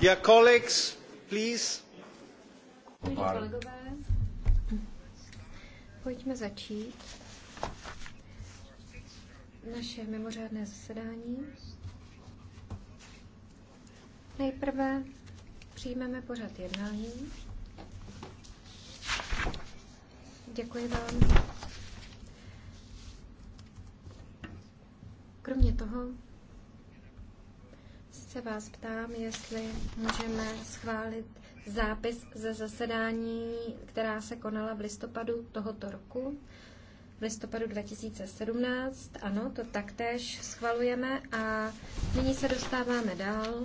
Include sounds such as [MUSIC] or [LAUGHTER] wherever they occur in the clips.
Dear colleagues, please. pojďme začít naše mimořádné zasedání. Nejprve přijmeme pořad jednání. Děkuji vám. Kromě toho se vás ptám, jestli můžeme schválit zápis ze zasedání, která se konala v listopadu tohoto roku, v listopadu 2017. Ano, to taktéž schvalujeme a nyní se dostáváme dál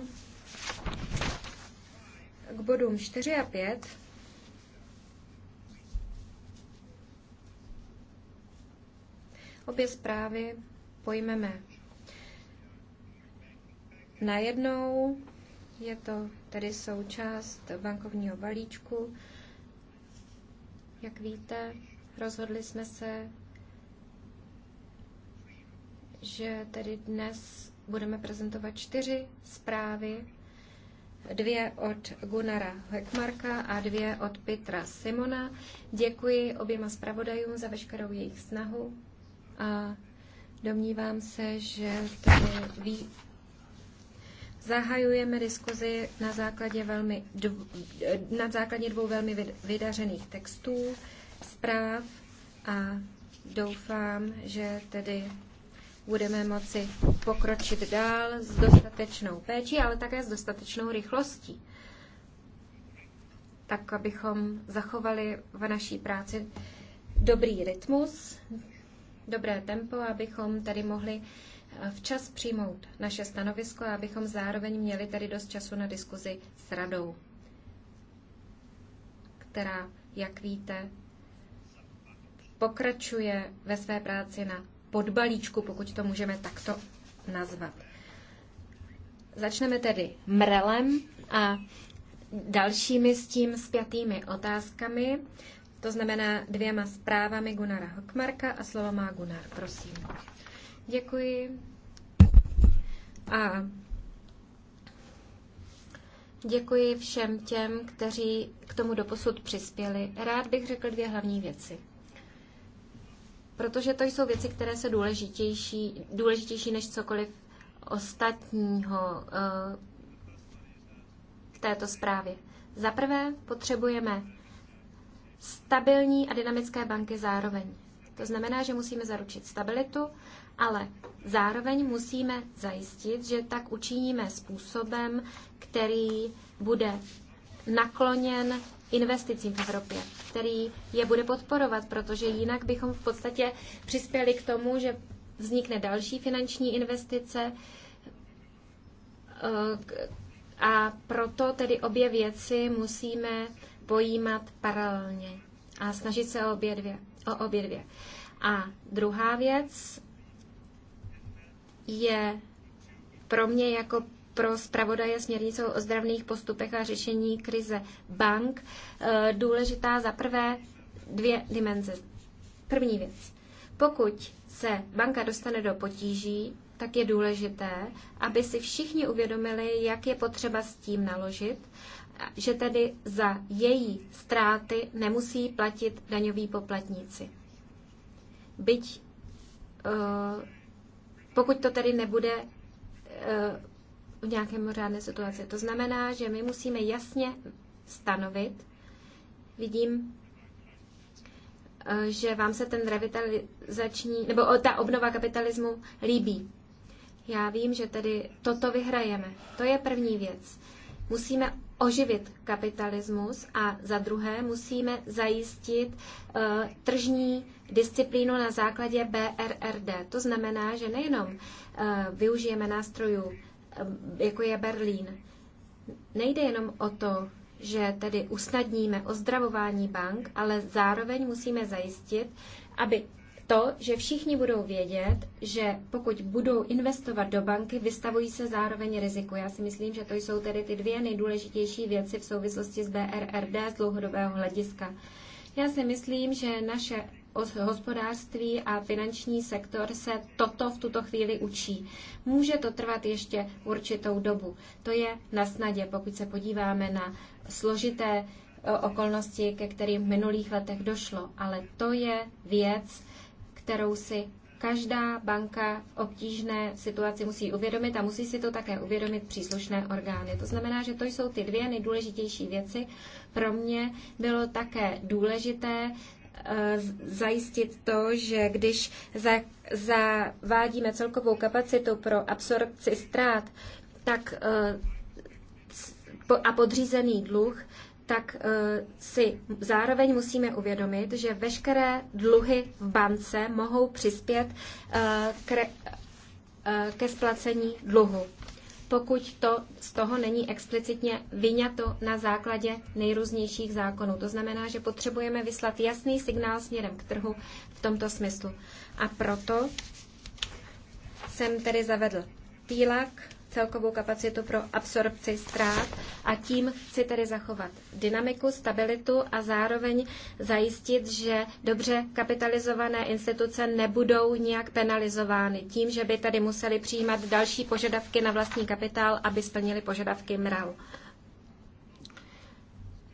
k bodům 4 a 5. Obě zprávy pojmeme najednou. Je to tedy součást bankovního balíčku. Jak víte, rozhodli jsme se, že tedy dnes budeme prezentovat čtyři zprávy, dvě od Gunara Hekmarka a dvě od Petra Simona. Děkuji oběma zpravodajům za veškerou jejich snahu a domnívám se, že tady ví, Zahajujeme diskuzi na základě, velmi, dv, na základě dvou velmi vydařených textů, zpráv a doufám, že tedy budeme moci pokročit dál s dostatečnou péčí, ale také s dostatečnou rychlostí. Tak, abychom zachovali v naší práci dobrý rytmus, dobré tempo, abychom tady mohli včas přijmout naše stanovisko a abychom zároveň měli tedy dost času na diskuzi s radou, která, jak víte, pokračuje ve své práci na podbalíčku, pokud to můžeme takto nazvat. Začneme tedy mrelem a dalšími s tím spjatými otázkami, to znamená dvěma zprávami Gunara Hockmarka a slovo má Gunar, prosím. Děkuji. A děkuji všem těm, kteří k tomu doposud přispěli. Rád bych řekl dvě hlavní věci. Protože to jsou věci, které se důležitější, důležitější než cokoliv ostatního eh, v této zprávě. Za prvé potřebujeme stabilní a dynamické banky zároveň. To znamená, že musíme zaručit stabilitu ale zároveň musíme zajistit, že tak učiníme způsobem, který bude nakloněn investicím v Evropě, který je bude podporovat, protože jinak bychom v podstatě přispěli k tomu, že vznikne další finanční investice eh, a proto tedy obě věci musíme pojímat paralelně a snažit se o obě dvě. O obě dvě. A druhá věc, je pro mě jako pro zpravodaje směrnice o zdravných postupech a řešení krize bank eh, důležitá za prvé dvě dimenze. První věc. Pokud se banka dostane do potíží, tak je důležité, aby si všichni uvědomili, jak je potřeba s tím naložit, že tedy za její ztráty nemusí platit daňoví poplatníci. Byť uh, pokud to tedy nebude eh, v nějaké mořádné situaci. To znamená, že my musíme jasně stanovit, vidím, eh, že vám se ten revitalizační, nebo ta obnova kapitalismu líbí. Já vím, že tedy toto vyhrajeme. To je první věc. Musíme oživit kapitalismus a za druhé musíme zajistit eh, tržní disciplínu na základě BRRD. To znamená, že nejenom eh, využijeme nástrojů, eh, jako je Berlín. Nejde jenom o to, že tedy usnadníme ozdravování bank, ale zároveň musíme zajistit, aby to, že všichni budou vědět, že pokud budou investovat do banky, vystavují se zároveň riziku. Já si myslím, že to jsou tedy ty dvě nejdůležitější věci v souvislosti s BRRD z dlouhodobého hlediska. Já si myslím, že naše hospodářství a finanční sektor se toto v tuto chvíli učí. Může to trvat ještě určitou dobu. To je na snadě, pokud se podíváme na složité e, okolnosti, ke kterým v minulých letech došlo. Ale to je věc, kterou si každá banka v obtížné situaci musí uvědomit a musí si to také uvědomit příslušné orgány. To znamená, že to jsou ty dvě nejdůležitější věci. Pro mě bylo také důležité eh, zajistit to, že když zavádíme celkovou kapacitu pro absorpci ztrát, tak eh, a podřízený dluh, tak eh, si zároveň musíme uvědomit, že veškeré dluhy v bance mohou přispět eh, eh, ke splacení dluhu, pokud to z toho není explicitně vyňato na základě nejrůznějších zákonů. To znamená, že potřebujeme vyslat jasný signál směrem k trhu v tomto smyslu. A proto jsem tedy zavedl TILAK, celkovou kapacitu pro absorpci ztrát a tím chci tedy zachovat dynamiku, stabilitu a zároveň zajistit, že dobře kapitalizované instituce nebudou nijak penalizovány tím, že by tady museli přijímat další požadavky na vlastní kapitál, aby splnili požadavky MRAL.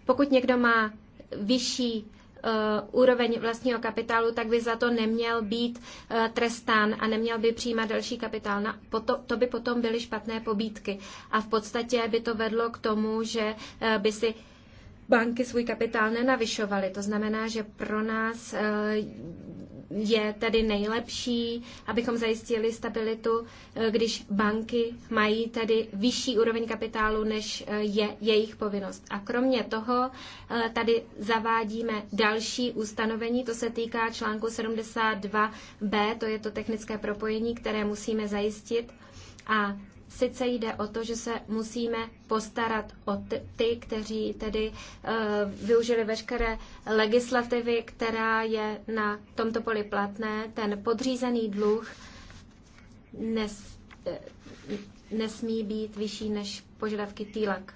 Pokud někdo má vyšší Uh, úroveň vlastního kapitálu, tak by za to neměl být uh, trestán a neměl by přijímat další kapitál. Na, poto, to by potom byly špatné pobídky. A v podstatě by to vedlo k tomu, že uh, by si banky svůj kapitál nenavyšovaly. To znamená, že pro nás eh, je tedy nejlepší, abychom zajistili stabilitu, eh, když banky mají tedy vyšší úroveň kapitálu, než eh, je jejich povinnost. A kromě toho tady zavádíme další ustanovení, to se týká článku 72b, to je to technické propojení, které musíme zajistit. A sice jde o to, že se musíme postarat o ty, kteří tedy eh, využili veškeré legislativy, která je na tomto poli platné, ten podřízený dluh nes, eh, nesmí být vyšší než požadavky týlak.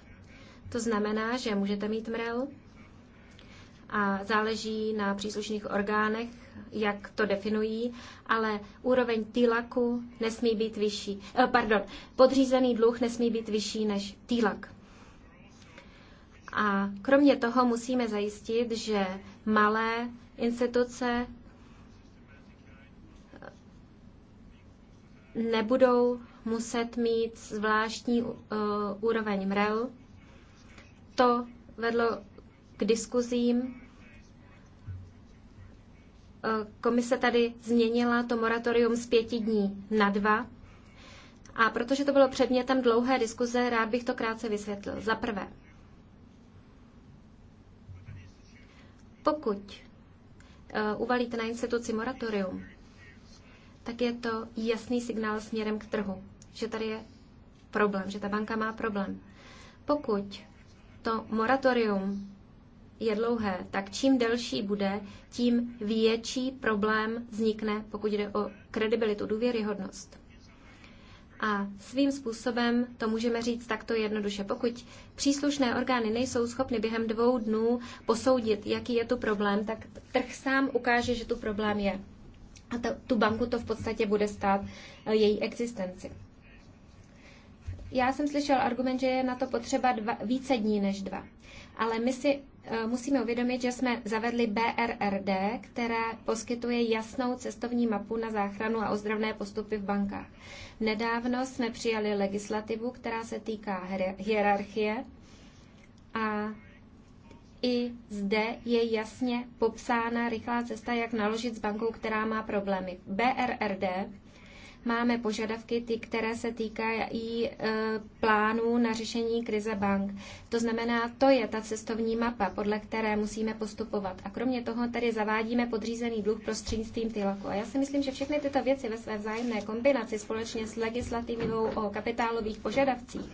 To znamená, že můžete mít mrel a záleží na příslušných orgánech jak to definují, ale úroveň týlaku nesmí být vyšší. Eh, pardon, podřízený dluh nesmí být vyšší než týlak. A kromě toho musíme zajistit, že malé instituce eh, nebudou muset mít zvláštní uh, úroveň MREL. To vedlo k diskuzím Eh, komise tady změnila to moratorium z pěti dní na dva. A protože to bylo předmětem dlouhé diskuze, rád bych to krátce vysvětlil. Za prvé, pokud eh, uvalíte na instituci moratorium, tak je to jasný signál směrem k trhu, že tady je problém, že ta banka má problém. Pokud to moratorium je dlouhé, tak čím delší bude, tím větší problém vznikne, pokud jde o kredibilitu, důvěryhodnost. A svým způsobem to můžeme říct takto jednoduše. Pokud příslušné orgány nejsou schopny během dvou dnů posoudit, jaký je tu problém, tak trh sám ukáže, že tu problém je. A ta, tu banku to v podstatě bude stát eh, její existenci. Já jsem slyšel argument, že je na to potřeba dva, více dní než dva ale my si eh, musíme uvědomit, že jsme zavedli BRRD, která poskytuje jasnou cestovní mapu na záchranu a ozdravné postupy v bankách. Nedávno jsme přijali legislativu, která se týká hierarchie a i zde je jasně popsána rychlá cesta, jak naložit s bankou, která má problémy. BRRD máme požadavky, ty, které se týkají e, plánů na řešení krize bank. To znamená, to je ta cestovní mapa, podle které musíme postupovat. A kromě toho tady zavádíme podřízený dluh prostřednictvím TILAKu. A já si myslím, že všechny tyto věci ve své vzájemné kombinaci společně s legislativou o kapitálových požadavcích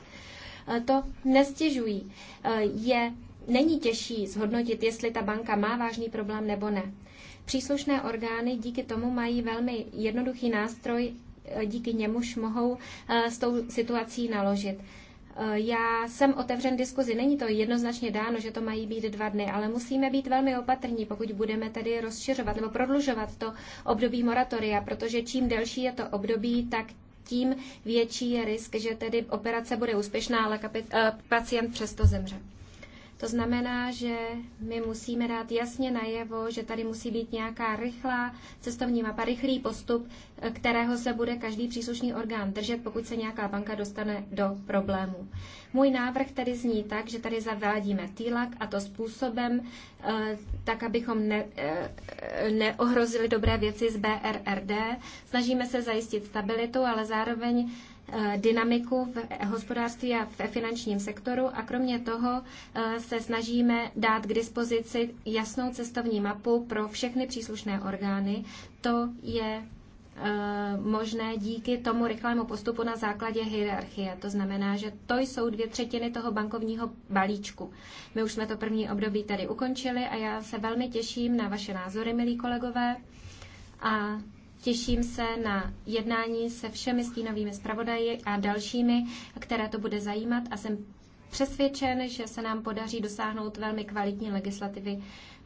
e, to nestěžují. E, je, není těžší zhodnotit, jestli ta banka má vážný problém nebo ne. Příslušné orgány díky tomu mají velmi jednoduchý nástroj díky němuž mohou eh, s tou situací naložit. Eh, já jsem otevřen diskuzi. Není to jednoznačně dáno, že to mají být dva dny, ale musíme být velmi opatrní, pokud budeme tedy rozšiřovat nebo prodlužovat to období moratoria, protože čím delší je to období, tak tím větší je risk, že tedy operace bude úspěšná, ale kapit- eh, pacient přesto zemře. To znamená, že my musíme dát jasně najevo, že tady musí být nějaká rychlá cestovní mapa, rychlý postup, kterého se bude každý příslušný orgán držet, pokud se nějaká banka dostane do problému. Můj návrh tedy zní tak, že tady zavádíme TILAK a to způsobem, eh, tak abychom ne, eh, neohrozili dobré věci z BRRD. Snažíme se zajistit stabilitu, ale zároveň Eh, dynamiku v hospodářství a v finančním sektoru a kromě toho eh, se snažíme dát k dispozici jasnou cestovní mapu pro všechny příslušné orgány. To je eh, možné díky tomu rychlému postupu na základě hierarchie. To znamená, že to jsou dvě třetiny toho bankovního balíčku. My už jsme to první období tady ukončili a já se velmi těším na vaše názory, milí kolegové. A Těším se na jednání se všemi stínovými zpravodaji a dalšími, které to bude zajímat a jsem přesvědčen, že se nám podaří dosáhnout velmi kvalitní legislativy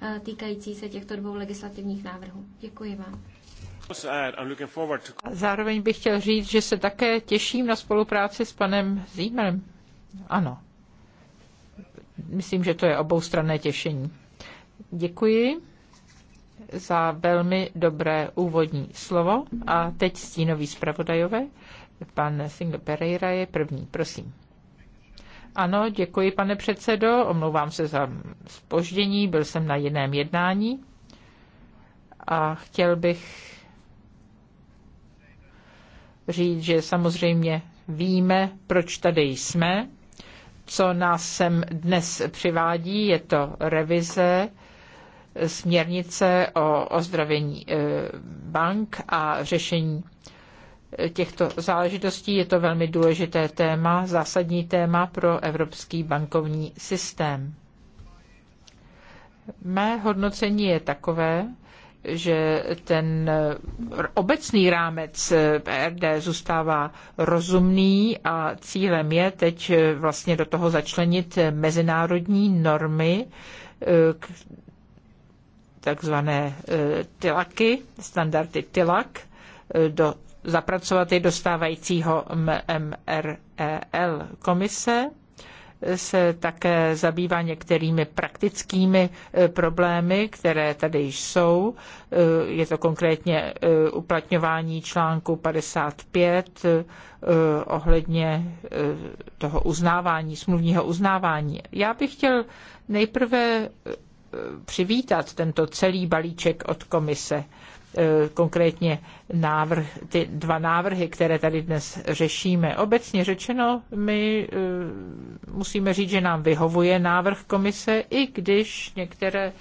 eh, týkající se těchto dvou legislativních návrhů. Děkuji vám. Zároveň bych chtěl říct, že se také těším na spolupráci s panem Zímerem. Ano. Myslím, že to je oboustranné těšení. Děkuji za velmi dobré úvodní slovo. A teď stínový zpravodajové. Pan Singh Pereira je první, prosím. Ano, děkuji, pane předsedo. Omlouvám se za spoždění, byl jsem na jiném jednání. A chtěl bych říct, že samozřejmě víme, proč tady jsme. Co nás sem dnes přivádí, je to revize směrnice o ozdravení e, bank a řešení těchto záležitostí. Je to velmi důležité téma, zásadní téma pro evropský bankovní systém. Mé hodnocení je takové, že ten obecný rámec PRD zůstává rozumný a cílem je teď vlastně do toho začlenit mezinárodní normy, e, takzvané e, tilaky, standardy tilak, e, do, zapracovat je do stávajícího MREL komise e, se také zabývá některými praktickými problémy, které tady jsou. Je to konkrétně uplatňování článku 55 ohledně toho uznávání, smluvního uznávání. Já bych chtěl nejprve přivítat tento celý balíček od komise e, konkrétně návrh, ty dva návrhy, které tady dnes řešíme. Obecně řečeno, my e, musíme říct, že nám vyhovuje návrh komise, i když některé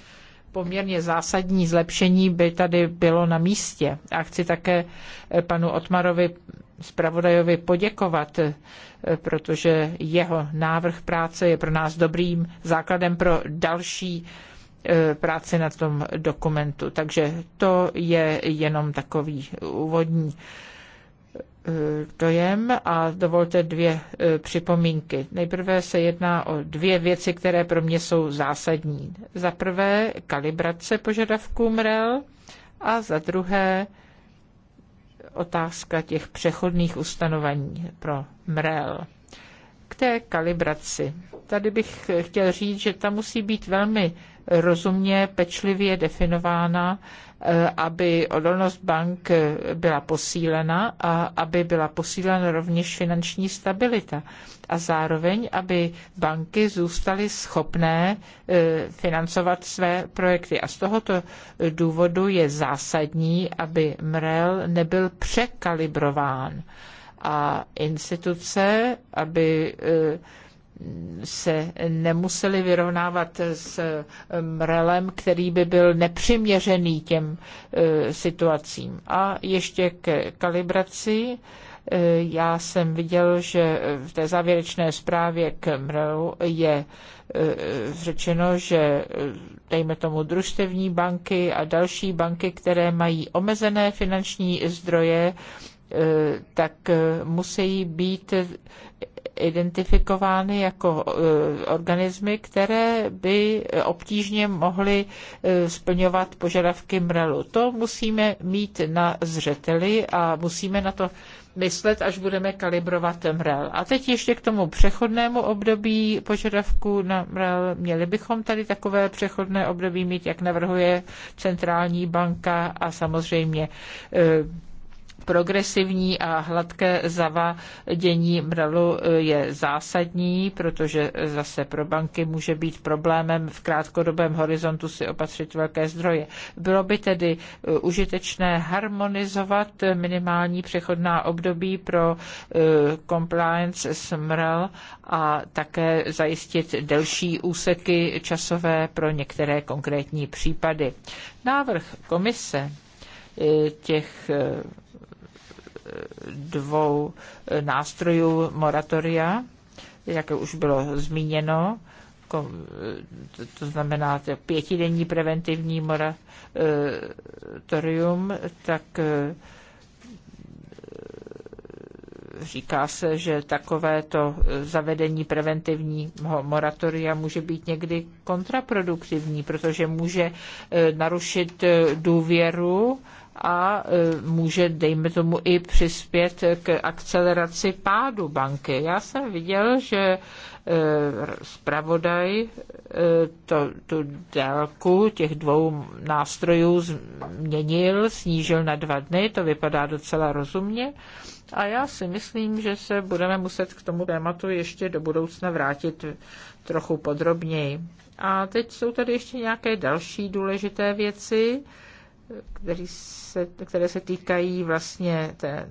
poměrně zásadní zlepšení by tady bylo na místě. A chci také e, panu Otmarovi zpravodajovi poděkovat, protože jeho návrh práce je pro nás dobrým základem pro další E, práci na tom dokumentu. Takže to je jenom takový úvodní e, dojem a dovolte dvě e, připomínky. Nejprve se jedná o dvě věci, které pro mě jsou zásadní. Za prvé kalibrace požadavků MREL a za druhé otázka těch přechodných ustanovení pro MREL. K té kalibraci. Tady bych chtěl říct, že ta musí být velmi rozumně, pečlivě definována, eh, aby odolnost bank byla posílena a aby byla posílena rovněž finanční stabilita a zároveň, aby banky zůstaly schopné eh, financovat své projekty. A z tohoto důvodu je zásadní, aby MREL nebyl překalibrován a instituce, aby eh, se nemuseli vyrovnávat s eh, mrelem, který by byl nepřiměřený těm eh, situacím. A ještě k kalibraci. Eh, já jsem viděl, že v té závěrečné zprávě k MRELu je řečeno, že dejme tomu družstevní banky a další banky, které mají omezené finanční zdroje, tak musí být identifikovány jako e, organismy, které by obtížně mohly e, splňovat požadavky MRELu. To musíme mít na zřeteli a musíme na to myslet, až budeme kalibrovat MREL. A teď ještě k tomu přechodnému období požadavku na MREL. Měli bychom tady takové přechodné období mít, jak navrhuje centrální banka a samozřejmě e, progresivní a hladké zavadění MRELu eh, je zásadní, protože eh, zase pro banky může být problémem v krátkodobém horizontu si opatřit velké zdroje. Bylo by tedy eh, užitečné harmonizovat minimální přechodná období pro compliance s MREL a také zajistit delší úseky časové pro některé konkrétní případy. Návrh komise těch dvou e, nástrojů moratoria, jak už bylo zmíněno, e, to znamená to pětidenní preventivní moratorium, e, tak říká se, že takovéto zavedení preventivního moratoria může být někdy kontraproduktivní, protože může narušit důvěru a e, může, dejme tomu, i přispět k akceleraci pádu banky. Já jsem viděl, že e, zpravodaj e, to, tu délku těch dvou nástrojů změnil, snížil na dva dny, to vypadá docela rozumně. A já si myslím, že se budeme muset k tomu tématu ještě do budoucna vrátit trochu podrobněji. A teď jsou tady ještě nějaké další důležité věci který se, které se týkají vlastně té eh,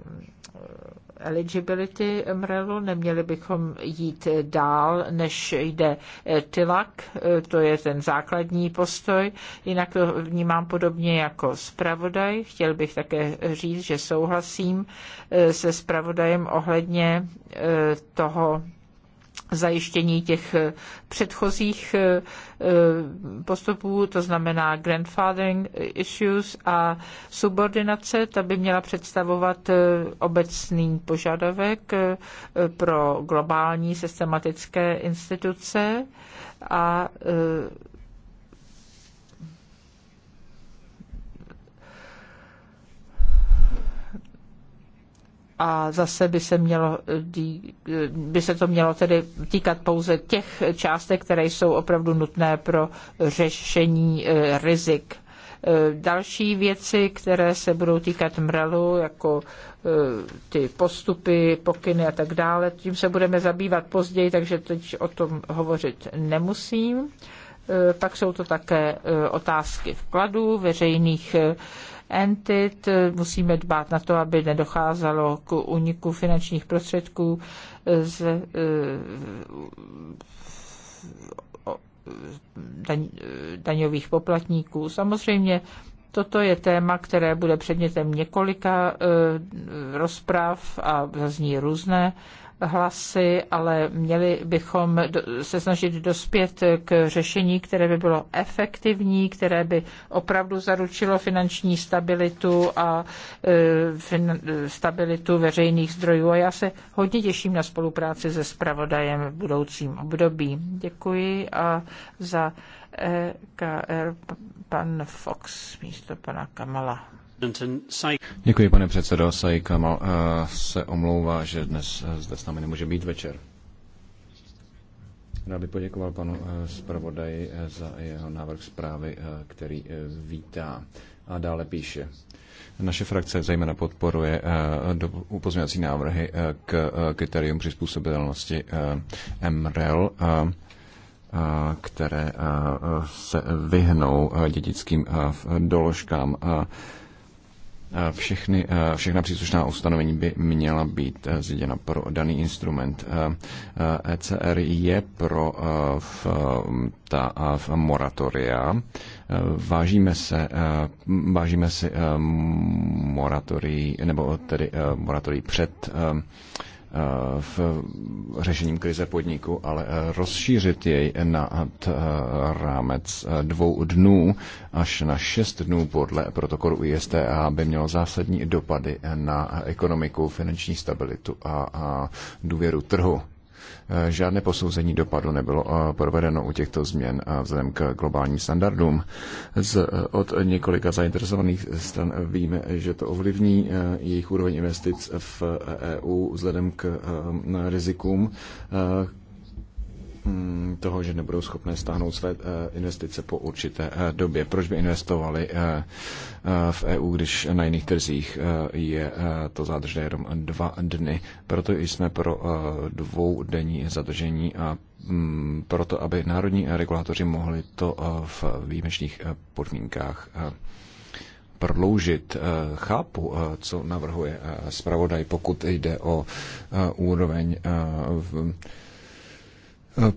eligibility MRELu. Neměli bychom jít dál, než jde eh, TILAK, eh, to je ten základní postoj. Jinak to vnímám podobně jako zpravodaj. Chtěl bych také říct, že souhlasím se zpravodajem ohledně toho zajištění těch eh, předchozích eh, eh, postupů, to znamená grandfathering issues a subordinace, ta by měla představovat obecný požadavek pro globální systematické instituce a a zase by se, mělo, by se to mělo tedy týkat pouze těch částek, které jsou opravdu nutné pro řešení e, rizik. E, další věci, které se budou týkat mrelu, jako e, ty postupy, pokyny a tak dále, tím se budeme zabývat později, takže teď o tom hovořit nemusím. Pak jsou to také otázky vkladů, veřejných entit. Musíme dbát na to, aby nedocházelo k úniku finančních prostředků z eh, daňových poplatníků. Samozřejmě Toto je téma, které bude předmětem několika e, rozprav a zazní různé hlasy, ale měli bychom se snažit dospět k řešení, které by bylo efektivní, které by opravdu zaručilo finanční stabilitu a e, stabilitu veřejných zdrojů. A já se hodně těším na spolupráci se zpravodajem v budoucím období. Děkuji a za EKR pan Fox místo pana Kamala. Děkuji, pane předsedo. Sajka eh, se omlouvá, že dnes eh, zde s námi nemůže být večer. Rád bych poděkoval panu eh, zpravodaji za jeho návrh zprávy, který vítá. A dále píše. Naše frakce zejména podporuje uh, upozměňovací návrhy k kritériům přizpůsobitelnosti MREL které se vyhnou dědickým doložkám všechny, všechna příslušná ustanovení by měla být eh, zjeděna pro daný instrument. ECR je pro eh, v, ta v moratoria. Eh, vážíme se, vážíme si moratorii, nebo tedy moratorii před Eh, v řešením krize podniku, ale eh, rozšířit jej na eh, rámec dvou dnů až na šest dnů podle protokolu ISTA by mělo zásadní dopady na ekonomiku, finanční stabilitu a důvěru trhu. Eh, žádné posouzení dopadu nebylo eh, provedeno u těchto změn eh, vzhledem k globálním standardům. Z, od několika zainteresovaných stran víme, že to ovlivní jejich úroveň investic v EU e vzhledem k rizikům, Mm, toho, že nebudou schopné stáhnout své eh, investice po určité eh, době. Proč by investovali eh, v EU, když na jiných trzích je to zádržné jenom dva dny? Proto jsme pro dvoudenní zadržení a mm, proto, aby národní regulátoři mohli to v výjimečných podmínkách prodloužit. Chápu, co navrhuje zpravodaj, pokud jde o úroveň v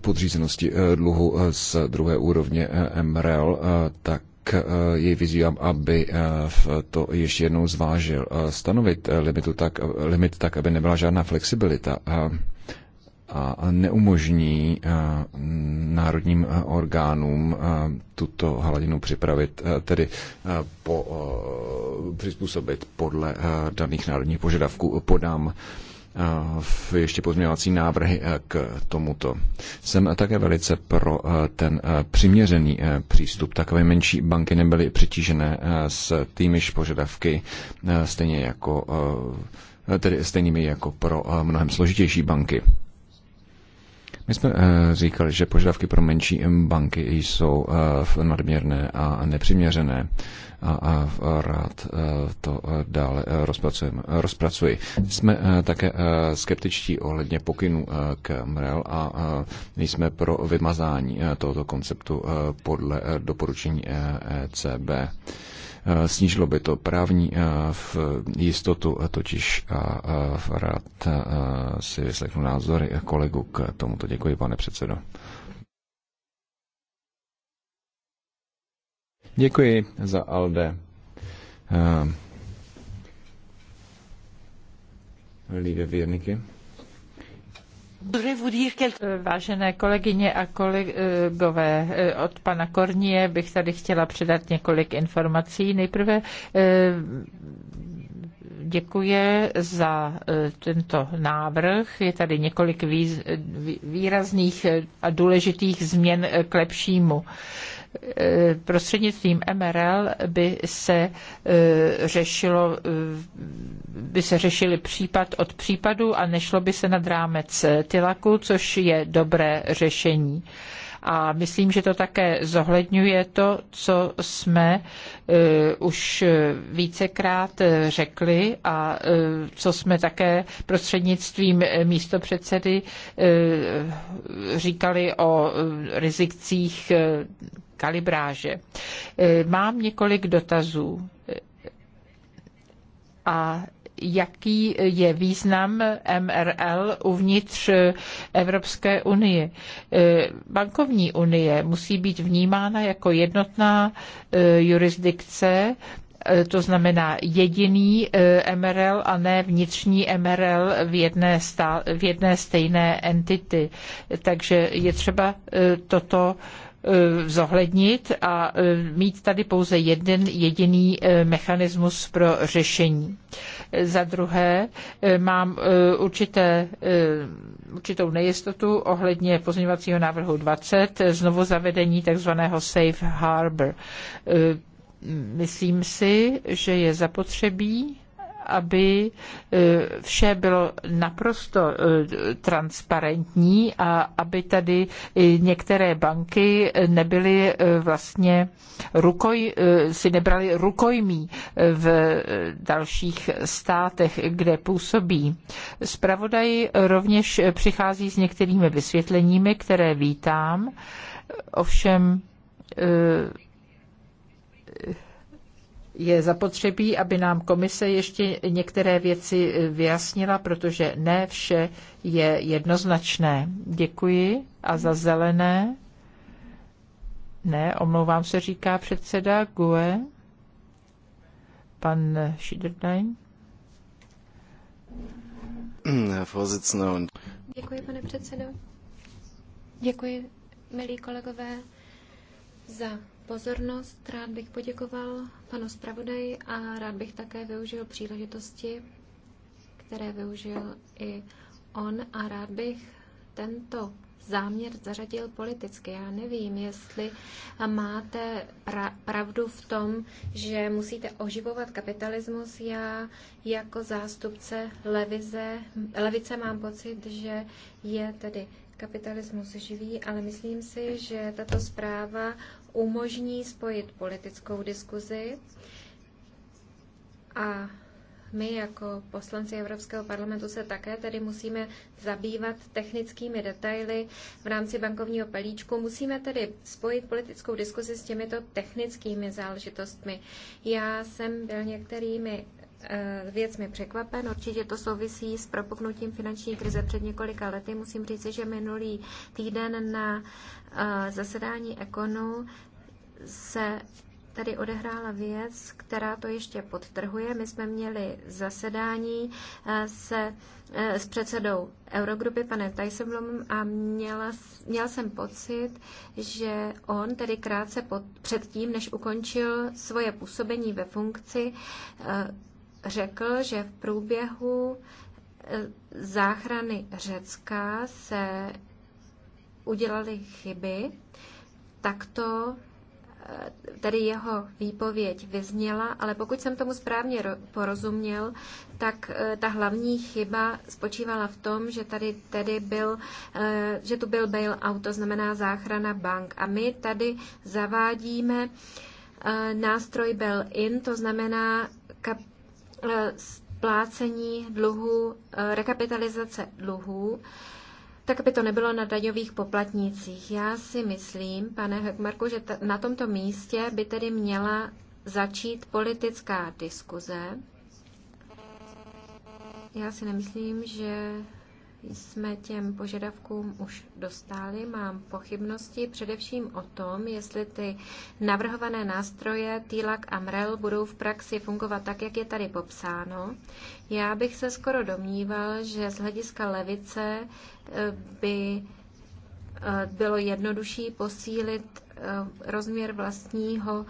podřízenosti eh, dluhu eh, z druhé úrovně eh, MREL, tak tak jej vyzývám, aby to ještě jednou zvážil. Stanovit limitu tak, limit tak, aby nebyla žádná flexibilita a neumožní národním orgánům tuto hladinu připravit, tedy po, přizpůsobit podle daných národních požadavků. Podám Eh, ještě pozměňovací návrhy eh, k tomuto. Jsem eh, také velice pro ten přiměřený přístup. Takové menší banky nebyly přetížené s týmiž požadavky, stejně jako tedy stejnými jako pro mnohem složitější banky. My jsme eh, říkali, že požadavky pro menší banky jsou eh, nadměrné a nepřiměřené a rád eh, to dále rozpracuji. Jsme také skeptičtí ohledně pokynu k MREL a jsme pro vymazání tohoto konceptu podle doporučení ECB. E Eh, snížilo by to právní eh, v jistotu, totiž a rád eh, si vyslechnu názory kolegu k tomuto. Děkuji, pane předsedo. Děkuji za Alde. Lidé Věrniky. Vážené kolegyně a kolegové, eh, od pana Kornie bych tady chtěla předat několik informací. Nejprve eh, děkuje za eh, tento návrh. Je tady několik výrazných a důležitých změn k lepšímu. Eh, prostřednictvím MRL by se eh, řešilo, eh, by se řešili případ od případu a nešlo by se nad rámec tylaku, což je dobré řešení a myslím, že to také zohledňuje to, co jsme uh, už vícekrát řekli a uh, co jsme také prostřednictvím místopředsedy uh, říkali o rizicích kalibráže. Eh, mám několik dotazů. Eh, a jaký je význam MRL uvnitř eh, Evropské unie. Bankovní unie musí být vnímána jako jednotná jurisdikce, to znamená jediný MRL a ne vnitřní MRL v jedné, stá, v jedné stejné entity. Takže je třeba toto Eh, zohlednit a eh, mít tady pouze jeden jediný eh, mechanismus pro řešení. Za druhé, mám určité, určitou nejistotu ohledně pozměňovacího návrhu 20, znovu zavedení takzvaného safe harbor. Myslím si, že je zapotřebí aby eh, vše bylo naprosto eh, transparentní a aby tady některé banky nebyly eh, vlastně rukoj, si nebrali rukojmí v dalších státech, kde působí. Spravodaj rovněž přichází s některými vysvětleními, které vítám. Ovšem je zapotřebí, aby nám komise ještě některé věci eh, vyjasnila, protože ne vše je jednoznačné. Děkuji a za zelené. Ne, omlouvám se, říká předseda GUE, pan Schiederdein. Děkuji, pane předsedo. Děkuji, milí kolegové, za pozornost. Rád bych poděkoval panu zpravodaji a rád bych také využil příležitosti, které využil i on a rád bych tento záměr zařadil politicky. Já nevím, jestli máte pra- pravdu v tom, že musíte oživovat kapitalismus. Já jako zástupce levize, levice mám pocit, že je tedy kapitalismus živý, ale myslím si, že tato zpráva umožní spojit politickou diskuzi a my jako poslanci Evropského parlamentu se také tedy musíme zabývat technickými detaily v rámci bankovního pelíčku. Musíme tedy spojit politickou diskuzi s těmito technickými záležitostmi. Já jsem byl některými Eh, věc mi překvapen. No určitě to souvisí s propuknutím finanční krize před několika lety. Musím říct, že minulý týden na eh, zasedání Ekonu se tady odehrála věc, která to ještě podtrhuje. My jsme měli zasedání eh, se, s předsedou Eurogrupy, panem Tysenblomem, a měla, měl jsem pocit, že on tedy krátce pod, předtím, než ukončil svoje působení ve funkci, řekl, že v průběhu e, záchrany Řecka se udělaly chyby, takto e, tedy jeho výpověď vyzněla, ale pokud jsem tomu správně porozuměl, tak e, ta hlavní chyba spočívala v tom, že tady tedy byl, že tu byl bailout, to znamená záchrana bank. A my tady zavádíme nástroj bail-in, to znamená kap- Eh, splácení dluhů, eh, rekapitalizace dluhů, tak by to nebylo na daňových poplatnících. Já si myslím, pane Hekmarku, že na tomto místě by tedy měla začít politická diskuze. Já si nemyslím, že jsme těm požadavkům už dostali. Mám pochybnosti především o tom, jestli ty navrhované nástroje TILAC a MREL budou v praxi fungovat tak, jak je tady popsáno. Já bych se skoro domníval, že z hlediska levice eh, by eh, bylo jednodušší posílit eh, rozměr vlastního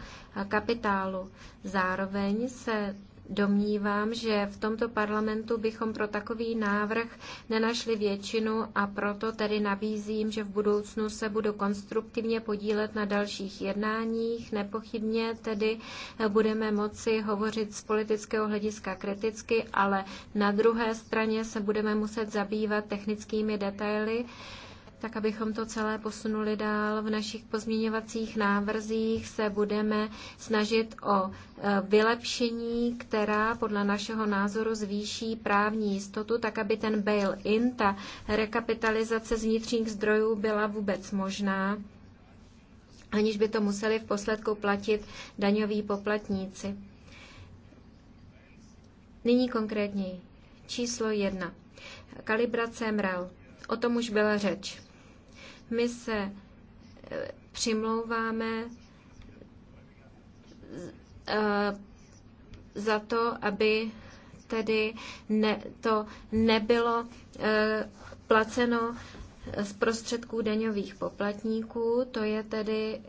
kapitálu. Zároveň se domnívám, že v tomto parlamentu bychom pro takový návrh nenašli většinu a proto tedy nabízím, že v budoucnu se budu konstruktivně podílet na dalších jednáních. Nepochybně tedy eh, budeme moci hovořit z politického hlediska kriticky, ale na druhé straně se budeme muset zabývat technickými detaily tak abychom to celé posunuli dál. V našich pozměňovacích návrzích se budeme snažit o e, vylepšení, která podle našeho názoru zvýší právní jistotu, tak aby ten bail-in, ta rekapitalizace z vnitřních zdrojů byla vůbec možná aniž by to museli v posledku platit daňoví poplatníci. Nyní konkrétněji. Číslo jedna. Kalibrace MREL. O tom už byla řeč. My se eh, přimlouváme eh, za to, aby tedy ne, to nebylo eh, placeno z prostředků daňových poplatníků, to je tedy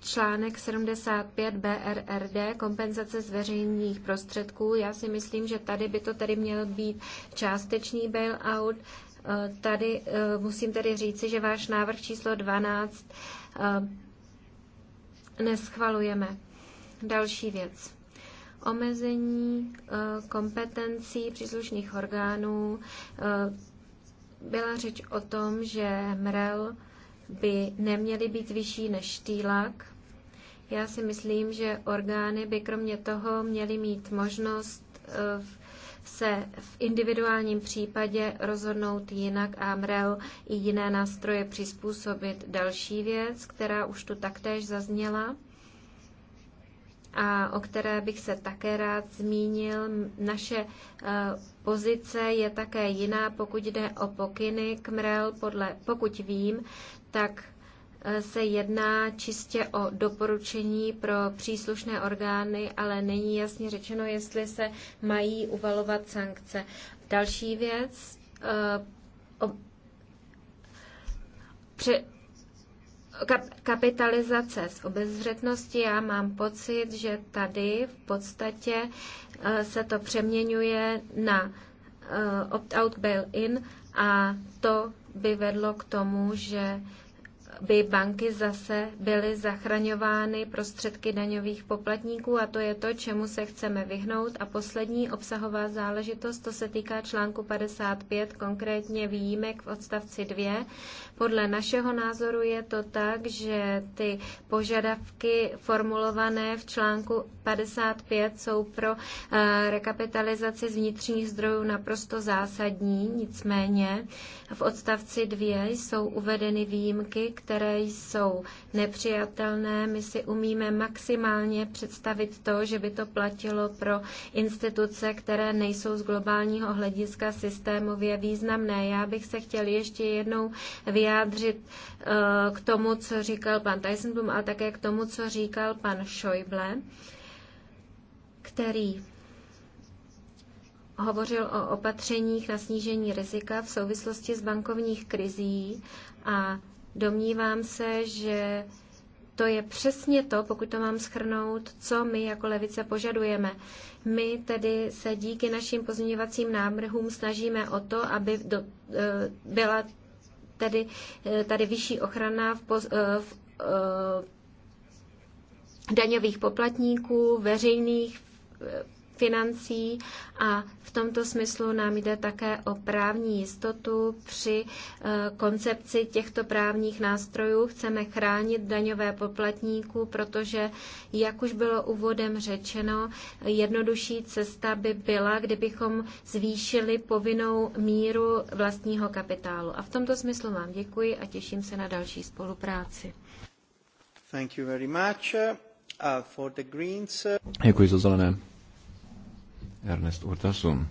článek 75 BRRD, kompenzace z veřejných prostředků. Já si myslím, že tady by to tedy měl být částečný bailout, Eh, tady eh, musím tedy říci, že váš návrh číslo 12 eh, neschvalujeme. Další věc. Omezení kompetencí příslušných orgánů. Byla řeč o tom, že MREL by neměly být vyšší než týlak. Já si myslím, že orgány by kromě toho měly mít možnost v se v individuálním případě rozhodnout jinak a MREL i jiné nástroje přizpůsobit. Další věc, která už tu taktéž zazněla a o které bych se také rád zmínil. Naše eh, pozice je také jiná, pokud jde o pokyny k MREL. Podle, pokud vím, tak se jedná čistě o doporučení pro příslušné orgány, ale není jasně řečeno, jestli se mají uvalovat sankce. Další věc. Eh, kapitalizace z obezřetnosti, já mám pocit, že tady v podstatě eh, se to přeměňuje na eh, opt-out bail-in a to by vedlo k tomu, že by banky zase byly zachraňovány prostředky daňových poplatníků a to je to, čemu se chceme vyhnout. A poslední obsahová záležitost, to se týká článku 55, konkrétně výjimek v odstavci 2. Podle našeho názoru je to tak, že ty požadavky formulované v článku 55 jsou pro eh, rekapitalizaci z vnitřních zdrojů naprosto zásadní, nicméně v odstavci 2 jsou uvedeny výjimky, které jsou nepřijatelné. My si umíme maximálně představit to, že by to platilo pro instituce, které nejsou z globálního hlediska systémově významné. Já bych se chtěl ještě jednou vyjádřit vyjádřit eh, k tomu, co říkal pan Tysonblum, ale také k tomu, co říkal pan Schäuble, který hovořil o opatřeních na snížení rizika v souvislosti s bankovních krizí a domnívám se, že to je přesně to, pokud to mám schrnout, co my jako levice požadujeme. My tedy se díky našim pozměňovacím návrhům snažíme o to, aby do, eh, byla tady eh, tady vyšší ochrana v, poz, eh, v, v eh, daňových poplatníků, veřejných financí a v tomto smyslu nám jde také o právní jistotu. Při eh, koncepci těchto právních nástrojů chceme chránit daňové poplatníků, protože, jak už bylo úvodem řečeno, jednodušší cesta by byla, kdybychom zvýšili povinnou míru vlastního kapitálu. A v tomto smyslu vám děkuji a těším se na další spolupráci. Thank you very much. Uh, for the greens. Uh, děkuji za zelené. Ernest Urtasum.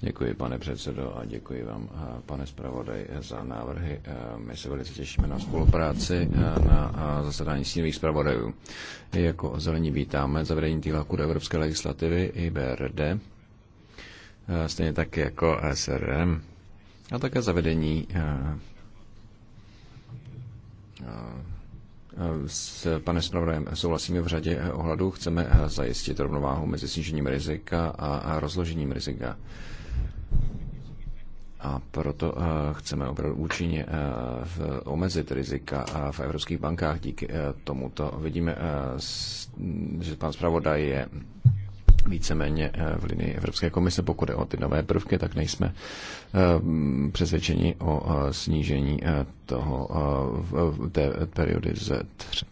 Děkuji, pane předsedo, a děkuji vám, eh, pane zpravodaj, eh, za návrhy. Eh, my se velice těšíme na spolupráci na zasedání sněmových zpravodajů. Jako zelení vítáme zavedení týlaku do evropské legislativy BRD, stejně tak jako SRM, a také zavedení s panem zpravodajem souhlasíme v řadě eh, ohledů. Chceme eh, zajistit rovnováhu mezi snížením rizika a rozložením rizika. A proto eh, chceme opravdu účinně omezit rizika v evropských bankách. Díky tomuto vidíme, že pan zpravodaj je víceméně eh, v linii Evropské komise. Pokud je o ty nové prvky, tak nejsme eh, přesvědčeni o eh, snížení toho, v té periody z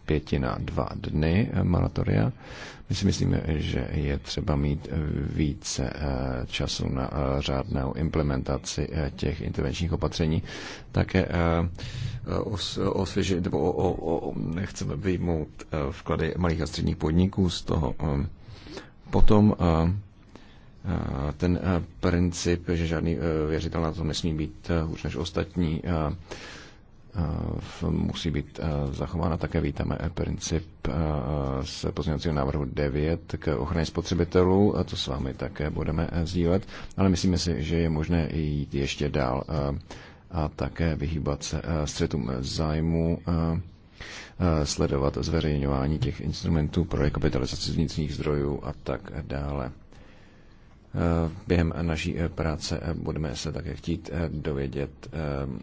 pěti na dva dny moratoria. My si myslíme, že je třeba mít více času na řádnou implementaci těch intervenčních opatření. Také osvěžit, nebo o, o, o, chceme vyjmout vklady malých a středních podniků z toho Potom eh, eh, ten eh, princip, že žádný věřitel na to nesmí být hůř než ostatní, musí být zachována. Také vítáme princip z pozměňovacího návrhu 9 k ochraně spotřebitelů, a to s vámi také budeme sdílet, ale myslíme si, že je možné jít ještě dál a také vyhýbat se střetům zájmu Eh, sledovat zveřejňování těch instrumentů pro rekapitalizaci vnitřních zdrojů a tak dále. Eh, během naší eh, práce budeme se také chtít dovědět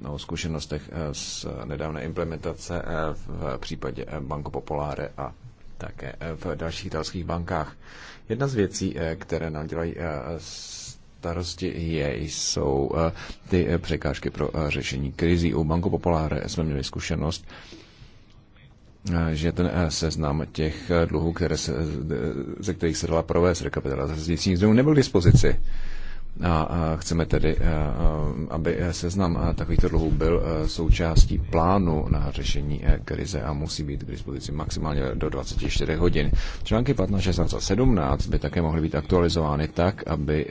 o zkušenostech z nedávné implementace v případě Banko Populáre a také v dalších italských bankách. Jedna z věcí, které nám dělají starosti je, jsou ty překážky pro řešení krizí. U Banko Populáre jsme měli zkušenost, Eh, že ten eh, seznam těch eh, dluhů, které se, ze kterých se dala provést rekapitalizace z vnitřních zdrojů, nebyl k dispozici. A chceme tedy, aby seznam takovýchto dluhů byl součástí plánu na řešení krize a musí být k dispozici maximálně do 24 hodin. Články 15, 16 a 17 by také mohly být aktualizovány tak, aby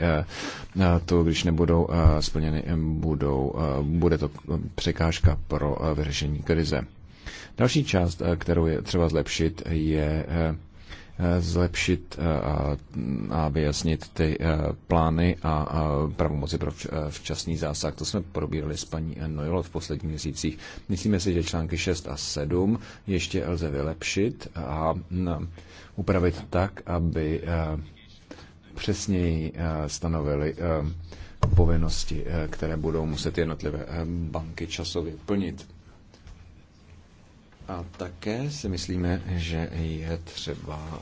to, když nebudou splněny, budou, bude to překážka pro vyřešení krize. Další část, eh, kterou je třeba zlepšit, je eh, eh, zlepšit a vyjasnit ty plány a pravomoci pro včasný zásah. To jsme probírali s paní Nojlo v posledních měsících. Myslíme si, že články 6 a 7 ještě lze vylepšit a mm, upravit tak, aby přesněji stanovili povinnosti, které budou muset jednotlivé banky časově plnit. A také si myslíme, že je třeba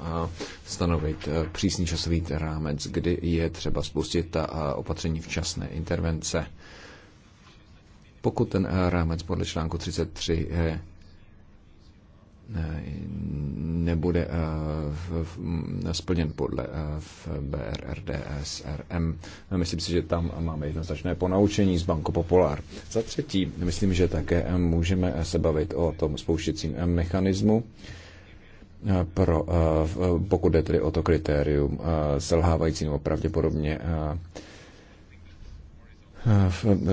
stanovit přísný časový rámec, kdy je třeba spustit ta opatření včasné intervence. Pokud ten rámec podle článku 33 Eh, nebude eh, mm, splněn podle eh, BRRD SRM. Myslím si, že tam máme jednoznačné ponaučení z Banko Popular. Za třetí, myslím, že také můžeme se bavit o tom spouštěcím mechanismu, pro, pokud jde tedy o to kritérium selhávající nebo pravděpodobně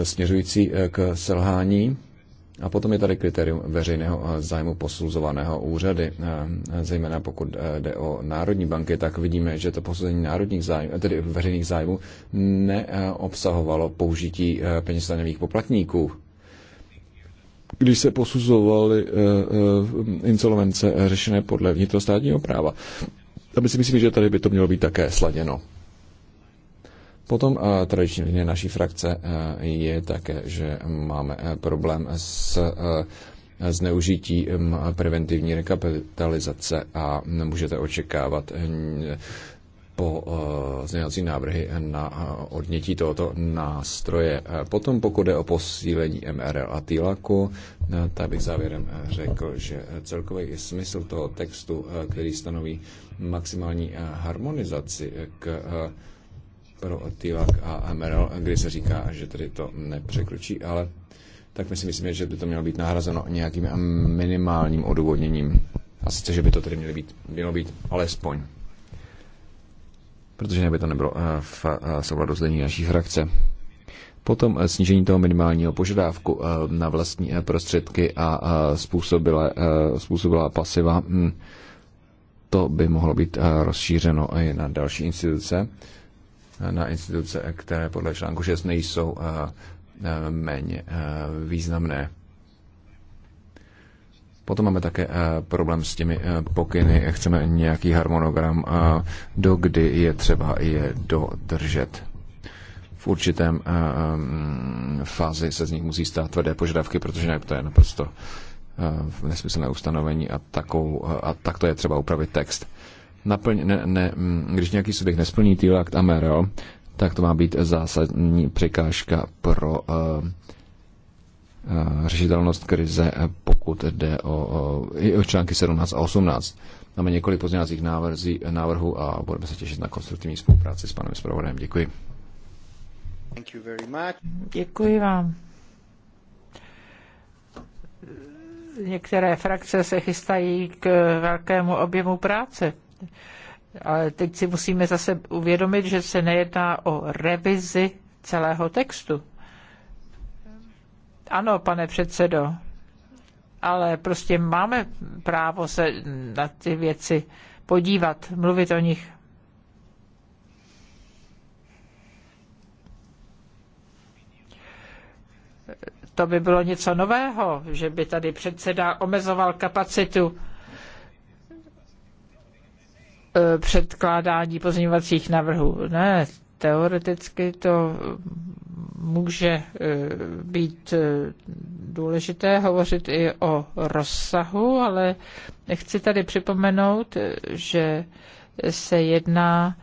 směřující k selhání a potom je tady kritérium veřejného eh, zájmu posuzovaného úřady, eh, zejména pokud eh, jde o národní banky, tak vidíme, že to posuzení národních zájmů, tedy veřejných zájmů neobsahovalo použití peněz daňových poplatníků. Když se posuzovaly insolvence řešené podle vnitrostátního práva. Tam si myslím, že tady by to mělo být také sladěno. Potom tradiční linie naší frakce e, je také, že máme e, problém s e, zneužitím preventivní rekapitalizace a můžete očekávat po zněvací návrhy na odnětí tohoto nástroje. Potom pokud je o posílení MRL a TILAKu, tak bych závěrem řekl, že celkový smysl toho textu, který stanoví maximální harmonizaci k pro Tilak a Emerald, kdy se říká, že tady to nepřekročí, ale tak my si myslíme, že by to mělo být nahrazeno nějakým minimálním odůvodněním. A sice, že by to tedy mělo být, mělo být alespoň. Protože by to nebylo eh, v eh, souladu s naší frakce. Potom eh, snížení toho minimálního požadávku na vlastní prostředky a způsobila, způsobila pasiva, hm, to by mohlo být rozšířeno i na další instituce na instituce, které podle článku 6 nejsou eh, eh, méně eh, významné. Potom máme také problém s těmi pokyny. Chceme nějaký harmonogram, do kdy je třeba je dodržet. V určitém mm, fázi se z nich musí stát tvrdé požadavky, protože ne, to je naprosto nesmyslné ustanovení a, takovou, a takto je třeba upravit text naplň, ne, ne, mm, když nějaký subjekt nesplní týl akt amero, tak to má být zásadní překážka pro uh, uh, řešitelnost krize, eh, pokud jde o, o, o články 17 a 18. Máme několik pozměňovacích návrhů a budeme se těšit na konstruktivní spolupráci s panem zpravodajem. Děkuji. Děkuji vám. Některé frakce se chystají k velkému objemu práce. Ale teď si musíme zase uvědomit, že se nejedná o revizi celého textu. Ano, pane předsedo, ale prostě máme právo se na ty věci podívat, mluvit o nich. To by bylo něco nového, že by tady předseda omezoval kapacitu E, předkládání pozměňovacích návrhů. Ne, teoreticky to může e, být e, důležité hovořit i o rozsahu, ale chci tady připomenout, že se jedná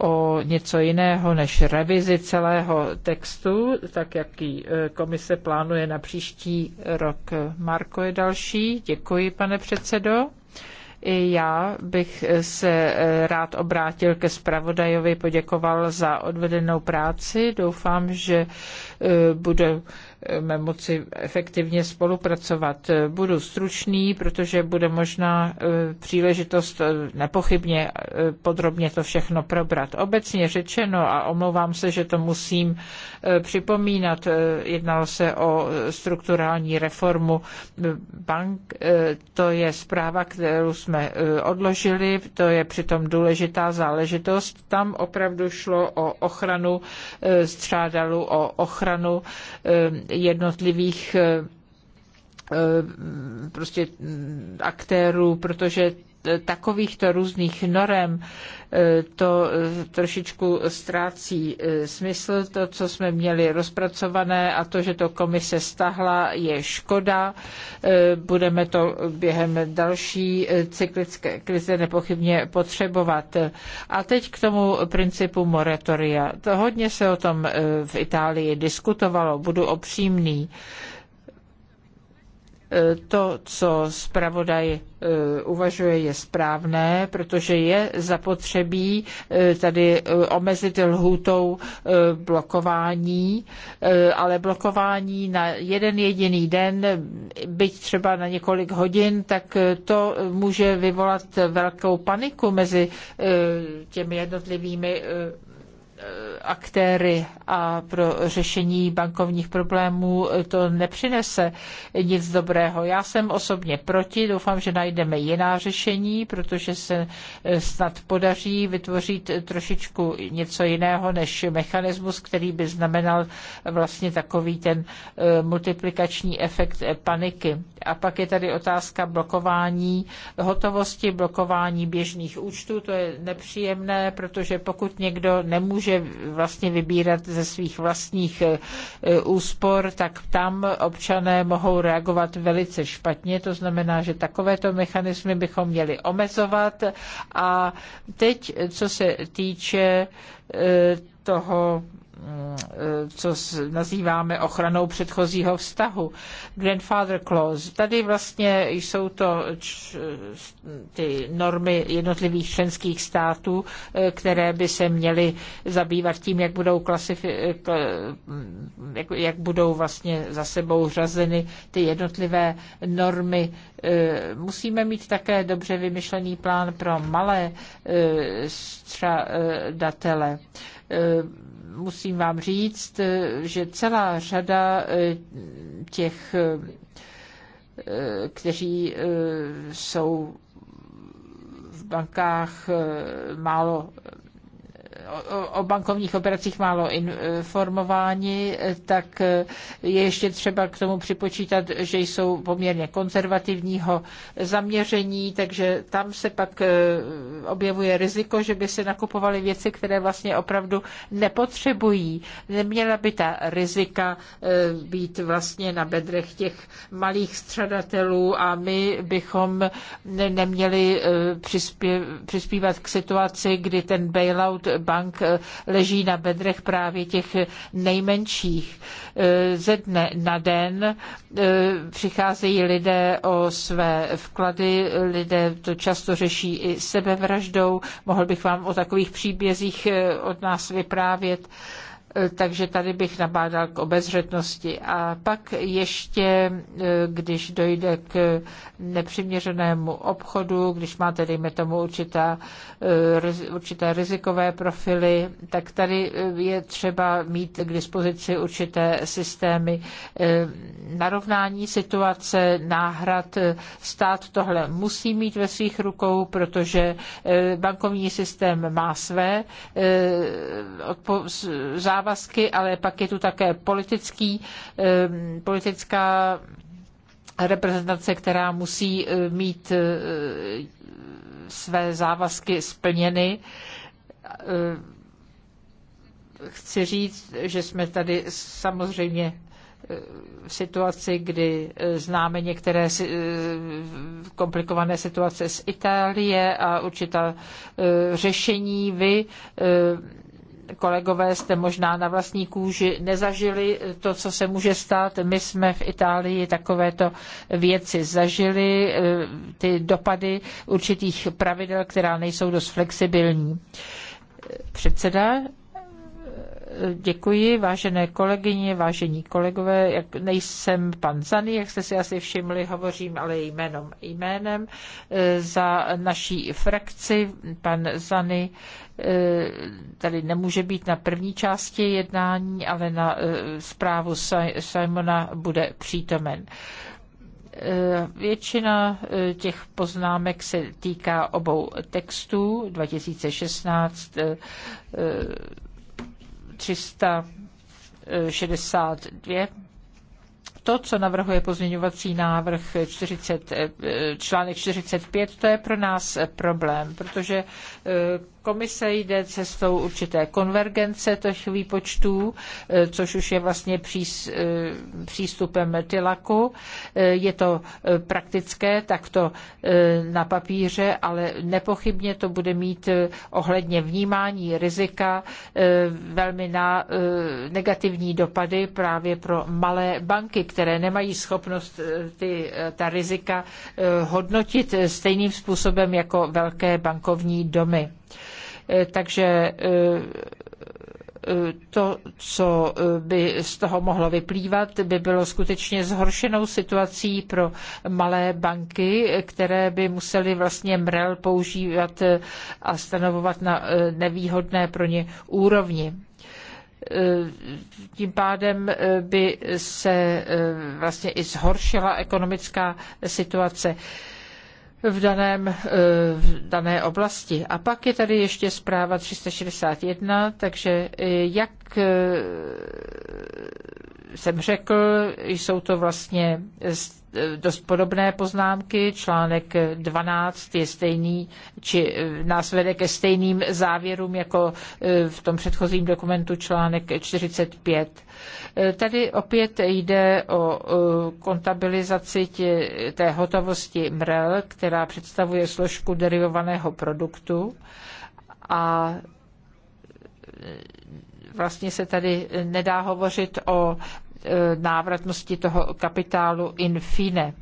o něco jiného než revizi celého textu, tak jak ji komise plánuje na příští rok. Marko je další. Děkuji, pane předsedo. I já bych se eh, rád obrátil ke zpravodajovi, poděkoval za odvedenou práci. Doufám, že eh, bude moci efektivně spolupracovat. Budu stručný, protože bude možná eh, příležitost eh, nepochybně eh, podrobně to všechno probrat. Obecně řečeno, a omlouvám se, že to musím připomínat, jednalo se o strukturální reformu bank, to je zpráva, kterou jsme odložili, to je přitom důležitá záležitost. Tam opravdu šlo o ochranu střádalů, o ochranu jednotlivých eh, eh, prostě mm, aktérů, protože takovýchto různých norem eh, to eh, trošičku ztrácí eh, smysl. To, co jsme měli rozpracované a to, že to komise stahla, je škoda. Budeme to během další cyklické krize nepochybně potřebovat. A teď k tomu principu moratoria. To hodně se o tom v Itálii diskutovalo, budu opřímný. To, co zpravodaj e, uvažuje, je správné, protože je zapotřebí e, tady e, omezit lhůtou blokování, ale blokování na jeden jediný den, byť třeba na několik hodin, tak to může vyvolat velkou paniku mezi těmi jednotlivými Eh, aktéry a pro řešení bankovních problémů to nepřinese nic dobrého. Já jsem osobně proti, doufám, že najdeme jiná řešení, protože se eh, snad podaří vytvořit trošičku něco jiného než mechanismus, který by znamenal vlastně takový ten eh, multiplikační efekt paniky. A pak je tady otázka blokování hotovosti, blokování běžných účtů. To je nepříjemné, protože pokud někdo nemůže může vlastně vybírat ze svých vlastních e, e, úspor, tak tam občané mohou reagovat velice špatně. To znamená, že takovéto mechanismy bychom měli omezovat. A teď, co se týče e, toho co nazýváme ochranou předchozího vztahu, grandfather clause. Tady vlastně jsou to ty normy jednotlivých členských států, eh, které by se měly zabývat tím, jak budou, klasifi- eh, mm, jak, jak budou vlastně za sebou řazeny ty jednotlivé normy. Eh, musíme mít také dobře vymyšlený plán pro malé střadatele musím vám říct, eh, že celá řada eh, těch, eh, kteří jsou v bankách málo o bankovních operacích málo informováni, tak je ještě třeba k tomu připočítat, že jsou poměrně konzervativního zaměření, takže tam se pak e, objevuje riziko, že by se nakupovaly věci, které vlastně opravdu nepotřebují. Neměla by ta rizika e, být vlastně na bedrech těch malých střadatelů a my bychom neměli e, přispívat k situaci, kdy ten bailout bank bank eh, leží na bedrech právě těch nejmenších. Eh, ze dne na den eh, přicházejí lidé o své vklady, lidé to často řeší i sebevraždou. Mohl bych vám o takových příbězích od nás vyprávět takže tady bych nabádal k obezřetnosti. A pak ještě, eh, když dojde k nepřiměřenému obchodu, když máte, dejme tomu, určitá, eh, určité rizikové profily, tak tady eh, je třeba mít k dispozici určité systémy narovnání situace, náhrad. Stát tohle musí mít ve svých rukou, protože bankovní systém má své záležitosti, závazky, ale pak je tu také politický, politická reprezentace, která musí eh, mít eh, své závazky splněny eh, chci říct, že jsme tady samozřejmě v situaci, kdy známe některé komplikované situace z Itálie a určitá řešení. Vy kolegové jste možná na vlastní kůži nezažili to, co se může stát. My jsme v Itálii takovéto věci zažili, eh, ty dopady určitých pravidel, která nejsou dost flexibilní. Eh, předseda, Děkuji, vážené kolegyně, vážení kolegové. Jak nejsem pan Zany, jak jste si asi všimli, hovořím ale jménem, jménem eh, za naší frakci. Pan Zany eh, tady nemůže být na první části jednání, ale na eh, zprávu Simona bude přítomen. Většina těch poznámek se týká obou textů 2016 362. To, co navrhuje pozměňovací návrh 40, eh, článek 45, to je pro nás problém, protože eh, Komise jde cestou určité konvergence těch výpočtů, eh, což už je vlastně eh, přístupem Tilaku. Eh, je to praktické, takto na papíře, ale nepochybně to bude mít ohledně vnímání rizika velmi na negativní dopady právě pro malé banky, které nemají schopnost ty, ta rizika hodnotit stejným způsobem jako velké bankovní domy. Eh, takže eh, eh, to, co by z toho mohlo vyplývat, by bylo skutečně zhoršenou situací pro malé banky, které by musely vlastně MREL používat a stanovovat na nevýhodné pro ně úrovni tím pádem by se vlastně i zhoršila ekonomická situace v, daném, eh, v dané oblasti. A pak je tady ještě zpráva 361, takže eh, jak eh, jsem řekl, jsou to vlastně dost podobné poznámky. Článek 12 je stejný, či nás vede ke stejným závěrům jako v tom předchozím dokumentu článek 45. Eh, tady opět jde o kontabilizaci tě, té hotovosti MREL, která představuje složku derivovaného produktu a eh, vlastně se tady nedá hovořit o eh, návratnosti toho kapitálu in fine.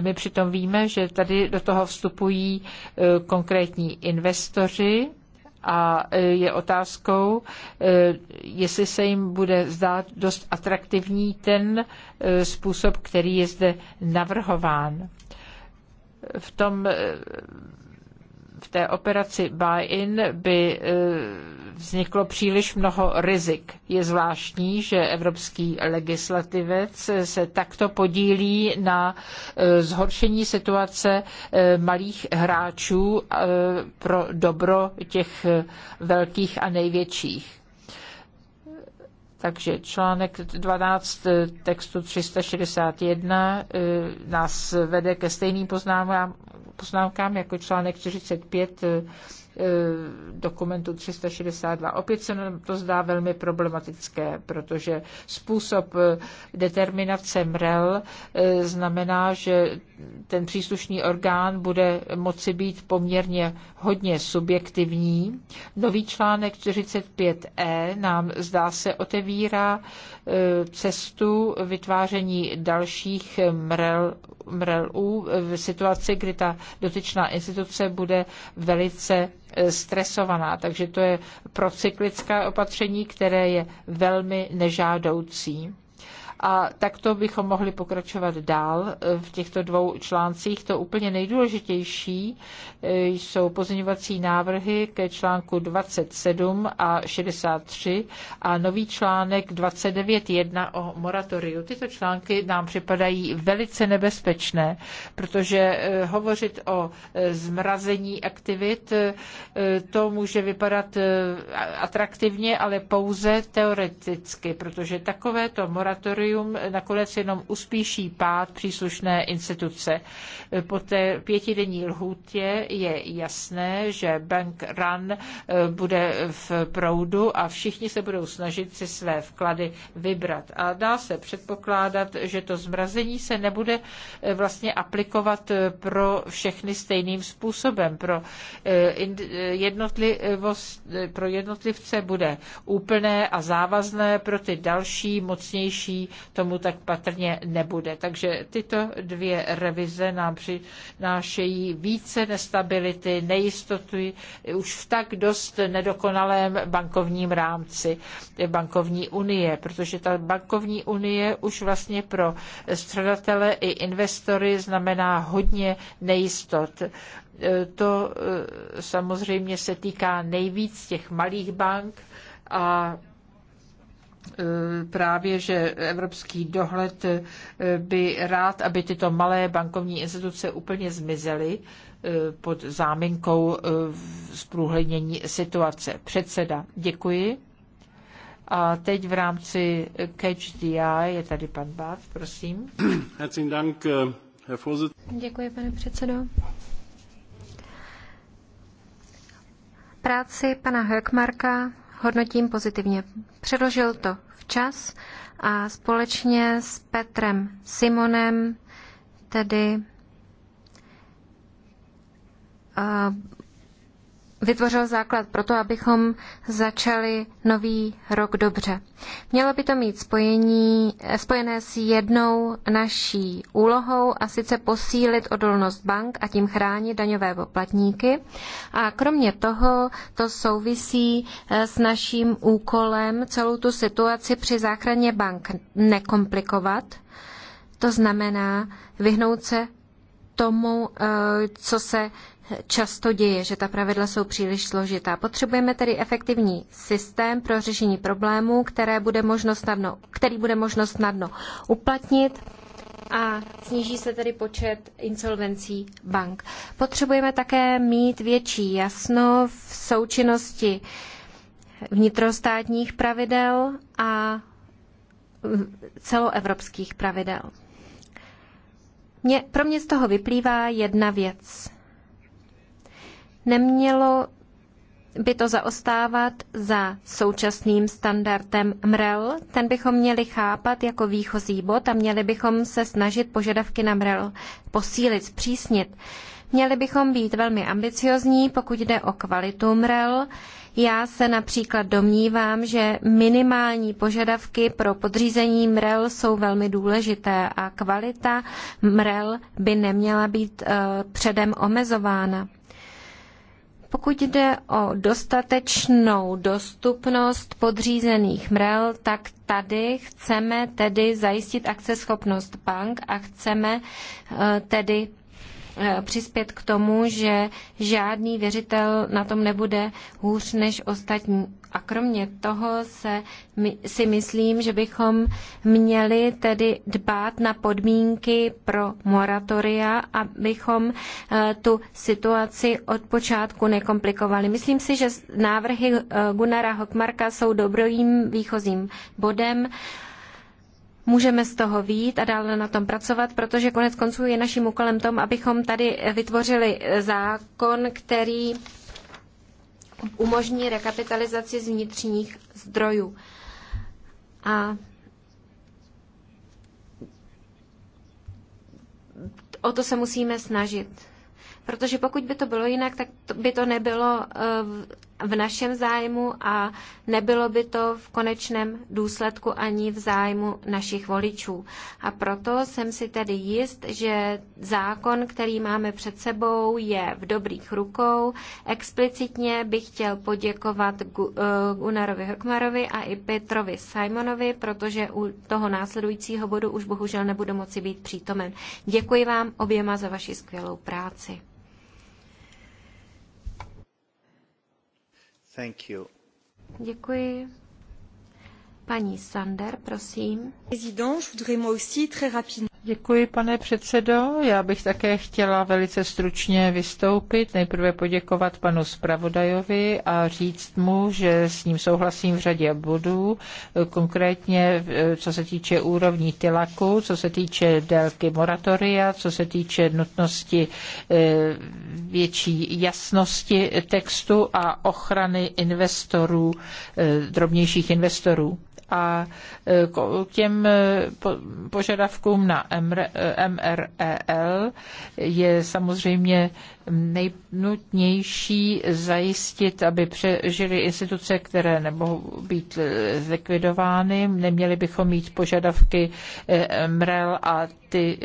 My přitom víme, že tady do toho vstupují konkrétní investoři, a e, je otázkou, e, jestli se jim bude zdát dost atraktivní ten e, způsob, který je zde navrhován. V tom v té operaci buy-in by vzniklo příliš mnoho rizik. Je zvláštní, že evropský legislativec se takto podílí na e, zhoršení situace e, malých hráčů e, pro dobro těch velkých a největších. Takže článek 12 textu 361 nás vede ke stejným poznámkám, jako článek 45 Eh, dokumentu 362. Opět se nám to zdá velmi problematické, protože způsob eh, determinace MREL eh, znamená, že ten příslušný orgán bude moci být poměrně hodně subjektivní. Nový článek 45e nám zdá se otevírá cestu vytváření dalších MREL MRLU v situaci, kdy ta dotyčná instituce bude velice eh, stresovaná. Takže to je procyklické opatření, které je velmi nežádoucí. A takto bychom mohli pokračovat dál eh, v těchto dvou článcích. To úplně nejdůležitější eh, jsou pozměňovací návrhy ke článku 27 a 63 a nový článek 29.1 o moratoriu. Tyto články nám připadají velice nebezpečné, protože eh, hovořit o zmrazení aktivit, to může vypadat atraktivně, ale pouze teoreticky, protože takovéto moratorium moratorium nakonec jenom uspíší pád příslušné instituce. Po té pětidenní lhůtě je jasné, že bank run eh, bude v proudu a všichni se budou snažit si své vklady vybrat. A dá se předpokládat, že to zmrazení se nebude eh, vlastně aplikovat eh, pro všechny stejným způsobem. Pro, pro jednotlivce bude úplné a závazné, pro ty další mocnější tomu tak patrně nebude. Takže tyto dvě revize nám přinášejí více nestability, nejistoty už v tak dost nedokonalém bankovním rámci bankovní unie, protože ta bankovní unie už vlastně pro středatele i investory znamená hodně nejistot. To eh, samozřejmě se týká nejvíc těch malých bank a právě, že evropský dohled eh, by rád, aby tyto malé bankovní instituce úplně zmizely eh, pod záminkou eh, zprůhlednění situace. Předseda, děkuji. A teď v rámci Catch the Eye je tady pan Bart, prosím. [CLEARS THROAT] Děkuji, pane předsedo. Práci pana Hökmarka hodnotím pozitivně. Předložil to včas a společně s Petrem Simonem tedy vytvořil základ pro to, abychom začali nový rok dobře. Mělo by to mít spojení, spojené s jednou naší úlohou a sice posílit odolnost bank a tím chránit daňové poplatníky. A kromě toho to souvisí eh, s naším úkolem celou tu situaci při záchraně bank nekomplikovat. To znamená vyhnout se tomu, eh, co se často děje, že ta pravidla jsou příliš složitá. Potřebujeme tedy efektivní systém pro řešení problémů, které bude možno snadno, který bude možno snadno uplatnit a sníží se tedy počet insolvencí bank. Potřebujeme také mít větší jasno v součinnosti vnitrostátních pravidel a celoevropských pravidel. Mě, pro mě z toho vyplývá jedna věc. Nemělo by to zaostávat za současným standardem MREL. Ten bychom měli chápat jako výchozí bod a měli bychom se snažit požadavky na MREL posílit, zpřísnit. Měli bychom být velmi ambiciozní, pokud jde o kvalitu MREL. Já se například domnívám, že minimální požadavky pro podřízení MREL jsou velmi důležité a kvalita MREL by neměla být eh, předem omezována. Pokud jde o dostatečnou dostupnost podřízených mrel, tak tady chceme tedy zajistit akceschopnost bank a chceme eh, tedy eh, přispět k tomu, že žádný věřitel na tom nebude hůř než ostatní a kromě toho se, my, si myslím, že bychom měli tedy dbát na podmínky pro moratoria, abychom eh, tu situaci od počátku nekomplikovali. Myslím si, že návrhy eh, Gunara Hokmarka jsou dobrým výchozím bodem. Můžeme z toho vít a dále na tom pracovat, protože konec konců je naším úkolem tom, abychom tady vytvořili eh, zákon, který umožní rekapitalizaci z vnitřních zdrojů. A o to se musíme snažit. Protože pokud by to bylo jinak, tak by to nebylo eh, v našem zájmu a nebylo by to v konečném důsledku ani v zájmu našich voličů. A proto jsem si tedy jist, že zákon, který máme před sebou, je v dobrých rukou. Explicitně bych chtěl poděkovat eh, Gunarovi Hokmarovi a i Petrovi Simonovi, protože u toho následujícího bodu už bohužel nebudu moci být přítomen. Děkuji vám oběma za vaši skvělou práci. Thank you. Děkuji. Paní Sander, prosím. Président, je voudrais moi aussi très rapidement Děkuji, pane předsedo. Já bych také chtěla velice stručně vystoupit. Nejprve poděkovat panu spravodajovi a říct mu, že s ním souhlasím v řadě bodů, konkrétně eh, co se týče úrovní tylaku, co se týče délky moratoria, co se týče nutnosti eh, větší jasnosti textu a ochrany investorů, eh, drobnějších investorů a e, k těm e, požadavkům na MREL e je samozřejmě nejnutnější zajistit, aby přežily instituce, které nemohou být zlikvidovány. Neměli bychom mít požadavky MREL a ty,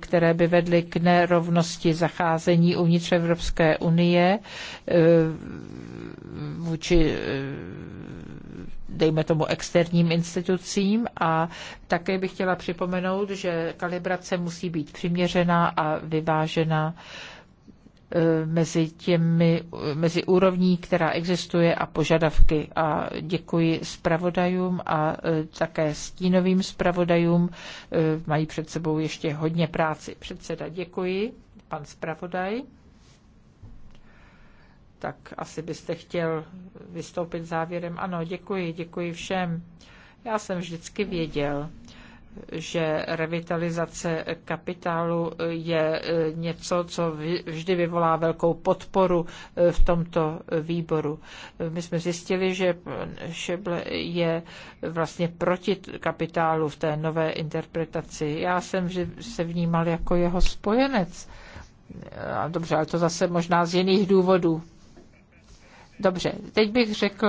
které by vedly k nerovnosti zacházení uvnitř Evropské unie vůči dejme tomu, externím institucím a také bych chtěla připomenout, že kalibrace musí být přiměřená a vyvážená eh, mezi, těmi, mezi úrovní, která existuje a požadavky. A děkuji zpravodajům a eh, také stínovým zpravodajům. Eh, mají před sebou ještě hodně práci. Předseda, děkuji. Pan zpravodaj tak asi byste chtěl vystoupit závěrem. Ano, děkuji, děkuji všem. Já jsem vždycky věděl, že revitalizace kapitálu je eh, něco, co vždy vyvolá velkou podporu eh, v tomto výboru. Eh, my jsme zjistili, že Šeble je vlastně proti kapitálu v té nové interpretaci. Já jsem se vnímal jako jeho spojenec. Dobře, ale to zase možná z jiných důvodů. Dobře, teď bych řekl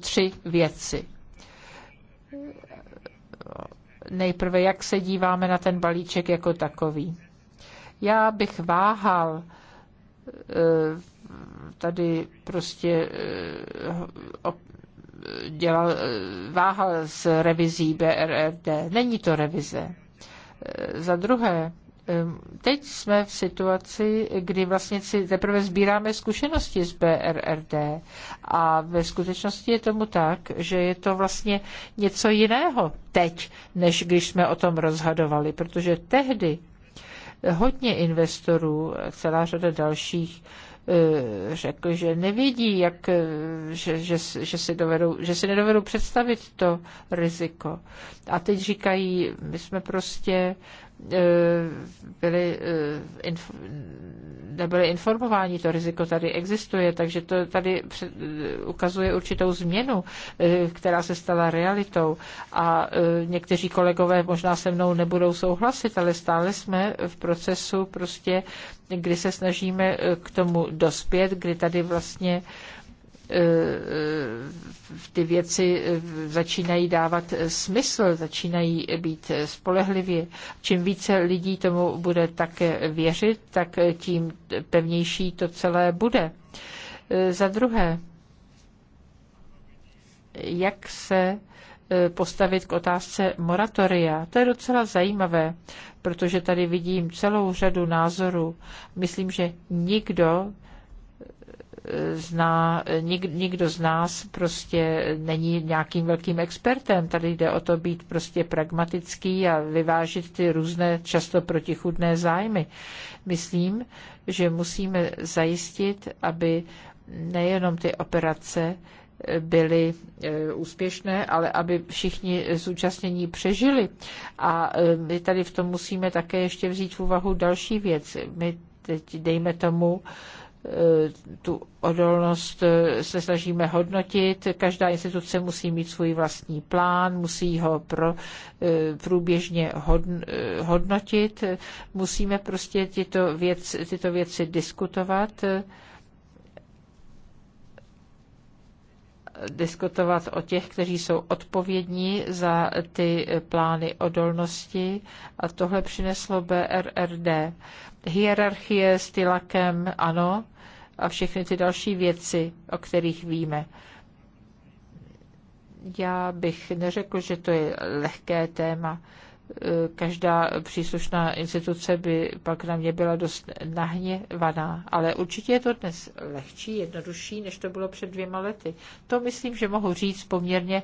tři věci. Nejprve, jak se díváme na ten balíček jako takový. Já bych váhal eh, tady prostě eh, dělal, eh, váhal s revizí BRRD. Není to revize. Za druhé, Teď jsme v situaci, kdy vlastně si teprve sbíráme zkušenosti z BRRD a ve skutečnosti je tomu tak, že je to vlastně něco jiného teď, než když jsme o tom rozhadovali, protože tehdy hodně investorů, celá řada dalších, eh, řekl, že nevidí, jak, eh, že, že, že, si dovedou, že si nedovedou představit to riziko. A teď říkají, my jsme prostě E, byli, e, inf, nebyli informováni, to riziko tady existuje, takže to tady před, e, ukazuje určitou změnu, která se stala realitou a někteří kolegové možná se mnou nebudou souhlasit, ale stále jsme v procesu prostě, kdy se snažíme k tomu dospět, kdy tady vlastně E, e, ty věci e, začínají dávat smysl, začínají být spolehlivě. Čím více lidí tomu bude také věřit, tak tím pevnější to celé bude. Za druhé, jak se postavit k otázce moratoria. To je docela zajímavé, protože tady vidím celou řadu názorů. Myslím, že nikdo zná, nik, nikdo z nás prostě není nějakým velkým expertem. Tady jde o to být prostě pragmatický a vyvážit ty různé, často protichudné zájmy. Myslím, že musíme zajistit, aby nejenom ty operace byly e, úspěšné, ale aby všichni zúčastnění přežili. A e, my tady v tom musíme také ještě vzít v úvahu další věc. My teď, dejme tomu, Eh, tu odolnost eh, se snažíme hodnotit. Každá instituce musí mít svůj vlastní plán, musí ho pro, eh, průběžně hodnotit. Musíme prostě tyto, věc, tyto věci diskutovat. diskutovat o těch, kteří jsou odpovědní za ty plány odolnosti a tohle přineslo BRRD. Hierarchie s Tylakem, ano, a všechny ty další věci, o kterých víme. Já bych neřekl, že to je lehké téma. Každá příslušná instituce by pak na mě byla dost nahněvaná, ale určitě je to dnes lehčí, jednodušší, než to bylo před dvěma lety. To myslím, že mohu říct poměrně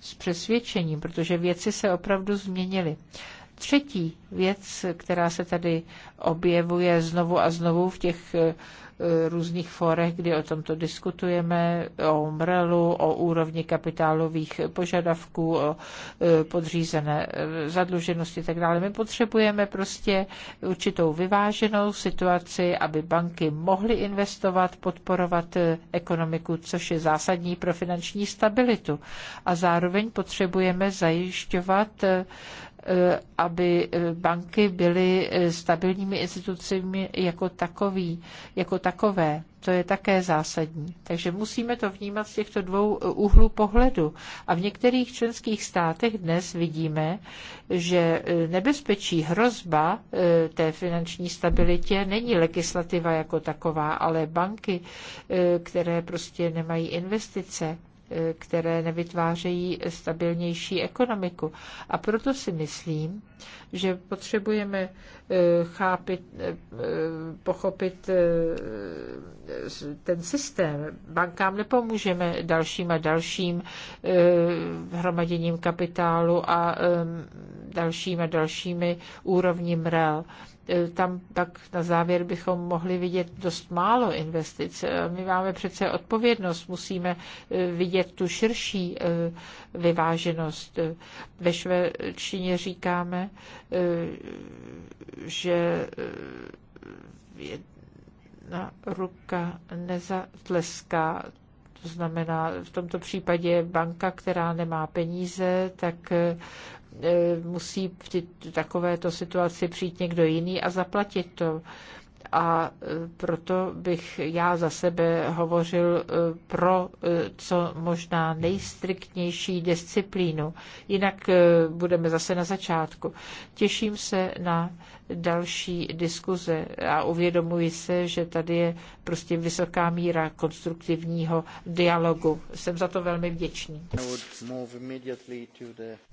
s přesvědčením, protože věci se opravdu změnily. Třetí věc, která se tady objevuje znovu a znovu v těch Eh, různých forech, kdy o tomto diskutujeme, o umrelu, o úrovni kapitálových požadavků, o eh, podřízené eh, zadluženosti a tak dále. My potřebujeme prostě určitou vyváženou situaci, aby banky mohly investovat, podporovat ekonomiku, což je zásadní pro finanční stabilitu. A zároveň potřebujeme zajišťovat Eh, aby eh, banky byly eh, stabilními institucemi jako, takový, jako takové. To je také zásadní. Takže musíme to vnímat z těchto dvou úhlů pohledu. A v některých členských státech dnes vidíme, že nebezpečí hrozba té finanční stabilitě není legislativa jako taková, ale banky, které prostě nemají investice, které nevytvářejí stabilnější ekonomiku. A proto si myslím, že potřebujeme eh, chápit, eh, eh, pochopit ten systém. Bankám nepomůžeme dalším a dalším hromaděním kapitálu a dalším a dalšími úrovním rel. E, tam tak na závěr bychom mohli vidět dost málo investic. E, my máme přece odpovědnost, musíme e, vidět tu širší vyváženost. Ve švédštině říkáme, že jedna ruka nezatleská. To znamená, v tomto případě banka, která nemá peníze, tak E, musí v takovéto situaci přijít někdo jiný a zaplatit to. A e, proto bych já za sebe hovořil e, pro co možná nejstriktnější disciplínu. Jinak budeme zase na začátku. Těším se na další diskuze a uvědomuji se, že tady je prostě vysoká míra konstruktivního dialogu. Jsem za to velmi vděčný.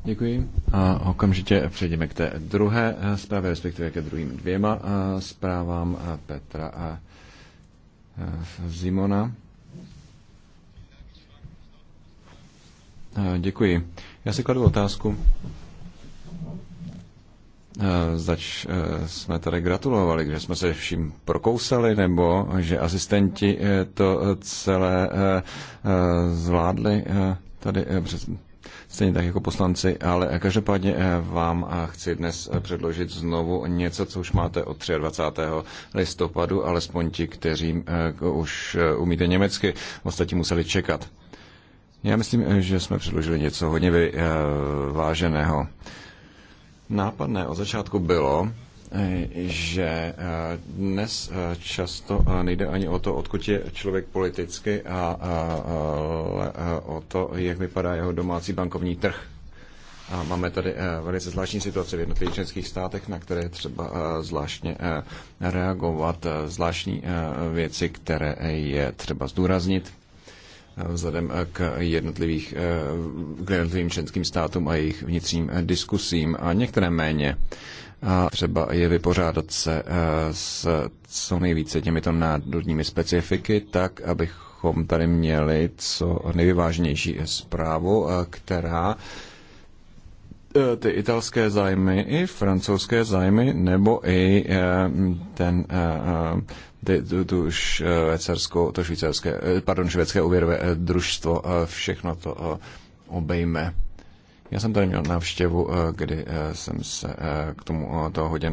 Děkuji a okamžitě přejdeme k té druhé eh, zprávě, respektive ke druhým dvěma eh, zprávám eh, Petra a Zimona. Děkuji. Já si kladu otázku, Eh, zač eh, jsme tady gratulovali, že jsme se vším prokousali, nebo že asistenti eh, to celé zvládli tady přes stejně tak jako poslanci, ale každopádně vám chci dnes předložit znovu něco, co už máte od 23. listopadu, alespoň ti, kteří už umíte německy, ostatní museli čekat. Já myslím, že jsme předložili něco hodně váženého nápadné od začátku bylo, eh, že eh, dnes eh, často nejde ani o to, odkud je člověk politicky, a, ale o to, jak vypadá jeho domácí bankovní trh. A máme tady velice zvláštní situaci v jednotlivých českých státech, na které je třeba zvláštně reagovat, zvláštní věci, které je třeba zdůraznit vzhledem eh, k, jednotlivých, eh, k jednotlivým členským státům a jejich vnitřním eh, diskusím a některé méně. A třeba je vypořádat se s co nejvíce těmito národními specifiky, tak abychom tady měli co nejvyvážnější zprávu, která ty italské zájmy, i francouzské zájmy, nebo i ten ty, tu, tu švédskou, eh, to švýcarské, eh, pardon, švédské úvěrové eh, družstvo všechno to obejme. Já jsem tady měl návštěvu, kdy jsem se k tomu toho hodně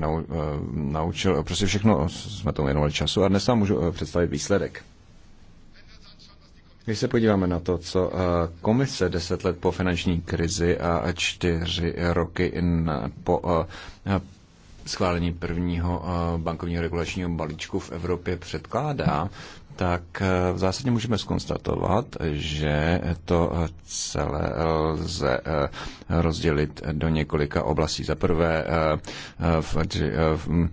naučil. Prostě všechno jsme tomu věnovali času a dnes vám můžu představit výsledek. Když se podíváme na to, co komise deset let po finanční krizi a čtyři roky po schválení prvního eh, bankovního regulačního balíčku v Evropě předkládá, tak eh, v zásadě můžeme skonstatovat, že to eh, celé lze rozdělit do několika oblastí. Za prvé v, v, hm,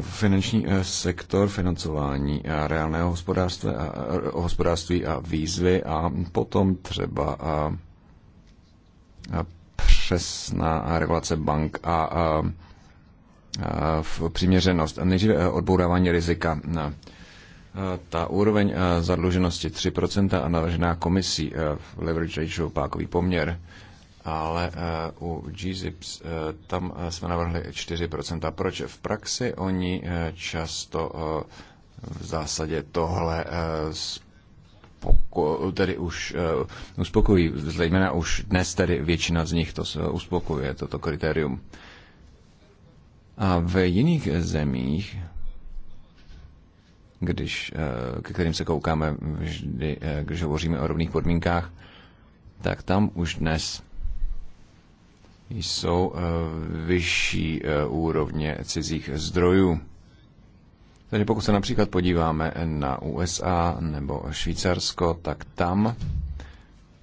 finanční sektor, financování reálného hospodářství a, hospodářství a výzvy a potom třeba a, a přesná regulace bank a, a v přiměřenost. Nejdříve eh, odbourávání rizika. Eh, ta úroveň eh, zadluženosti 3% a navržená komisí v leverage ratio pákový poměr, ale u GZIPS tam jsme navrhli 4%. Proč? V praxi oni často v zásadě tohle tedy už uspokojí, zejména už dnes tedy většina z nich to uspokojuje, toto kritérium. A v jiných zemích, když, eh, k kterým se koukáme vždy, eh, když hovoříme o rovných podmínkách, tak tam už dnes jsou eh, vyšší úrovně cizích zdrojů. Takže pokud se například podíváme na USA nebo Švýcarsko, tak tam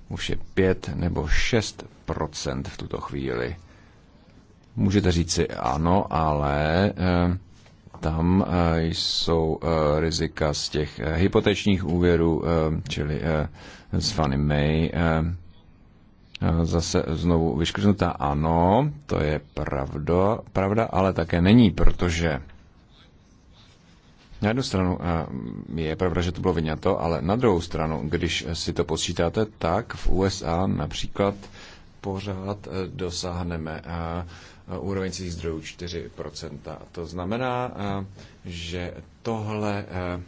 už je 5 nebo 6 v tuto chvíli Můžete říci ano, ale eh, tam eh, jsou eh, rizika z těch hypotečních úvěrů, čili z Fanny May. zase znovu vyškrtnutá ano, to je pravda, pravda, ale také není, protože na jednu stranu je pravda, že to bylo vyňato, ale na druhou stranu, když si to počítáte, tak v USA například pořád dosáhneme Eh, úroveň svých zdrojů 4%. To znamená, eh, že tohle eh,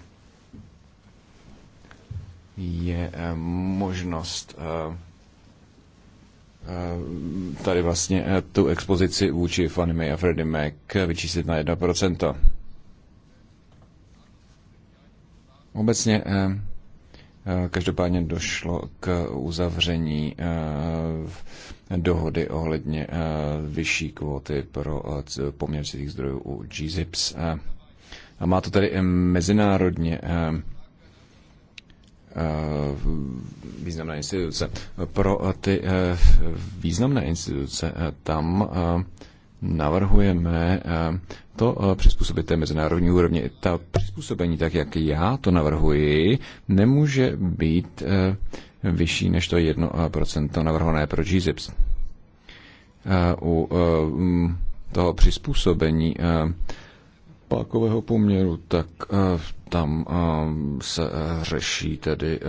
je možnost tady vlastně tu expozici vůči Fannie Mae a Freddie Mac vyčíslit na 1%. Obecně každopádně došlo k uzavření dohody ohledně eh, vyšší kvóty pro eh, poměr cizích zdrojů u GZIPS. Eh, a má to tedy mezinárodně významné instituce. Pro ty významné instituce tam navrhujeme to přizpůsobit té mezinárodní úrovni. Ta přizpůsobení, tak jak já to navrhuji, nemůže být vyšší než to 1% navrhované pro GZIPS. U e, toho přizpůsobení e, pákového poměru, tak e, tam se řeší tedy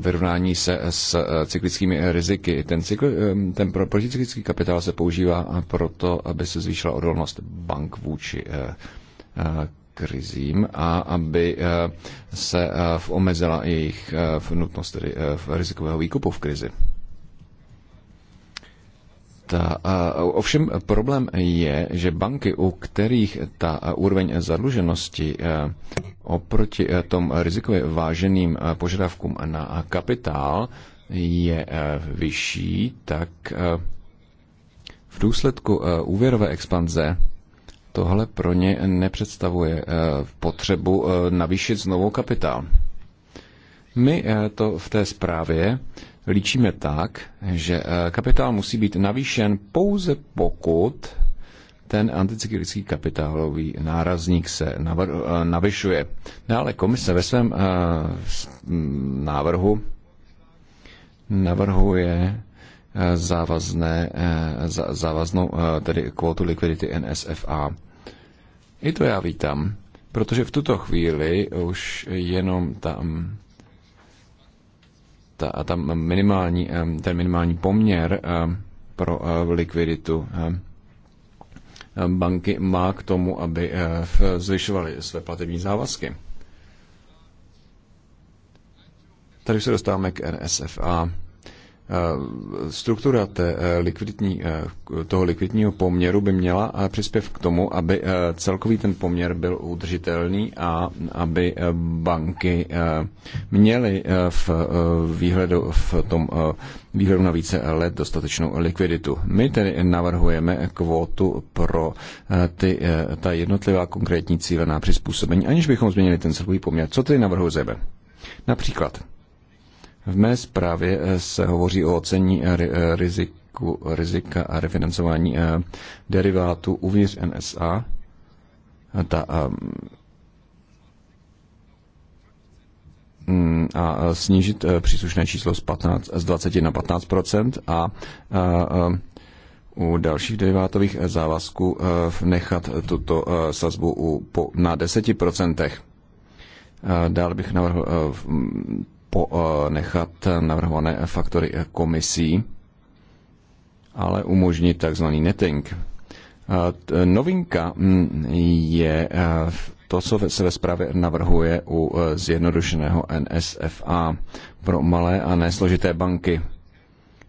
vyrovnání se s cyklickými riziky. Ten, cykl, ten proticyklický kapitál se používá proto, aby se zvýšila odolnost bank vůči krizím a aby eh, se eh, omezila jejich eh, nutnost tedy rizikového výkupu v krizi. Ta, ovšem problém je, že banky, u kterých ta úroveň zadluženosti oproti tom rizikově váženým požadavkům na kapitál je vyšší, tak v důsledku úvěrové expanze tohle pro ně nepředstavuje eh, potřebu eh, navýšit znovu kapitál. My eh, to v té zprávě líčíme tak, že kapitál musí být navýšen pouze pokud ten anticyklický kapitálový nárazník se navr- navyšuje. Dále komise ve svém mm, návrhu navrhuje závazné, závaznou tedy kvotu likvidity NSFA i to já vítám, protože v tuto chvíli už jenom tam mm, ta, a tam minimální, mm, ten minimální poměr mm, pro likviditu banky má k tomu, aby zvyšovaly své platební závazky. Tady se dostáváme k NSFA. Eh, struktura té eh, likviditní, eh, toho likvidního poměru by měla přispěv k tomu, aby celkový ten poměr byl udržitelný a aby banky měly v výhledu, v tom výhledu na více let dostatečnou likviditu. My tedy navrhujeme kvótu pro ty, ta jednotlivá konkrétní cílená přizpůsobení, aniž bychom změnili ten celkový poměr. Co tedy Zebe? Například v mé zprávě eh, se hovoří o ocení eh, eh, riziku, rizika a refinancování derivátů uvnitř NSA. Ta, mm, a snížit příslušné číslo z, 15, z 20 na 15 a, a u dalších derivátových závazků nechat tuto sazbu u, po, na 10 Dál bych navrhl Eh, nechat navrhované faktory eh, komisí, ale umožnit takzvaný netting. Eh, novinka mm, je to, co se ve zprávě navrhuje u zjednodušeného NSFA pro malé a nesložité banky.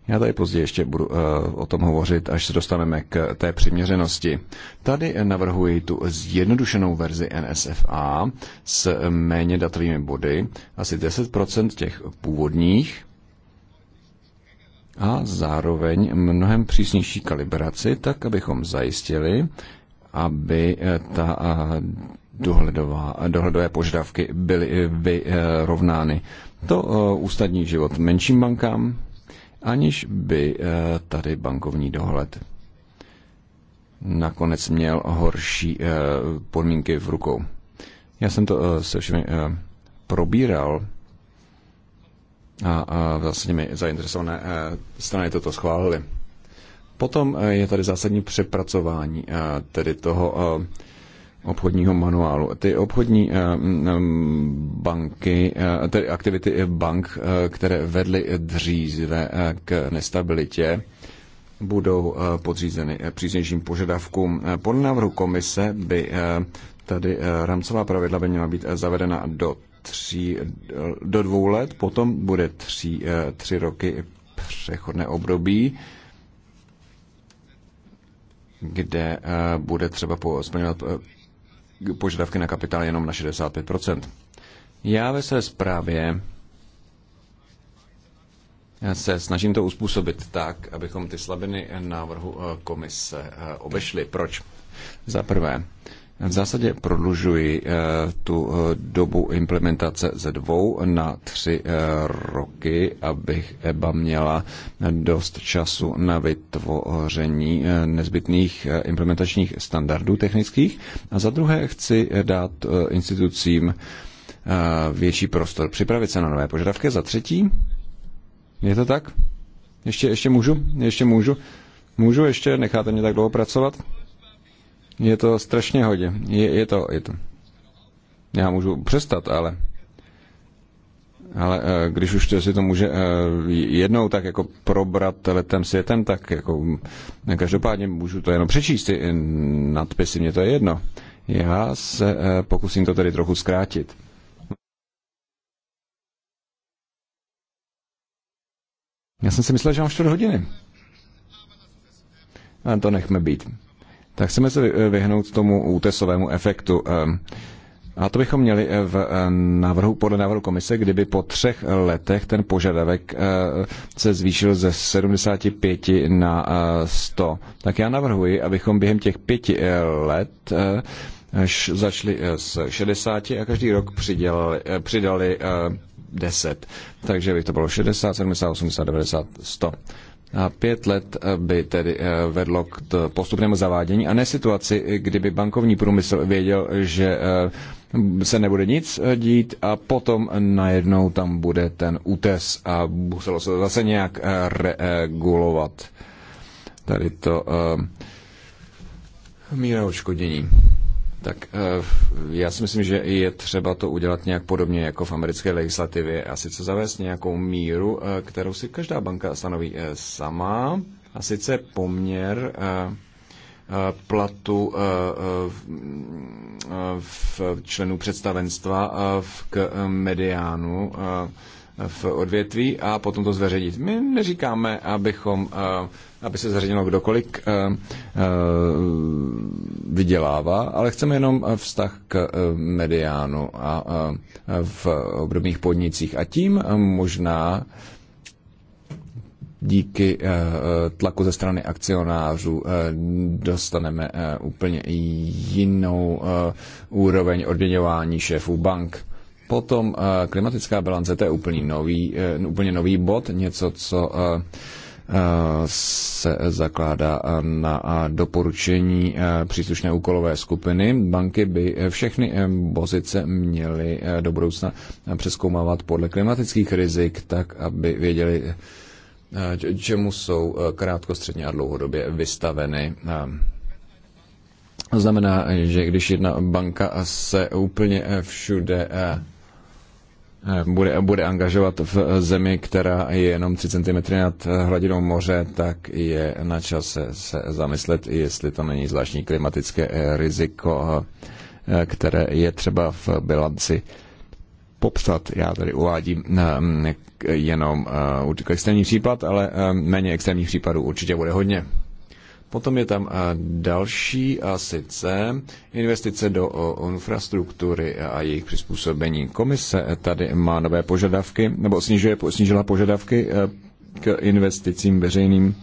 Já tady později ještě budu eh, o tom hovořit, až se dostaneme k té přiměřenosti. Tady navrhuji tu zjednodušenou verzi NSFA s méně datovými body, asi 10% těch původních, a zároveň mnohem přísnější kalibraci, tak abychom zajistili, aby eh, ta eh, dohledová, dohledové požadavky byly vyrovnány. To ústadní život menším bankám, aniž by eh, tady bankovní dohled nakonec měl horší eh, podmínky v rukou. Já jsem to eh, se všemi probíral a, vlastně mi zainteresované strany toto schválili. Potom je tady zásadní přepracování tedy toho obchodního manuálu. Ty obchodní eh, mm, mm, banky, eh, tedy aktivity bank, eh, které vedly dříve k nestabilitě, budou podřízeny přísnějším požadavkům. pod návrhu komise by tady rámcová pravidla by měla být zavedena do, tří, do dvou let, potom bude tři tři roky přechodné období, kde bude třeba splňovat požadavky na kapitál jenom na 65%. Já ve své zprávě se snažím to uspůsobit tak, abychom ty slabiny návrhu eh, komise eh, obešli. Proč? Za prvé, v zásadě prodlužuji eh, tu eh, dobu implementace ze dvou na tři eh, roky, abych EBA měla dost času na vytvoření nezbytných implementačních standardů technických. A za druhé chci dát institucím větší prostor připravit se na nové požadavky. Za třetí, je to tak? Ještě, ještě můžu? Ještě můžu? Můžu ještě? Necháte mě tak dlouho pracovat? Je to strašně hodně. Je, je to, je to. Já můžu přestat, ale ale eh, když už to si to může eh, jednou tak jako probrat letem světem, tak jako eh, každopádně můžu to jenom přečíst, ty nadpisy, mě to je jedno. Já se pokusím to tady trochu zkrátit. Já jsem si myslel, že mám čtvrt hodiny. A to nechme být tak chceme se eh, vyhnout tomu útesovému efektu. Ehm, a to bychom měli eh, v ehm, návrhu, podle návrhu komise, kdyby po třech letech ten požadavek eh, se zvýšil ze 75 na 100. Tak já navrhuji, abychom během těch pěti let začali s 60 a každý rok přidělali, přidali 10. Takže by to bylo 60, 70, 80, 90, 100. Pět let eh, by tedy eh, vedlo k postupnému zavádění a ne situaci, eh, kdyby bankovní průmysl věděl, že se nebude nic dít a potom najednou tam bude ten útes a muselo se to zase nějak regulovat. Tady to míra očkodění tak eh, já si myslím, že je třeba to udělat nějak podobně jako v americké legislativě a sice zavést nějakou míru, eh, kterou si každá banka stanoví eh, sama a sice poměr platu v členů představenstva k mediánu v odvětví a potom to zveřejnit. My neříkáme, abychom aby se zařadilo kdokoliv eh, eh, vydělává, ale chceme jenom eh, vztah k mediánu a v obdobných podnicích. A tím možná díky tlaku ze strany akcionářů dostaneme úplně jinou úroveň odměňování šéfů bank. Potom klimatická bilance, to je úplně nový, úplně nový bod, něco, co se zakládá na doporučení příslušné úkolové skupiny. Banky by všechny pozice měly do budoucna přeskoumávat podle klimatických rizik, tak aby věděli, čemu jsou krátkostředně a dlouhodobě vystaveny. Znamená, že když jedna banka se úplně všude Eh, bude, bude angažovat v eh, zemi, která je jenom 3 cm nad eh, hladinou moře, tak je na čase se zamyslet, jestli to není zvláštní klimatické riziko, které je třeba v bilanci popsat. Já tady uvádím jenom extrémní případ, ale méně extrémních případů určitě bude hodně. Potom je tam další a sice investice do infrastruktury a jejich přizpůsobení. Komise e, tady má nové požadavky, nebo snižuje, snížila požadavky e, k investicím veřejným.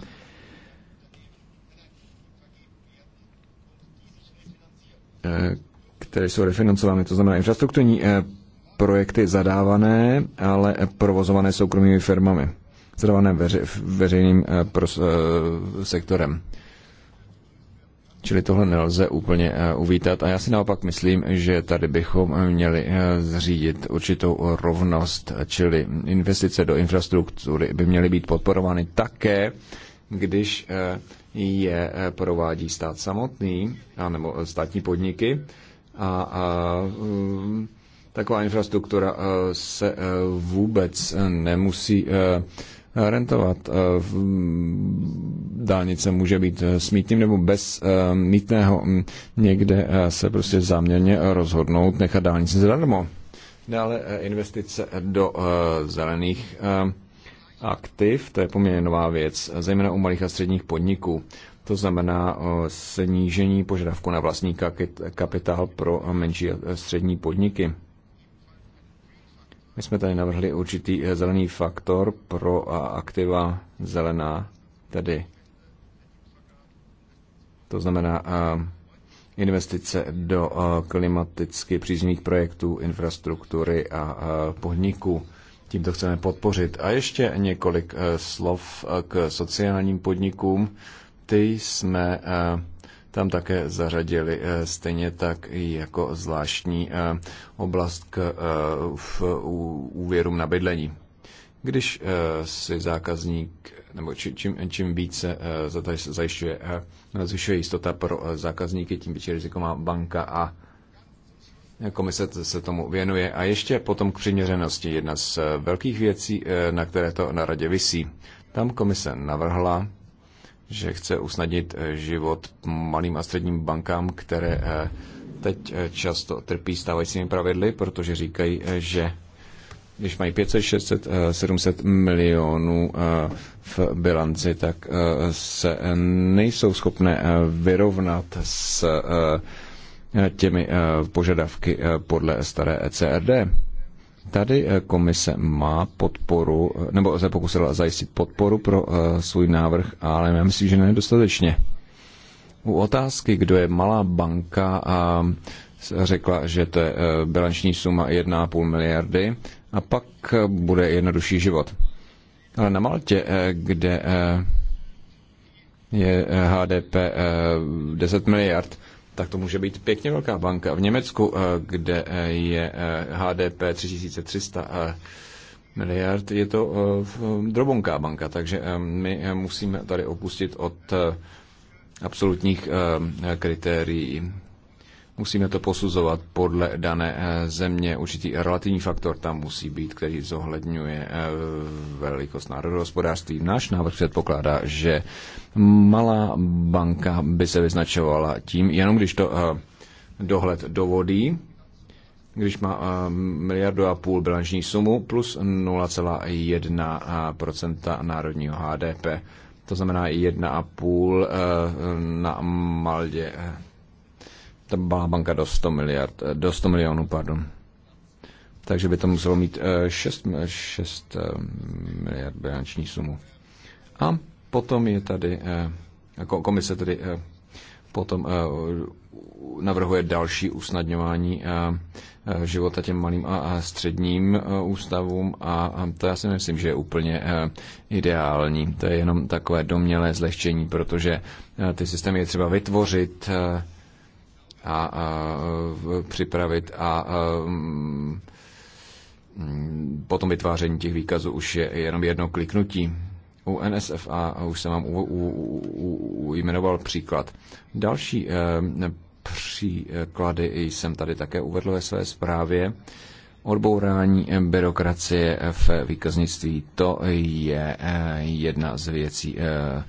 E, které jsou refinancovány, to znamená infrastrukturní projekty zadávané, ale provozované soukromými firmami, zadávané veře, veřejným sektorem. Čili tohle nelze úplně eh, uvítat a já si naopak myslím, že tady bychom eh, měli eh, zřídit určitou rovnost, čili investice do infrastruktury by měly být podporovány také, když je provádí stát samotný, nebo státní podniky. A, a mm, taková infrastruktura se vůbec nemusí rentovat. Eh, mm, dálnice může být eh, s mítným nebo bez eh, mítného. Mm, někde se prostě záměrně rozhodnout nechat dálnici zadarmo. Dále investice do zelených aktiv, to je poměrně nová věc, zejména u malých a středních podniků. To znamená snížení požadavku na vlastní kapitál pro menší a střední podniky. My jsme tady navrhli určitý eh, zelený faktor pro aktiva zelená, tedy to znamená eh, investice do eh, klimaticky příznivých projektů, infrastruktury a podniků. Tím to chceme podpořit. A ještě několik slov k sociálním podnikům. Ty jsme tam také zařadili, eh, stejně tak jako zvláštní eh, oblast k eh, úvěrům na bydlení. Když si zákazník, nebo čím, čím více zajišťuje, zvyšuje jistota pro zákazníky, tím větší riziko má banka a Komise se tomu věnuje. A ještě potom k přiměřenosti. Jedna z velkých věcí, na které to na radě visí. Tam komise navrhla že chce usnadnit eh, život malým a středním bankám, které eh, teď eh, často trpí stávajícími pravidly, protože říkají, že když mají 500, 600, 700 milionů v bilanci, tak se nejsou schopné vyrovnat s těmi požadavky podle staré ECRD. Tady eh, komise má podporu, eh, nebo se pokusila zajistit podporu pro eh, svůj návrh, ale já myslím, že nedostatečně. U otázky, kdo je malá banka, a řekla, že to je bilanční suma 1,5 miliardy a pak bude jednodušší život. Ale na Maltě, kde je HDP 10 miliard, tak to může být pěkně velká banka. V Německu, eh, kde eh, je HDP eh, 3300 miliard, je to drobonká banka, takže my musíme tady opustit od absolutních kritérií Musíme to posuzovat podle dané eh, země. Určitý relativní faktor tam musí být, který zohledňuje eh, velikost národního hospodářství. Náš návrh předpokládá, že malá banka by se vyznačovala tím, jenom když to eh, dohled dovodí, když má miliardu a půl bilanční sumu plus 0,1 národního HDP. To znamená 1,5 na Maldě ta malá banka do 100, miliard, eh, do 100 milionů, pardon. Takže by to muselo mít 6, eh, 6 eh, miliard bilanční sumu. A potom je tady, komise tedy potom navrhuje další usnadňování života těm malým a středním ústavům a to já si myslím, že je úplně ideální. To je jenom takové domělé zlehčení, protože ty systémy je třeba vytvořit, a, a připravit a, a mm, potom vytváření těch výkazů už je jenom jedno kliknutí. U NSFA už jsem vám u, u, u, jmenoval příklad. Další e, příklady jsem tady také uvedl ve své zprávě. Odbourání byrokracie v výkaznictví, to je eh, jedna z věcí, eh,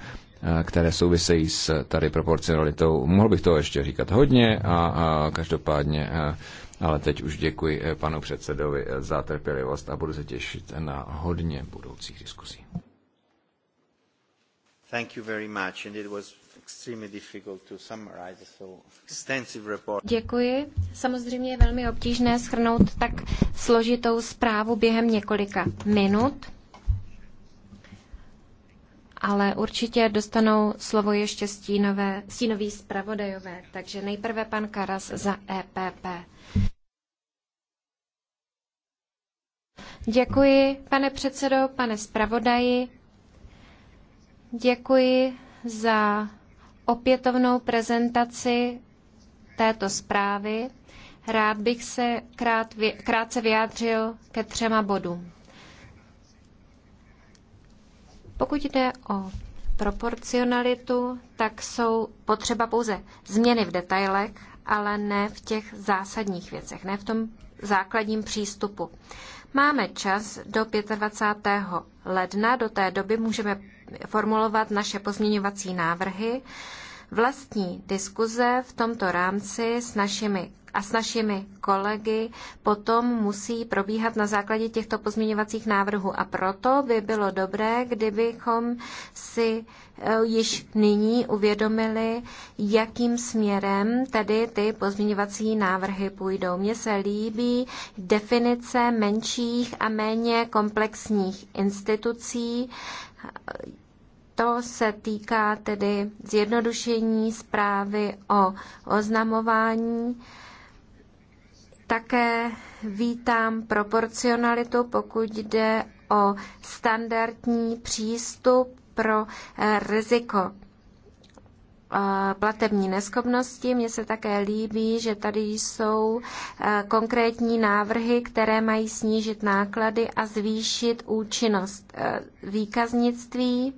které souvisejí s tady proporcionalitou. Mohl bych toho ještě říkat hodně a, a každopádně, a, ale teď už děkuji e, panu předsedovi e, za trpělivost a budu se těšit na hodně budoucích diskusí. Děkuji. Samozřejmě je velmi obtížné schrnout tak složitou zprávu během několika minut ale určitě dostanou slovo ještě stínové, stínoví zpravodajové. Takže nejprve pan Karas za EPP. Děkuji, pane předsedo, pane zpravodaji. Děkuji za opětovnou prezentaci této zprávy. Rád bych se krát, krátce vyjádřil ke třema bodům. Pokud jde o proporcionalitu, tak jsou potřeba pouze změny v detailech, ale ne v těch zásadních věcech, ne v tom základním přístupu. Máme čas do 25. ledna, do té doby můžeme formulovat naše pozměňovací návrhy vlastní diskuze v tomto rámci s našimi a s našimi kolegy potom musí probíhat na základě těchto pozměňovacích návrhů. A proto by bylo dobré, kdybychom si e, již nyní uvědomili, jakým směrem tedy ty pozměňovací návrhy půjdou. Mně se líbí definice menších a méně komplexních institucí, to se týká tedy zjednodušení zprávy o oznamování. Také vítám proporcionalitu, pokud jde o standardní přístup pro eh, riziko eh, platební neschopnosti. Mně se také líbí, že tady jsou eh, konkrétní návrhy, které mají snížit náklady a zvýšit účinnost výkaznictví.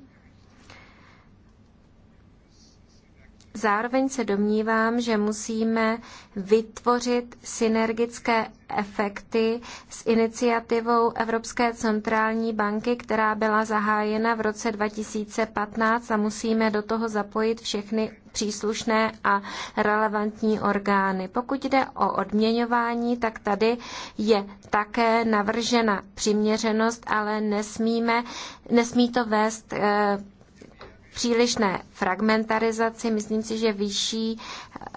Zároveň se domnívám, že musíme vytvořit synergické efekty s iniciativou Evropské centrální banky, která byla zahájena v roce 2015 a musíme do toho zapojit všechny příslušné a relevantní orgány. Pokud jde o odměňování, tak tady je také navržena přiměřenost, ale nesmíme, nesmí to vést eh, přílišné fragmentarizaci. Myslím si, že vyšší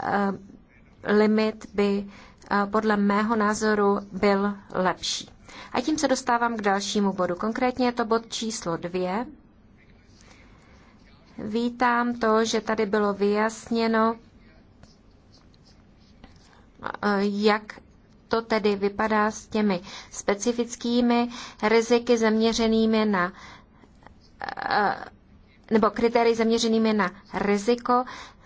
eh, limit by eh, podle mého názoru byl lepší. A tím se dostávám k dalšímu bodu. Konkrétně je to bod číslo dvě. Vítám to, že tady bylo vyjasněno, eh, jak to tedy vypadá s těmi specifickými riziky zaměřenými na nebo kritérii zaměřenými na riziko.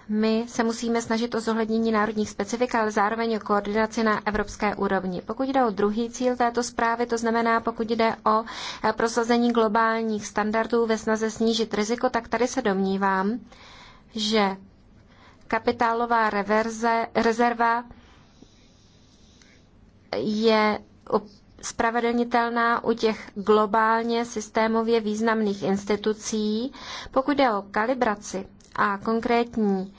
My se musíme snažit o zohlednění národních specifik, ale zároveň o koordinaci na evropské úrovni. Pokud jde o druhý cíl této zprávy, to znamená, pokud jde o eh, prosazení globálních standardů ve snaze snížit riziko, tak tady se domnívám, že kapitálová reverze, rezerva je spravedlnitelná u těch globálně systémově významných institucí. Pokud jde o kalibraci a konkrétní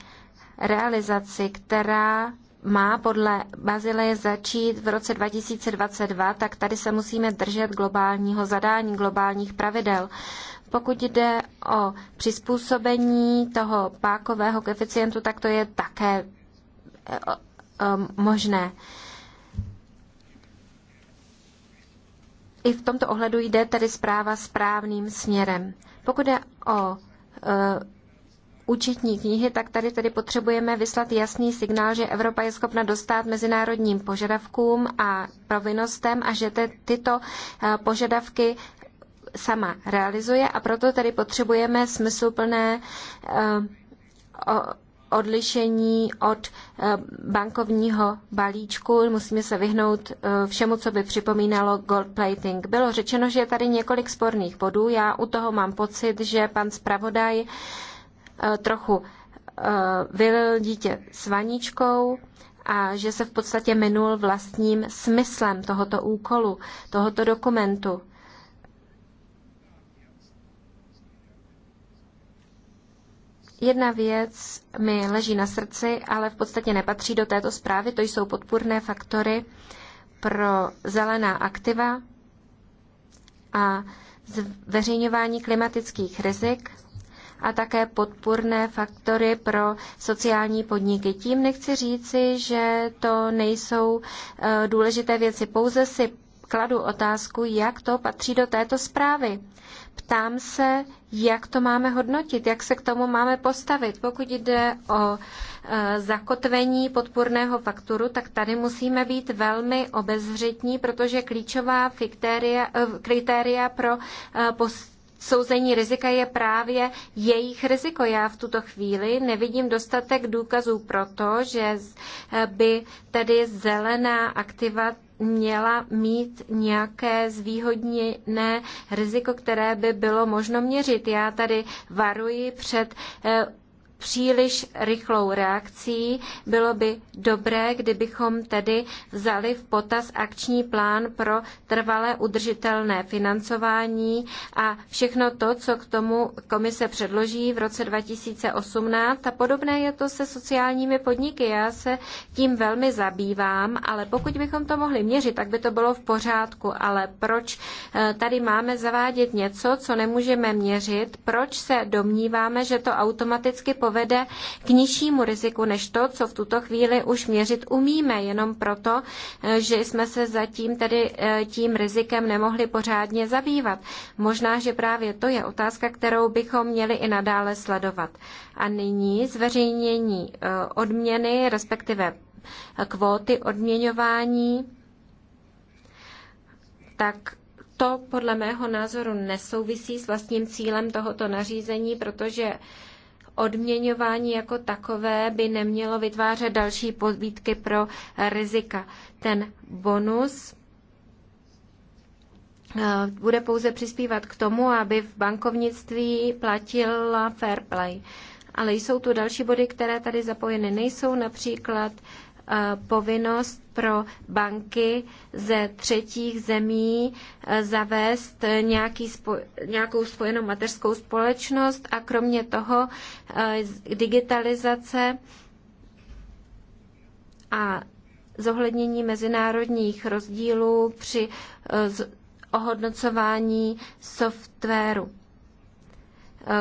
realizaci, která má podle Bazileje začít v roce 2022, tak tady se musíme držet globálního zadání, globálních pravidel. Pokud jde o přizpůsobení toho pákového koeficientu, tak to je také eh, eh, možné. i v tomto ohledu jde tedy zpráva správným směrem. Pokud je o e, účetní knihy, tak tady tedy potřebujeme vyslat jasný signál, že Evropa je schopna dostat mezinárodním požadavkům a provinnostem a že te, tyto e, požadavky sama realizuje a proto tedy potřebujeme smysluplné e, o, odlišení od eh, bankovního balíčku. Musíme se vyhnout eh, všemu, co by připomínalo gold plating. Bylo řečeno, že je tady několik sporných bodů. Já u toho mám pocit, že pan zpravodaj eh, trochu vylil dítě s vaničkou a že se v podstatě minul vlastním smyslem tohoto úkolu, tohoto dokumentu. Jedna věc mi leží na srdci, ale v podstatě nepatří do této zprávy, to jsou podpůrné faktory pro zelená aktiva a zveřejňování klimatických rizik a také podpůrné faktory pro sociální podniky. Tím nechci říci, že to nejsou eh, důležité věci. Pouze si kladu otázku, jak to patří do této zprávy. Ptám se, jak to máme hodnotit, jak se k tomu máme postavit. Pokud jde o e, zakotvení podpůrného fakturu, tak tady musíme být velmi obezřetní, protože klíčová fiktéria, e, kritéria pro e, post souzení rizika je právě jejich riziko. Já v tuto chvíli nevidím dostatek důkazů pro to, že by tedy zelená aktiva měla mít nějaké zvýhodněné riziko, které by bylo možno měřit. Já tady varuji před eh, příliš rychlou reakcí. Bylo by dobré, kdybychom tedy vzali v potaz akční plán pro trvalé udržitelné financování a všechno to, co k tomu komise předloží v roce 2018. A podobné je to se sociálními podniky. Já se tím velmi zabývám, ale pokud bychom to mohli měřit, tak by to bylo v pořádku. Ale proč eh, tady máme zavádět něco, co nemůžeme měřit? Proč se domníváme, že to automaticky po povede k nižšímu riziku než to, co v tuto chvíli už měřit umíme, jenom proto, eh, že jsme se zatím tedy eh, tím rizikem nemohli pořádně zabývat. Možná, že právě to je otázka, kterou bychom měli i nadále sledovat. A nyní zveřejnění eh, odměny, respektive kvóty odměňování, tak to podle mého názoru nesouvisí s vlastním cílem tohoto nařízení, protože odměňování jako takové by nemělo vytvářet další podbítky pro rizika. Ten bonus eh, bude pouze přispívat k tomu, aby v bankovnictví platila fair play. Ale jsou tu další body, které tady zapojeny nejsou, například povinnost pro banky ze třetích zemí e, zavést nějaký nějakou spojenou mateřskou společnost a kromě toho e, digitalizace a zohlednění mezinárodních rozdílů při e, ohodnocování softwaru.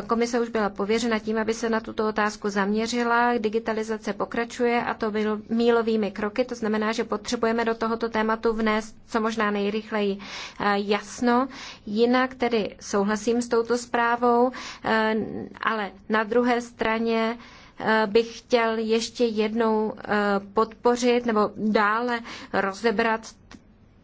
Komise už byla pověřena tím, aby se na tuto otázku zaměřila. Digitalizace pokračuje a to bylo mílovými kroky. To znamená, že potřebujeme do tohoto tématu vnést co možná nejrychleji eh, jasno. Jinak tedy souhlasím s touto zprávou, eh, ale na druhé straně eh, bych chtěl ještě jednou podpořit nebo dále rozebrat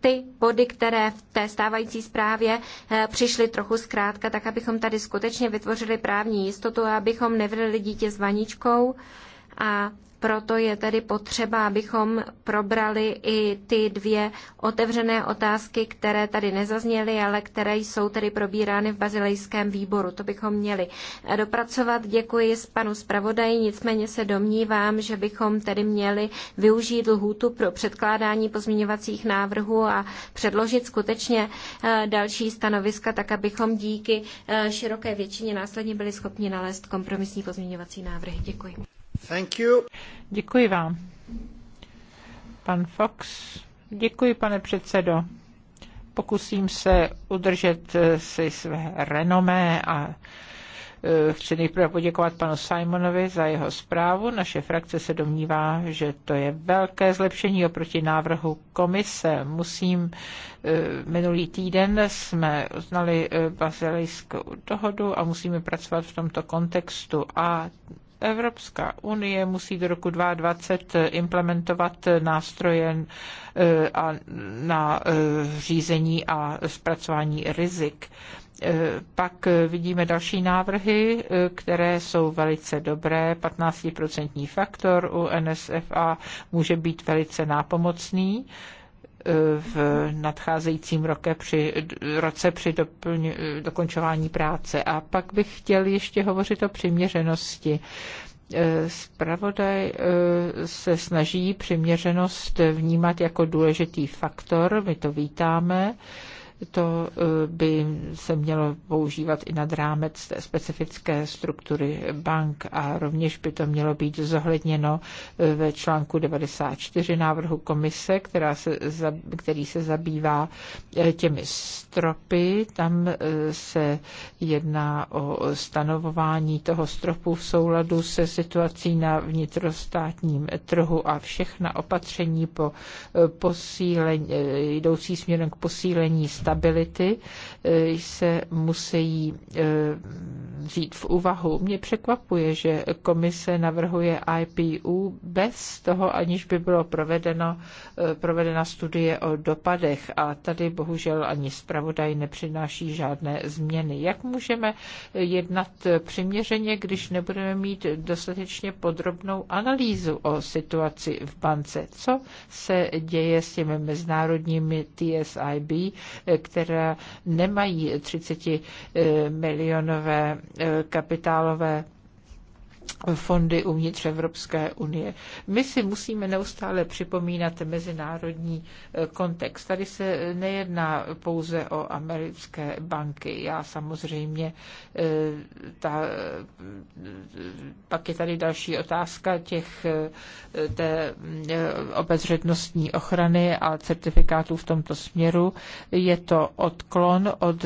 ty body, které v té stávající zprávě eh, přišly trochu zkrátka, tak abychom tady skutečně vytvořili právní jistotu a abychom nevrili dítě s vaničkou a proto je tedy potřeba, abychom probrali i ty dvě otevřené otázky, které tady nezazněly, ale které jsou tedy probírány v bazilejském výboru. To bychom měli dopracovat. Děkuji s panu zpravodaji, nicméně se domnívám, že bychom tedy měli využít lhůtu pro předkládání pozměňovacích návrhů a předložit skutečně eh, další stanoviska, tak abychom díky eh, široké většině následně byli schopni nalézt kompromisní pozměňovací návrhy. Děkuji. Thank you. Děkuji vám. Pan Fox. Děkuji, pane předsedo. Pokusím se udržet eh, si své renomé a eh, Chci nejprve poděkovat panu Simonovi za jeho zprávu. Naše frakce se domnívá, že to je velké zlepšení oproti návrhu komise. Musím, eh, minulý týden jsme uznali bazilejskou dohodu a musíme pracovat v tomto kontextu. A Evropská unie musí do roku 2020 implementovat nástroje eh, a na eh, řízení a zpracování rizik. Eh, pak vidíme další návrhy, které jsou velice dobré. 15% faktor u NSFA může být velice nápomocný v nadcházejícím roce při, roce při doplň, dokončování práce. A pak bych chtěl ještě hovořit o přiměřenosti. Spravodaj eh, se snaží přiměřenost vnímat jako důležitý faktor, my to vítáme to eh, by se mělo používat i nad rámec té specifické struktury bank a rovněž by to mělo být zohledněno eh, ve článku 94 návrhu komise, která se, který se zabývá eh, těmi stropy. Tam se jedná o stanovování toho stropu v souladu se situací na vnitrostátním trhu a všechna opatření po posílení, jdoucí směrem k posílení stát stability eh, se musí eh, vzít v úvahu. Mě překvapuje, že komise navrhuje IPU bez toho, aniž by bylo provedeno, eh, provedena studie o dopadech a tady bohužel ani zpravodaj nepřináší žádné změny. Jak můžeme jednat přiměřeně, když nebudeme mít dostatečně podrobnou analýzu o situaci v bance? Co se děje s těmi mezinárodními TSIB, které nemají 30 eh, milionové eh, kapitálové fondy uvnitř Evropské unie. My si musíme neustále připomínat mezinárodní eh, kontext. Tady se nejedná pouze o americké banky. Já samozřejmě, eh, ta, eh, pak je tady další otázka těch té obezřednostní ochrany a certifikátů v tomto směru. Je to odklon od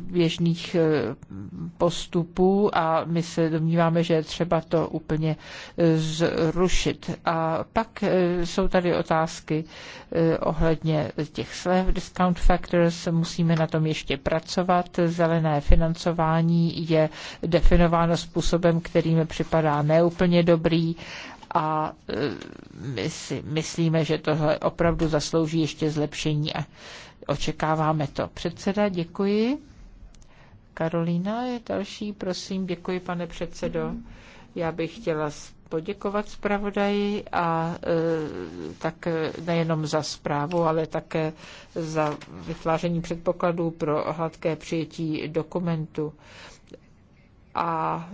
běžných postupů a my se domníváme, že je třeba to úplně e, zrušit. A pak e, jsou tady otázky e, ohledně těch slev discount factors. Musíme na tom ještě pracovat. Zelené financování je definováno způsobem, který mi připadá neúplně dobrý a my si myslíme, že tohle opravdu zaslouží ještě zlepšení a očekáváme to. Předseda, děkuji. Karolína je další, prosím. Děkuji, pane předsedo. Já bych chtěla poděkovat zpravodaji a e, tak nejenom za zprávu, ale také za vytváření předpokladů pro hladké přijetí dokumentu. A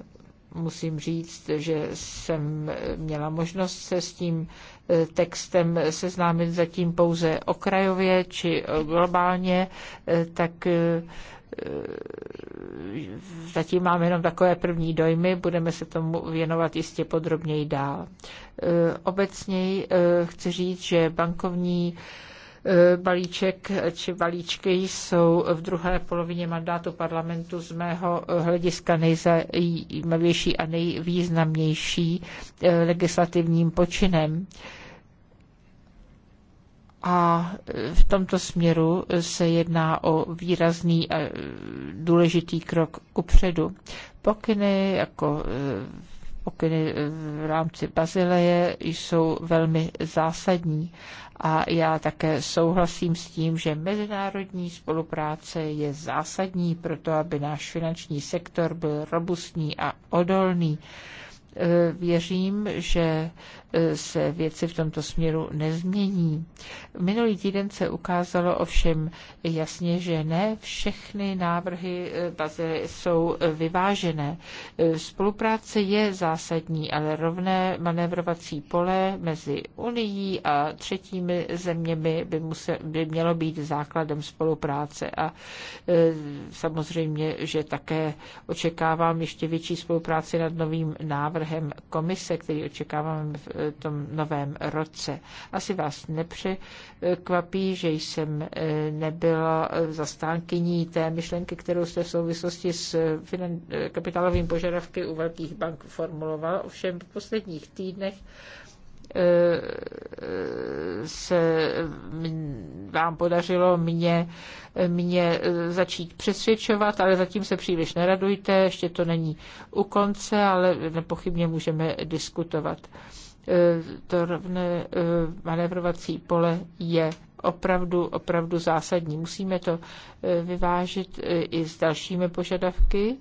musím říct, že jsem měla možnost se s tím e, textem seznámit zatím pouze okrajově či globálně, e, tak Eh, zatím máme jenom takové první dojmy, budeme se tomu věnovat jistě podrobněji dál. Eh, Obecněji eh, chci říct, že bankovní balíček či balíčky jsou v druhé polovině mandátu parlamentu z mého hlediska nejzajímavější a nejvýznamnější legislativním počinem. A e, v tomto směru se jedná o výrazný a e, důležitý krok kupředu. Pokyny jako e, pokyny v rámci Bazileje jsou velmi zásadní a já také souhlasím s tím, že mezinárodní spolupráce je zásadní pro to, aby náš finanční sektor byl robustní a odolný. Věřím, že se věci v tomto směru nezmění. Minulý týden se ukázalo ovšem jasně, že ne všechny návrhy eh, baze jsou eh, vyvážené. Eh, spolupráce je zásadní, ale rovné manévrovací pole mezi Unií a třetími zeměmi by, musel, by mělo být základem spolupráce. A samozřejmě, že také očekávám ještě větší spolupráci nad novým návrhem komise, který očekáváme v tom novém roce. Asi vás nepřekvapí, že jsem eh, nebyla zastánkyní té myšlenky, kterou jste v souvislosti s finan- kapitálovým požadavky u velkých bank formuloval. Ovšem v posledních týdnech eh, se vám podařilo mě, mě začít přesvědčovat, ale zatím se příliš neradujte, ještě to není u konce, ale nepochybně můžeme diskutovat. Eh, to rovné eh, manévrovací pole je opravdu, opravdu zásadní. Musíme to eh, vyvážit i s dalšími požadavky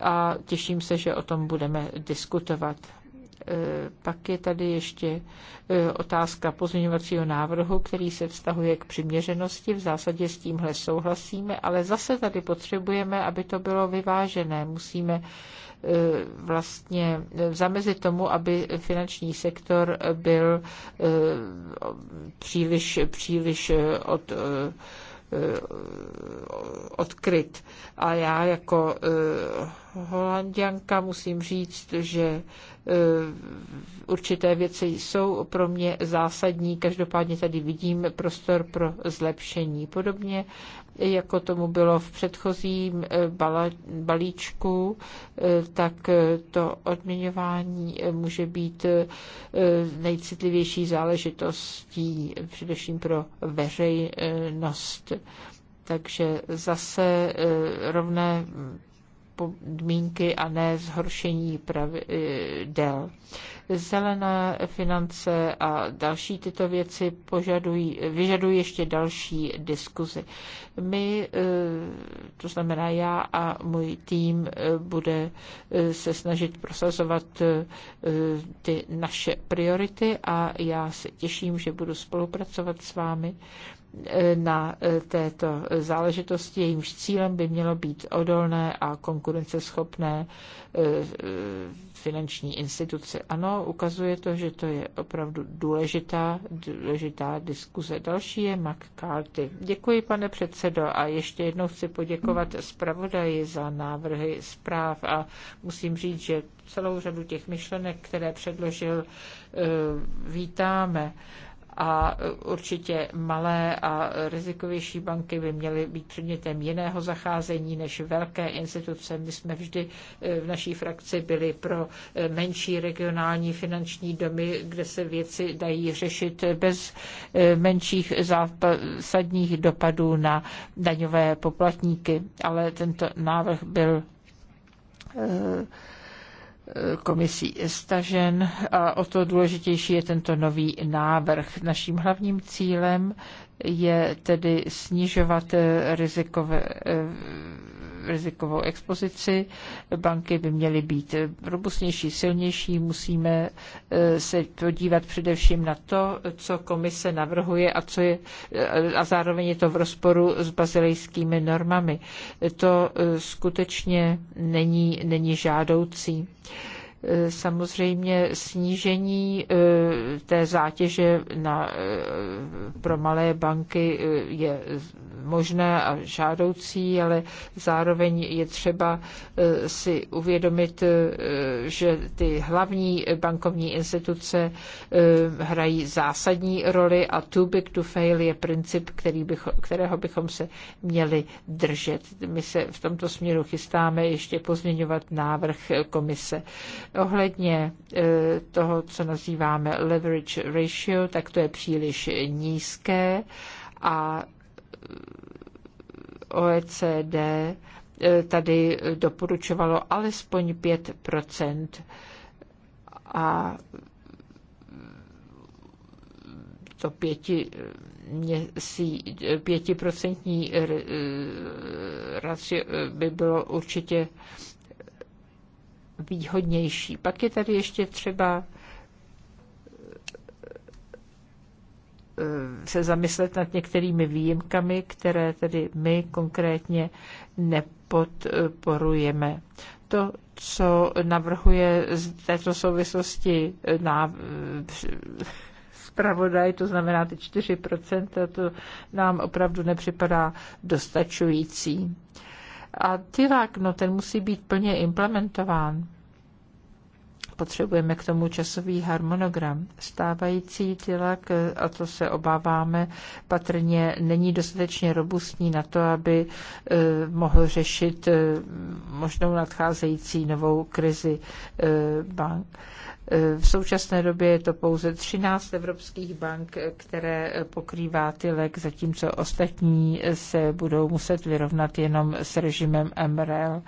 a těším se, že o tom budeme diskutovat. Pak je tady ještě otázka pozměňovacího návrhu, který se vztahuje k přiměřenosti. V zásadě s tímhle souhlasíme, ale zase tady potřebujeme, aby to bylo vyvážené. Musíme E, vlastně zamezit tomu, aby finanční sektor byl e, příliš, příliš e, od odkryt. A já jako holandianka musím říct, že určité věci jsou pro mě zásadní. Každopádně tady vidím prostor pro zlepšení. Podobně jako tomu bylo v předchozím eh, balíčku, eh, tak eh, to odměňování může být nejcitlivější záležitostí především pro veřejnost. Takže zase rovné podmínky a ne zhoršení pravidel. Zelené finance a další tyto věci požadují, vyžadují ještě další diskuzi. My, eh, to znamená já a můj tým, eh, bude eh, se snažit prosazovat ty naše priority a já se těším, že budu spolupracovat s vámi na e, této záležitosti. Jejímž cílem by mělo být odolné a konkurenceschopné e, e, finanční instituce. Ano, ukazuje to, že to je opravdu důležitá, důležitá diskuze. Další je McCarthy. Děkuji, pane předsedo, a ještě jednou chci poděkovat zpravodaji za návrhy zpráv a musím říct, že celou řadu těch myšlenek, které předložil, vítáme a určitě malé a rizikovější banky by měly být předmětem jiného zacházení než velké instituce. My jsme vždy eh, v naší frakci byli pro eh, menší regionální finanční domy, kde se věci dají řešit bez eh, menších zásadních dopadů na daňové poplatníky. Ale tento návrh byl komisí stažen a o to důležitější je tento nový návrh. Naším hlavním cílem je tedy snižovat eh, rizikové, eh, rizikovou expozici. Banky by měly být eh, robustnější, silnější. Musíme se podívat především na to, co komise navrhuje a, co je, a zároveň je to v rozporu s bazilejskými normami. To skutečně není, není žádoucí samozřejmě snížení eh, té zátěže na, eh, pro malé banky eh, je možné a žádoucí, ale zároveň je třeba si uvědomit, že ty hlavní bankovní instituce hrají zásadní roli a too big to fail je princip, který bych, kterého bychom se měli držet. My se v tomto směru chystáme ještě pozměňovat návrh komise Ohledně eh, toho, co nazýváme leverage ratio, tak to je příliš nízké a eh, OECD eh, tady doporučovalo alespoň 5 a to pěti, měsí, pětiprocentní by bylo určitě výhodnější. Pak je tady ještě třeba eh, se zamyslet nad některými výjimkami, které tedy my konkrétně nepodporujeme. To, co navrhuje z této souvislosti eh, na eh, zpravodaj, to znamená ty 4%, to nám opravdu nepřipadá dostačující. A tyrak, no ten musí být plně implementován. Potřebujeme k tomu časový harmonogram. Stávající tilak, a to se obáváme, patrně není dostatečně robustní na to, aby eh, mohl řešit eh, možnou nadcházející novou krizi eh, bank. V současné době je to pouze 13 evropských bank, které pokrývá Tylek, zatímco ostatní se budou muset vyrovnat jenom s režimem MRL.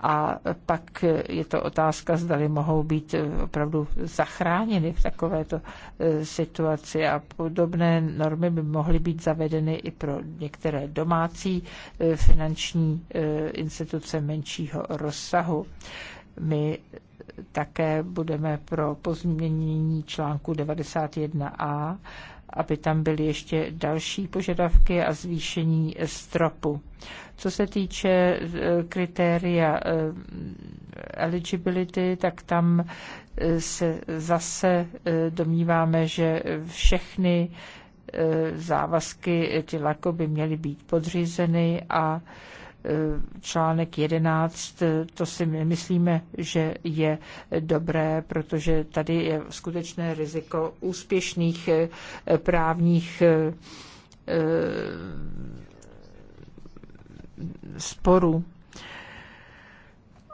A pak je to otázka, zdali mohou být opravdu zachráněny v takovéto eh, situaci. A podobné normy by mohly být zavedeny i pro některé domácí eh, finanční eh, instituce menšího rozsahu. My také budeme pro pozměnění článku 91a, aby tam byly ještě další požadavky a zvýšení stropu. Co se týče eh, kritéria eh, eligibility, tak tam eh, se zase domníváme, že všechny závazky ty lako by měly být podřízeny a článek 11, to si my myslíme, že je dobré, protože tady je skutečné riziko úspěšných eh, právních eh, eh, sporů.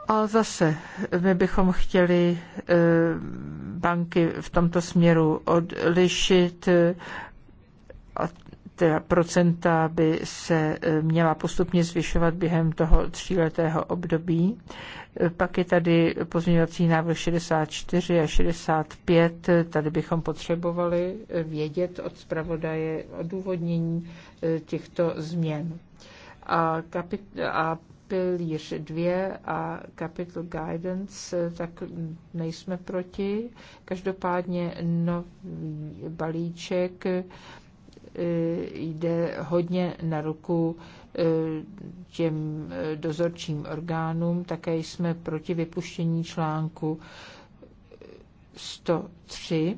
A zase my bychom chtěli banky v tomto směru odlišit ta procenta by se e, měla postupně zvyšovat během toho tříletého období. E, pak je tady pozměňovací návrh 64 a 65. E, tady bychom potřebovali vědět od zpravodaje důvodnění těchto změn. A, kapit- a pilíř 2 a capital guidance, tak nejsme proti. Každopádně nový balíček jde hodně na ruku eh, těm eh, dozorčím orgánům. Také jsme proti vypuštění článku 103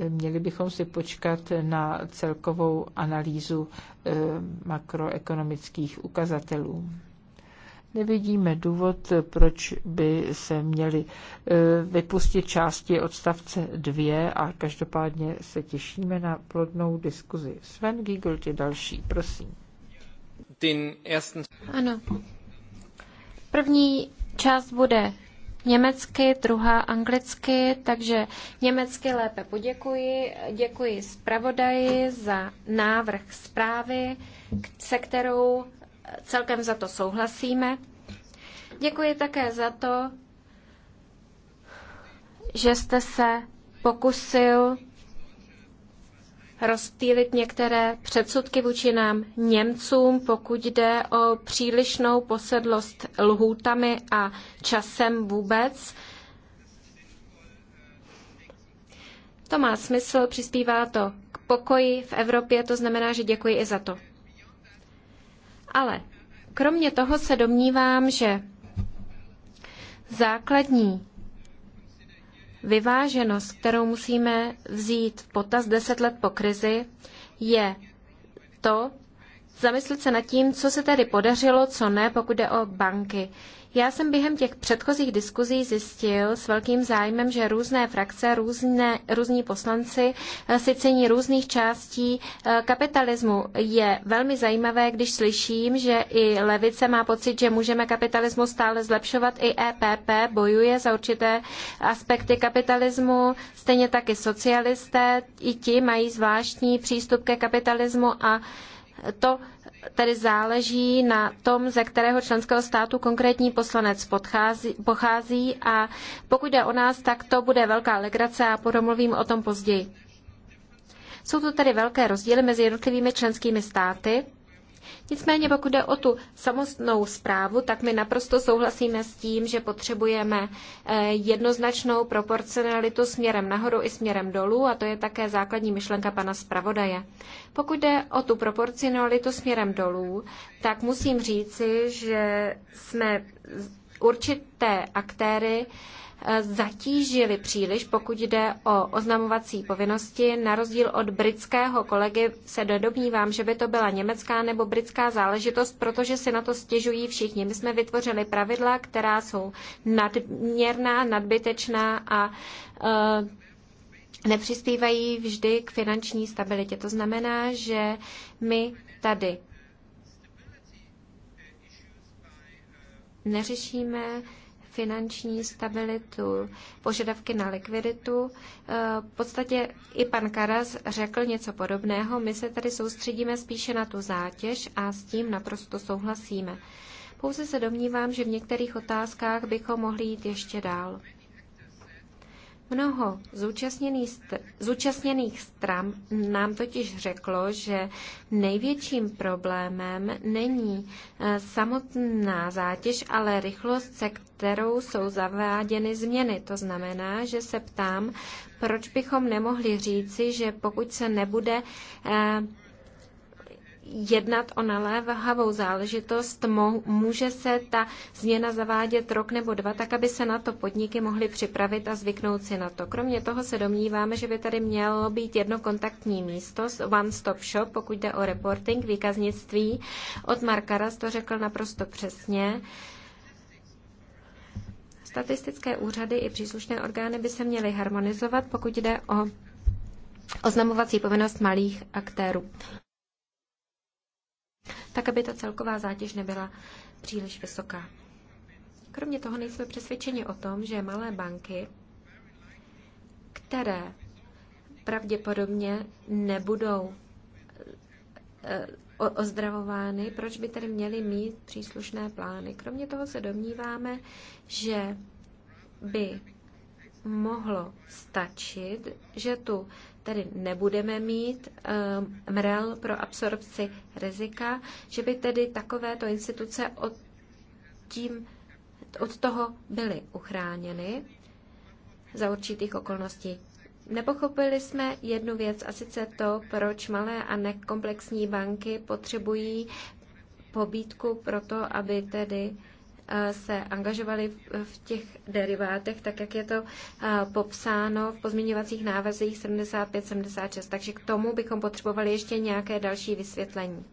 eh, měli bychom si počkat na celkovou analýzu makroekonomických ukazatelů. Nevidíme důvod, proč by se měly eh, vypustit části odstavce 2 a každopádně se těšíme na plodnou diskuzi. Sven Giegel je další, prosím. Ano. První část bude německy, druhá anglicky, takže německy lépe poděkuji. Děkuji zpravodaji za návrh zprávy, se kterou celkem za to souhlasíme. Děkuji také za to, že jste se pokusil rozptýlit některé předsudky vůči nám Němcům, pokud jde o přílišnou posedlost lhůtami a časem vůbec. To má smysl, přispívá to k pokoji v Evropě, to znamená, že děkuji i za to. Ale kromě toho se domnívám, že základní vyváženost, kterou musíme vzít v potaz 10 let po krizi, je to, zamyslet se nad tím, co se tedy podařilo, co ne, pokud jde o banky. Já jsem během těch předchozích diskuzí zjistil s velkým zájmem, že různé frakce, různé, různí poslanci eh, si cení různých částí eh, kapitalismu. Je velmi zajímavé, když slyším, že i levice má pocit, že můžeme kapitalismu stále zlepšovat. I EPP bojuje za určité aspekty kapitalismu, stejně tak i socialisté, i ti mají zvláštní přístup ke kapitalismu a to tedy záleží na tom, ze kterého členského státu konkrétní poslanec podchází, pochází a pokud jde o nás, tak to bude velká legrace a promluvím o tom později. Jsou to tedy velké rozdíly mezi jednotlivými členskými státy Nicméně pokud jde o tu samostnou zprávu, tak my naprosto souhlasíme s tím, že potřebujeme eh, jednoznačnou proporcionalitu směrem nahoru i směrem dolů a to je také základní myšlenka pana zpravodaje. Pokud jde o tu proporcionalitu směrem dolů, tak musím říci, že jsme určité aktéry, Eh, zatížili příliš, pokud jde o oznamovací povinnosti. Na rozdíl od britského kolegy se dodobnívám, že by to byla německá nebo britská záležitost, protože si na to stěžují všichni. My jsme vytvořili pravidla, která jsou nadměrná, nadbytečná a e, nepřispívají vždy k finanční stabilitě. To znamená, že my tady neřešíme finanční stabilitu, požadavky na likviditu. Eh, v podstatě i pan Karas řekl něco podobného. My se tady soustředíme spíše na tu zátěž a s tím naprosto souhlasíme. Pouze se domnívám, že v některých otázkách bychom mohli jít ještě dál. Mnoho zúčastněných, str- zúčastněných stran nám totiž řeklo, že největším problémem není eh, samotná zátěž, ale rychlost, se kterou jsou zaváděny změny. To znamená, že se ptám, proč bychom nemohli říci, že pokud se nebude eh, jednat o naléhavou záležitost, může se ta změna zavádět rok nebo dva, tak aby se na to podniky mohly připravit a zvyknout si na to. Kromě toho se domníváme, že by tady mělo být jedno kontaktní místo, one-stop shop, pokud jde o reporting, výkaznictví. Od Marka Ras to řekl naprosto přesně. Statistické úřady i příslušné orgány by se měly harmonizovat, pokud jde o oznamovací povinnost malých aktérů tak aby ta celková zátěž nebyla příliš vysoká. Kromě toho nejsme přesvědčeni o tom, že malé banky, které pravděpodobně nebudou eh, ozdravovány, proč by tedy měly mít příslušné plány. Kromě toho se domníváme, že by mohlo stačit, že tu tedy nebudeme mít ehm, MREL pro absorpci rizika, že by tedy takovéto instituce od, tím, od toho byly uchráněny za určitých okolností. Nepochopili jsme jednu věc, a sice to, proč malé a nekomplexní banky potřebují pobídku pro to, aby tedy se angažovali v těch derivátech, tak jak je to popsáno v pozměňovacích návazích 75-76. Takže k tomu bychom potřebovali ještě nějaké další vysvětlení.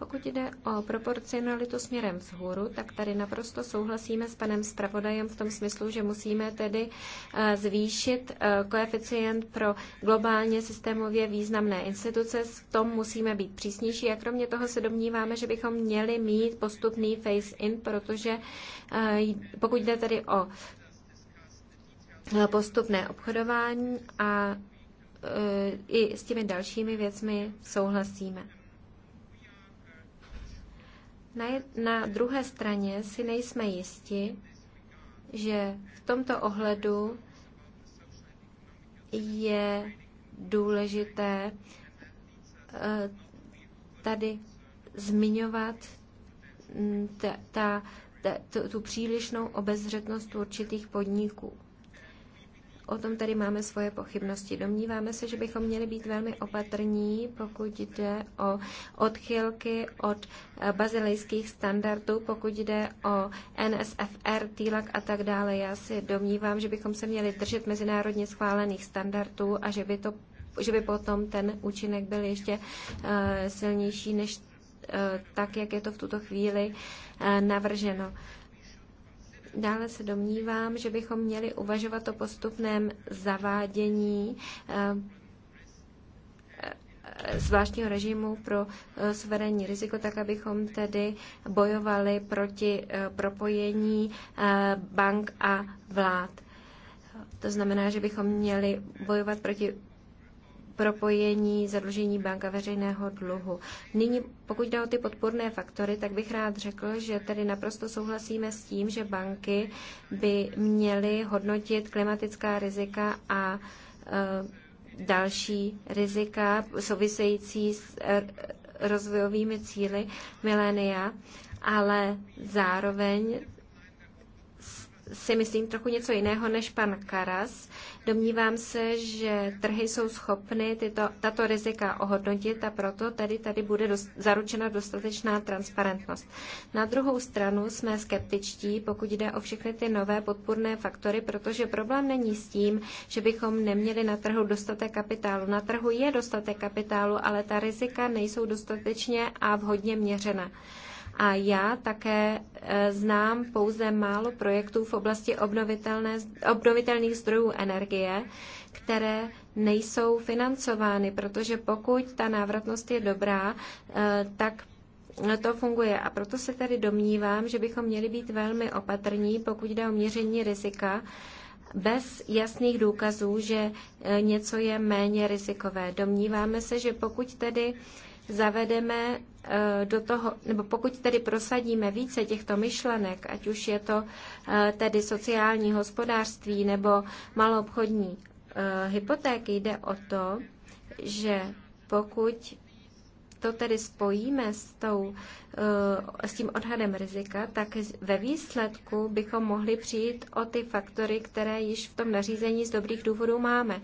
Pokud jde o proporcionalitu směrem vzhůru, tak tady naprosto souhlasíme s panem zpravodajem v tom smyslu, že musíme tedy eh, zvýšit eh, koeficient pro globálně systémově významné instituce. V tom musíme být přísnější a kromě toho se domníváme, že bychom měli mít postupný face in protože eh, pokud jde tedy o postupné obchodování a i s těmi dalšími věcmi souhlasíme. Na, na druhé straně si nejsme jisti, že v tomto ohledu je důležité eh, tady zmiňovat mm, ta, ta, ta, tu přílišnou obezřetnost určitých podniků. O tom tady máme svoje pochybnosti. Domníváme se, že bychom měli být velmi opatrní, pokud jde o odchylky od eh, bazilejských standardů, pokud jde o NSFR, TILAC a tak dále. Já si domnívám, že bychom se měli držet mezinárodně schválených standardů a že by, to, že by potom ten účinek byl ještě eh, silnější než eh, tak, jak je to v tuto chvíli navrženo. Dále se domnívám, že bychom měli uvažovat o postupném zavádění eh, eh, zvláštního režimu pro eh, suverénní riziko, tak abychom tedy bojovali proti propojení bank a vlád. To znamená, že bychom měli bojovat proti propojení zadlužení banka veřejného dluhu. Nyní, pokud jde o ty podporné faktory, tak bych rád řekl, že tedy naprosto souhlasíme s tím, že banky by měly hodnotit klimatická rizika a e, další rizika související s e, rozvojovými cíly milénia, ale zároveň si myslím trochu něco jiného než pan Karas. Domnívám se, že trhy jsou schopny tyto, tato rizika ohodnotit a proto tady, tady bude dost, zaručena dostatečná transparentnost. Na druhou stranu jsme skeptičtí, pokud jde o všechny ty nové podpůrné faktory, protože problém není s tím, že bychom neměli na trhu dostatek kapitálu. Na trhu je dostatek kapitálu, ale ta rizika nejsou dostatečně a vhodně měřena. A já také e, znám pouze málo projektů v oblasti obnovitelných zdrojů energie, které nejsou financovány, protože pokud ta návratnost je dobrá, e, tak to funguje. A proto se tedy domnívám, že bychom měli být velmi opatrní, pokud jde o měření rizika, bez jasných důkazů, že e, něco je méně rizikové. Domníváme se, že pokud tedy zavedeme eh, do toho, nebo pokud tedy prosadíme více těchto myšlenek, ať už je to eh, tedy sociální hospodářství nebo maloobchodní eh, hypotéky, jde o to, že pokud to tedy spojíme s, tou, s tím odhadem rizika, tak ve výsledku bychom mohli přijít o ty faktory, které již v tom nařízení z dobrých důvodů máme.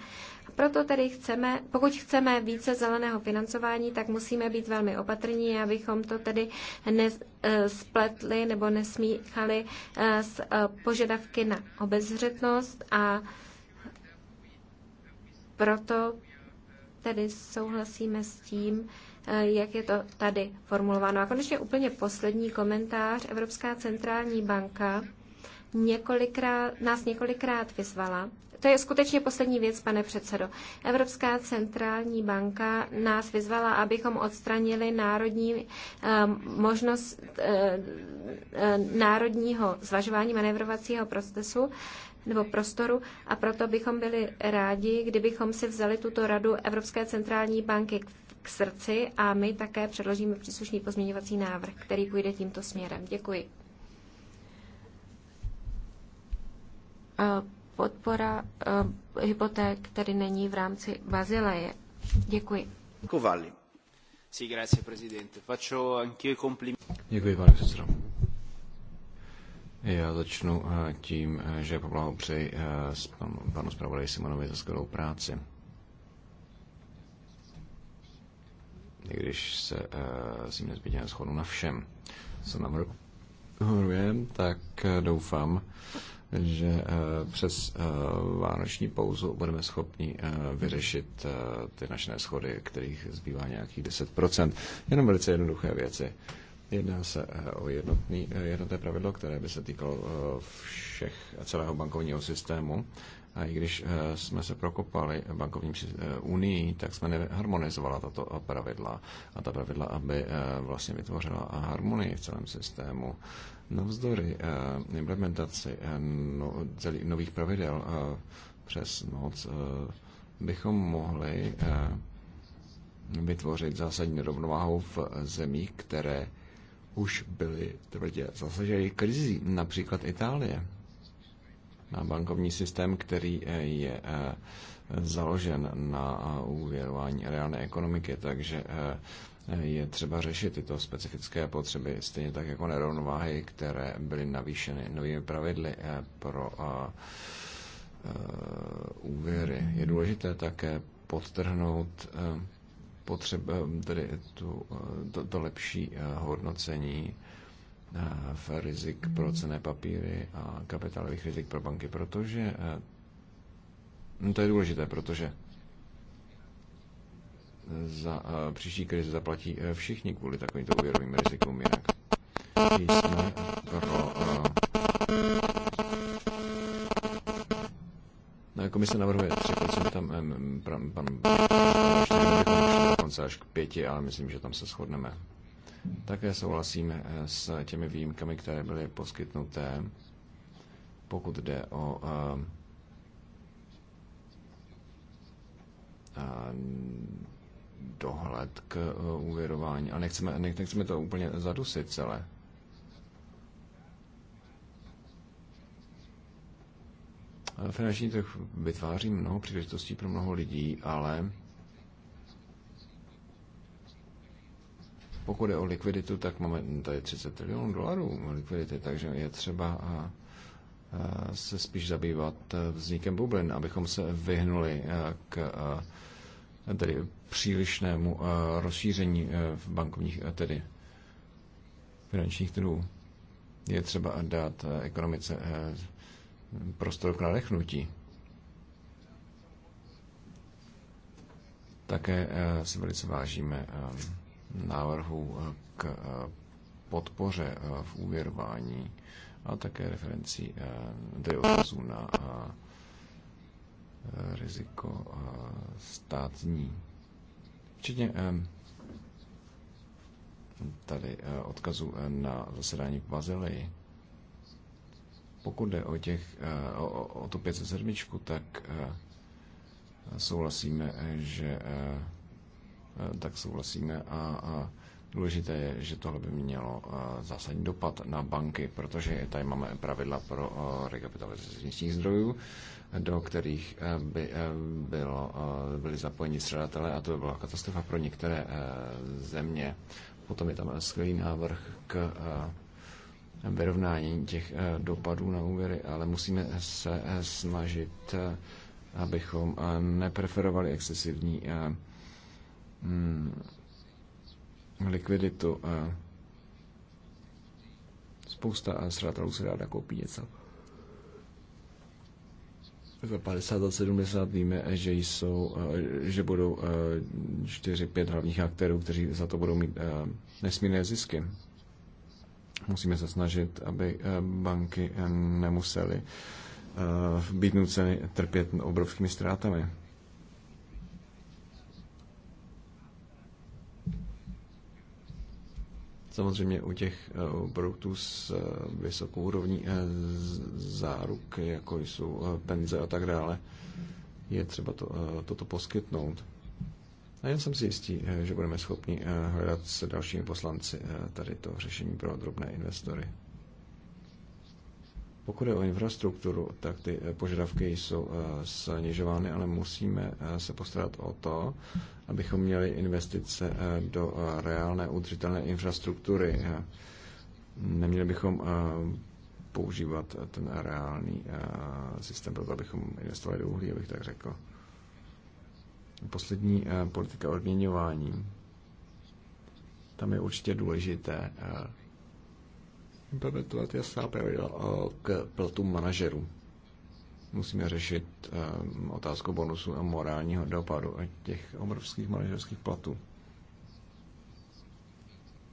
Proto tedy chceme, pokud chceme více zeleného financování, tak musíme být velmi opatrní, abychom to tedy nespletli eh, nebo nesmíchali eh, s eh, požadavky na obezřetnost a proto tedy souhlasíme s tím, jak je to tady formulováno. A konečně úplně poslední komentář. Evropská centrální banka několikrát, nás několikrát vyzvala, to je skutečně poslední věc, pane předsedo. Evropská centrální banka nás vyzvala, abychom odstranili národní eh, možnost eh, eh, národního zvažování manévrovacího procesu nebo prostoru a proto bychom byli rádi, kdybychom si vzali tuto radu Evropské centrální banky k srdci a my také předložíme příslušný pozměňovací návrh, který půjde tímto směrem. Děkuji podpora uh, hypoték tedy není v rámci Bazileje. Děkuji. Kovali. Sí, grazie Presidente. Faccio anch'io complimenti. Děkuji, pane předsedo. Já začnu eh, tím, eh, že poblahopřeji panu, panu zpravodaji Simonovi za skvělou práci. I když se s ním nezbytně neschodnu na všem, co nám navrhuje, tak doufám, že eh, přes eh, vánoční pauzu budeme schopni eh, vyřešit ty naše schody, kterých zbývá nějakých 10%. Jenom velice jednoduché věci. Jedná se o jednotný, jednotné pravidlo, které by se týkalo všech celého bankovního systému. A i když jsme se prokopali bankovní unii, tak jsme neharmonizovala tato pravidla. A ta pravidla, aby vlastně vytvořila harmonii v celém systému, Navzdory eh, implementaci eh, no, nových pravidel eh, přes noc bychom mohli vytvořit zásadní rovnováhu v zemích, které už byly tvrdě zasaženy krizí, například Itálie. Má bankovní systém, který je založen na úvěrování reálné ekonomiky, takže je třeba řešit tyto specifické potřeby, stejně tak jako nerovnováhy, které byly navýšeny novými pravidly eh, pro eh, eh, úvěry. Je důležité také podtrhnout potřeb, tedy tu, to, to lepší hodnocení v rizik pro cené papíry a kapitálových rizik pro banky, protože no to je důležité, protože za příští krizi zaplatí e, všichni kvůli takovýmto úvěrovým rizikům jinak. Jsme pro e, no, Komise navrhuje 3%, tam pan, pan, dokonce až k 5, ale myslím, že tam se shodneme. Také souhlasíme e, s těmi výjimkami, které byly poskytnuté, pokud jde o dohled k uvěrování eh, a nechceme, nechceme to úplně zadusit celé. Finanční trh vytváří mnoho příležitostí pro mnoho lidí, ale pokud je o likviditu, tak máme tady 30 trilionů dolarů likvidity, takže je třeba eh, eh, se spíš zabývat vznikem bublin, abychom se vyhnuli k tedy přílišnému eh, rozšíření eh, v bankovních, eh, tedy finančních trhů. Je třeba dát ekonomice prostor k nadechnutí. Také si velice vážíme návrhu k podpoře v úvěrování a také referencí tedy odkazů na riziko eh, státní. Včetně eh, tady eh, odkazu na zasedání v Bazileji. Pokud jde o, těch, o, o tu 507, tak souhlasíme, že tak souhlasíme a, a důležité je, že tohle by mělo zásadní dopad na banky, protože tady máme pravidla pro rekapitalizaci vnitřních zdrojů do kterých eh, by eh, bylo, eh, byli zapojeni střadatelé a to by byla katastrofa pro některé země. Potom je tam skvělý návrh k vyrovnání těch dopadů na úvěry, ale musíme se snažit, abychom nepreferovali excesivní mm, likviditu. Spousta střadatelů se ráda koupí něco v 50 a 70 víme, že jsou, eh, že budou 4-5 eh, hlavních aktérů, kteří za to budou mít eh, nesmírné zisky. Musíme se snažit, aby banky nemusely být nuceny trpět obrovskými ztrátami. Samozřejmě u těch eh, produktů s eh, vysokou úrovní eh, záruk, jako jsou penze a tak dále, je třeba to, toto poskytnout. A jen jsem si jistý, že budeme schopni hledat s dalšími poslanci tady to řešení pro drobné investory. Pokud je o infrastrukturu, tak ty eh, požadavky jsou eh, snižovány, ale musíme eh, se postarat o to, abychom měli investice do reálné udržitelné infrastruktury. Neměli bychom používat ten reálný systém, proto abychom investovali do uhlí, abych tak řekl. Poslední politika odměňování. Tam je určitě důležité implementovat jasná pravidla k platům manažerů. Musíme řešit eh, otázku bonusu a morálního dopadu a těch obrovských manažerských platů.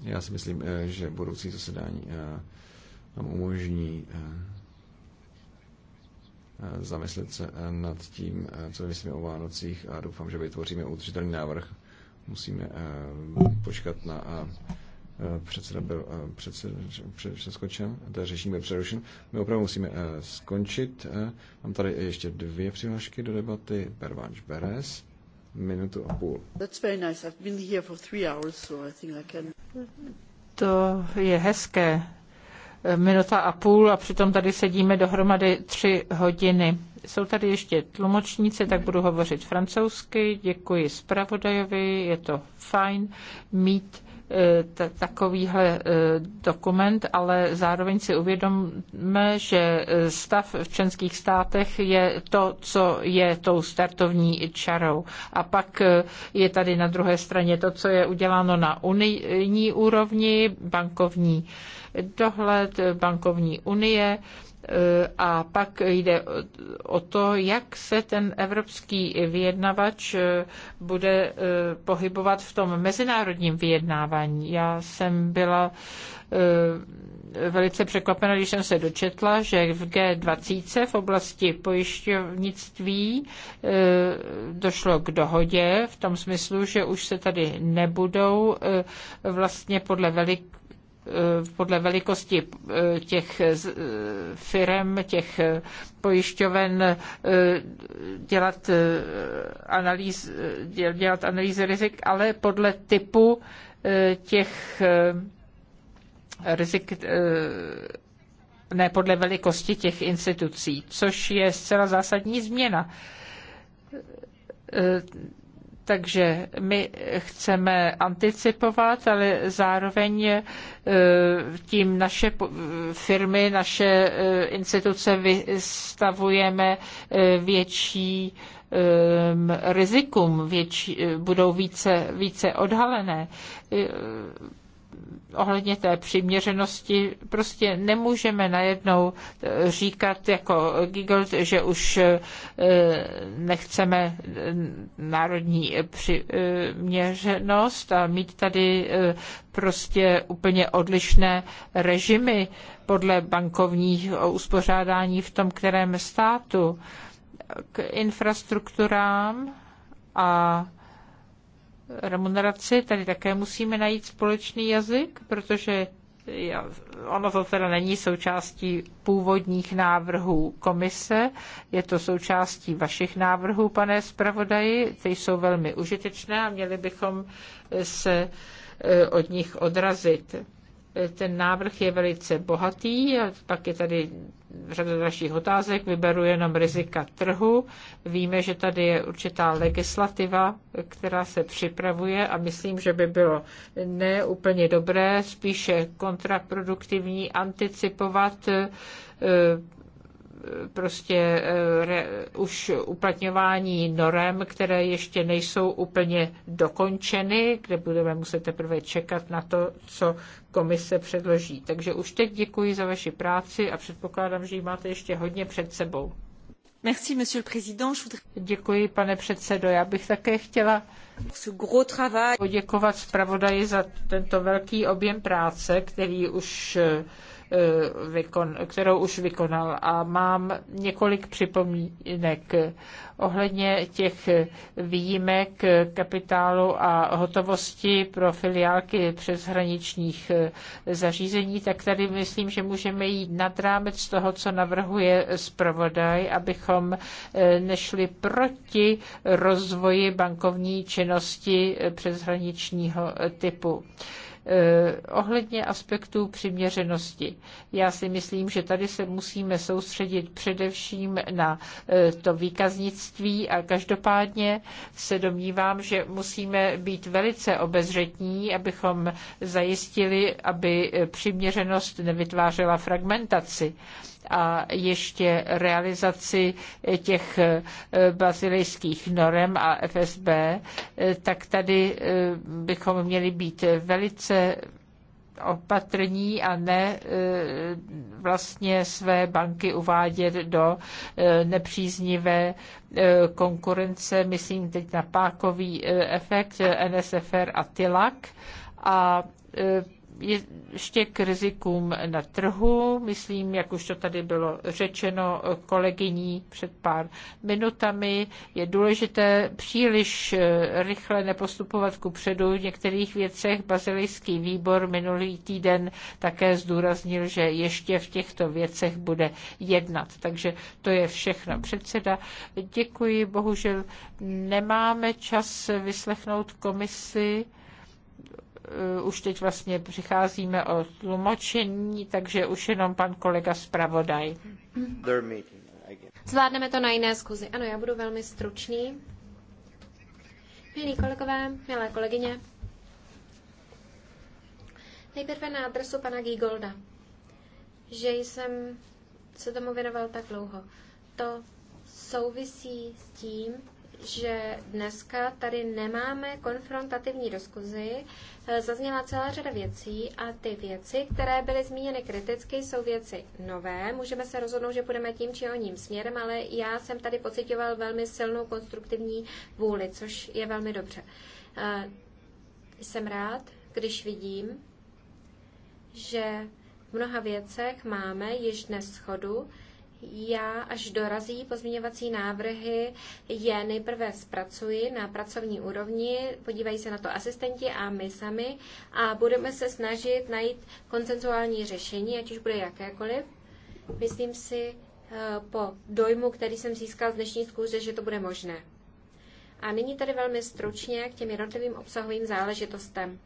Já si myslím, eh, že budoucí zasedání eh, nám umožní zamyslet se nad tím, co myslíme o Vánocích a doufám, že vytvoříme udržitelný návrh. Musíme počkat na předseda byl eh, přeskočen, teda řešení byl přerušen. My opravdu musíme eh, skončit. Eh. Mám tady ještě dvě přihlášky do debaty. Pervanč Beres, minutu a půl. That's very nice. I've been here for three hours, so I think I can... To je hezké. Minuta a půl a přitom tady sedíme dohromady tři hodiny. Jsou tady ještě tlumočníci, tak budu hovořit francouzsky. Děkuji zpravodajovi, je to fajn mít Eh, takovýhle eh, dokument, ale zároveň si uvědomme, že eh, stav v členských státech je to, co je tou startovní čarou. A pak je tady na druhé straně to, co je uděláno na unijní úrovni, bankovní dohled, bankovní unie, a pak jde o to, jak se ten evropský vyjednavač eh, bude eh, pohybovat v tom mezinárodním vyjednávání. Já jsem byla eh, velice překvapena, když jsem se dočetla, že v G20 v oblasti pojišťovnictví došlo k dohodě v tom smyslu, že už se tady nebudou vlastně podle velik Eh, podle velikosti eh, těch eh, firm, těch pojišťoven dělat, analýz, dělat analýzy rizik, ale podle typu těch rizik, ne podle velikosti těch institucí, což je zcela zásadní změna takže my chceme anticipovat, ale zároveň e, tím naše firmy, naše e, instituce vystavujeme e, větší rizikum, větší, budou více, více odhalené ohledně té přiměřenosti prostě nemůžeme najednou eh, říkat jako Gigold, že už eh, nechceme eh, národní přiměřenost a mít tady prostě úplně odlišné režimy podle bankovních uspořádání v tom kterém státu k infrastrukturám a remuneraci, tady také musíme najít společný jazyk, protože ono to teda není součástí původních návrhů komise, je to součástí vašich návrhů, pane zpravodaji, ty jsou velmi užitečné a měli bychom se eh, od nich odrazit. Ten návrh je velice bohatý, a pak je tady řada dalších otázek, vyberu jenom rizika trhu. Víme, že tady je určitá legislativa, která se připravuje a myslím, že by bylo neúplně dobré, spíše kontraproduktivní anticipovat eh, prostě eh, re, už uplatňování norem, které ještě nejsou úplně dokončeny, kde budeme muset teprve čekat na to, co komise předloží. Takže už teď děkuji za vaši práci a předpokládám, že ji máte ještě hodně před sebou. Merci, monsieur le président. Děkuji, pane předsedo. Já bych také chtěla poděkovat zpravodaji za tento velký objem práce, který už uh, kterou už vykonal. A mám několik připomínek ohledně těch výjimek kapitálu a hotovosti pro filiálky přeshraničních zařízení, tak tady myslím, že můžeme jít nad rámec toho, co navrhuje zpravodaj, abychom eh, nešli proti rozvoji bankovní činnosti eh, přeshraničního typu. Eh, ohledně aspektů přiměřenosti, já si myslím, že tady se musíme soustředit především na eh, to výkaznictví a každopádně se domnívám, že musíme být velice obezřetní, abychom zajistili, aby eh, přiměřenost nevytvářela fragmentaci a ještě realizaci těch eh, bazilejských norem a FSB, eh, tak tady eh, bychom měli být velice opatrní a ne vlastně své banky uvádět do nepříznivé konkurence, myslím teď na pákový efekt NSFR a TILAK a ještě k rizikům na trhu. Myslím, jak už to tady bylo řečeno kolegyní před pár minutami, je důležité příliš eh, rychle nepostupovat ku předu. V některých věcech bazilijský výbor minulý týden také zdůraznil, že ještě v těchto věcech bude jednat. Takže to je všechno. Předseda, děkuji. Bohužel nemáme čas vyslechnout komisi. Eh, už teď vlastně přicházíme o tlumočení, takže už jenom pan kolega zpravodaj. Zvládneme to na jiné zkuzi. Ano, já budu velmi stručný. Milí kolegové, milé kolegyně, nejprve na adresu pana Gigolda, že jsem se tomu věnoval tak dlouho. To souvisí s tím, že dneska tady nemáme konfrontativní diskuzi. Eh, Zazněla celá řada věcí a ty věci, které byly zmíněny kriticky, jsou věci nové. Můžeme se rozhodnout, že půjdeme tím či oním směrem, ale já jsem tady pocitoval velmi silnou konstruktivní vůli, což je velmi dobře. Eh, jsem rád, když vidím, že v mnoha věcech máme již dnes schodu, já, až dorazí pozměňovací návrhy, je nejprve zpracuji na pracovní úrovni, podívají se na to asistenti a my sami a budeme se snažit najít koncenzuální řešení, ať už bude jakékoliv. Myslím si eh, po dojmu, který jsem získal z dnešní zkouře, že to bude možné. A nyní tady velmi stručně k těm jednotlivým obsahovým záležitostem.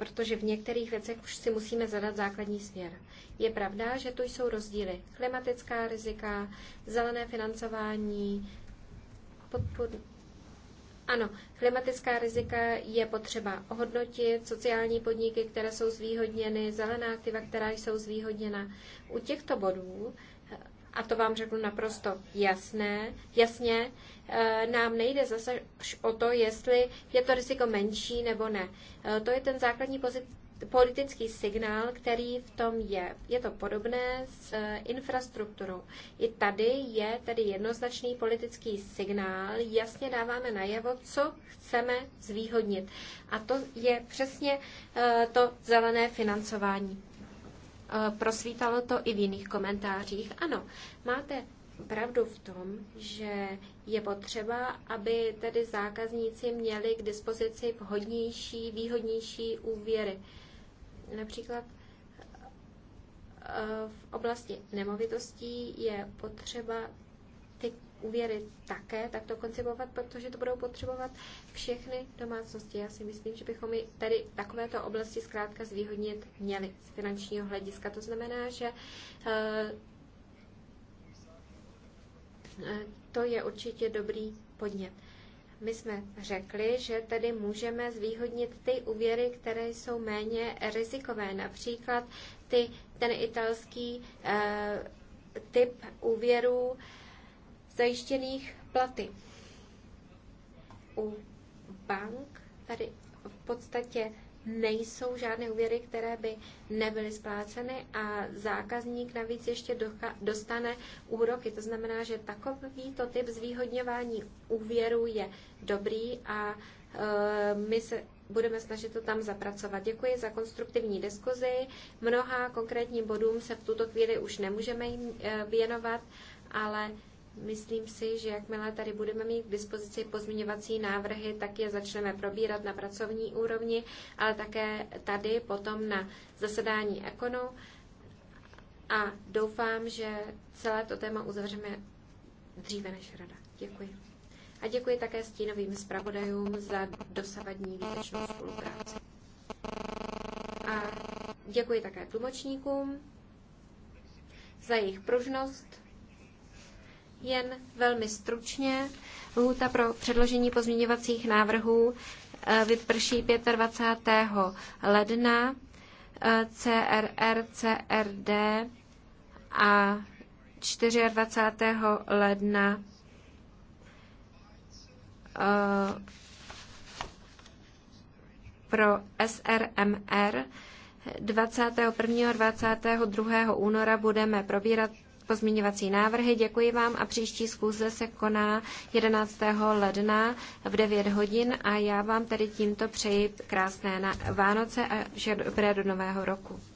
protože v některých věcech už si musíme zadat základní směr. Je pravda, že tu jsou rozdíly. Klimatická rizika, zelené financování, podpor... Ano, klimatická rizika je potřeba ohodnotit sociální podniky, které jsou zvýhodněny, zelená aktiva, která jsou zvýhodněna. U těchto bodů, a to vám řeknu naprosto jasné, jasně, Eh, nám nejde zase o to, jestli je to riziko menší nebo ne. Eh, to je ten základní politický signál, který v tom je. Je to podobné s eh, infrastrukturou. I tady je tedy jednoznačný politický signál, jasně dáváme najevo, co chceme zvýhodnit. A to je přesně to zelené financování. Prosvítalo to i v jiných komentářích. Ano, máte pravdu v tom, že je potřeba, aby tedy zákazníci měli k dispozici vhodnější, výhodnější úvěry. Například eh, v oblasti nemovitostí je potřeba ty úvěry také takto koncipovat, protože to budou potřebovat všechny domácnosti. Já si myslím, že bychom i tady takovéto oblasti zkrátka zvýhodnit měli z finančního hlediska. To znamená, že eh, Eh, to je určitě dobrý podnět. My jsme řekli, že tedy můžeme zvýhodnit ty úvěry, které jsou méně rizikové, například ty, ten italský eh, typ úvěrů zajištěných platy. U bank tady v podstatě nejsou žádné úvěry, které by nebyly spláceny a zákazník navíc ještě dostane úroky. To znamená, že takovýto typ zvýhodňování úvěru je dobrý a e, my se budeme snažit to tam zapracovat. Děkuji za konstruktivní diskuzi. Mnoha konkrétním bodům se v tuto chvíli už nemůžeme e, věnovat, ale Myslím si, že jakmile tady budeme mít k dispozici pozměňovací návrhy, tak je začneme probírat na pracovní úrovni, ale také tady potom na zasedání ekonu. A doufám, že celé to téma uzavřeme dříve než rada. Děkuji. A děkuji také stínovým zpravodajům za dosavadní výtečnou spolupráci. A děkuji také tlumočníkům za jejich pružnost jen velmi stručně. Lhůta pro předložení pozměňovacích návrhů eh, vyprší 25. ledna. Eh, CRR, CRD a 24. ledna eh, pro SRMR 21. a 22. února budeme probírat pozměňovací návrhy. Děkuji vám a příští schůze se koná 11. ledna v 9 hodin a já vám tedy tímto přeji krásné Vánoce a vše dobré do nového roku.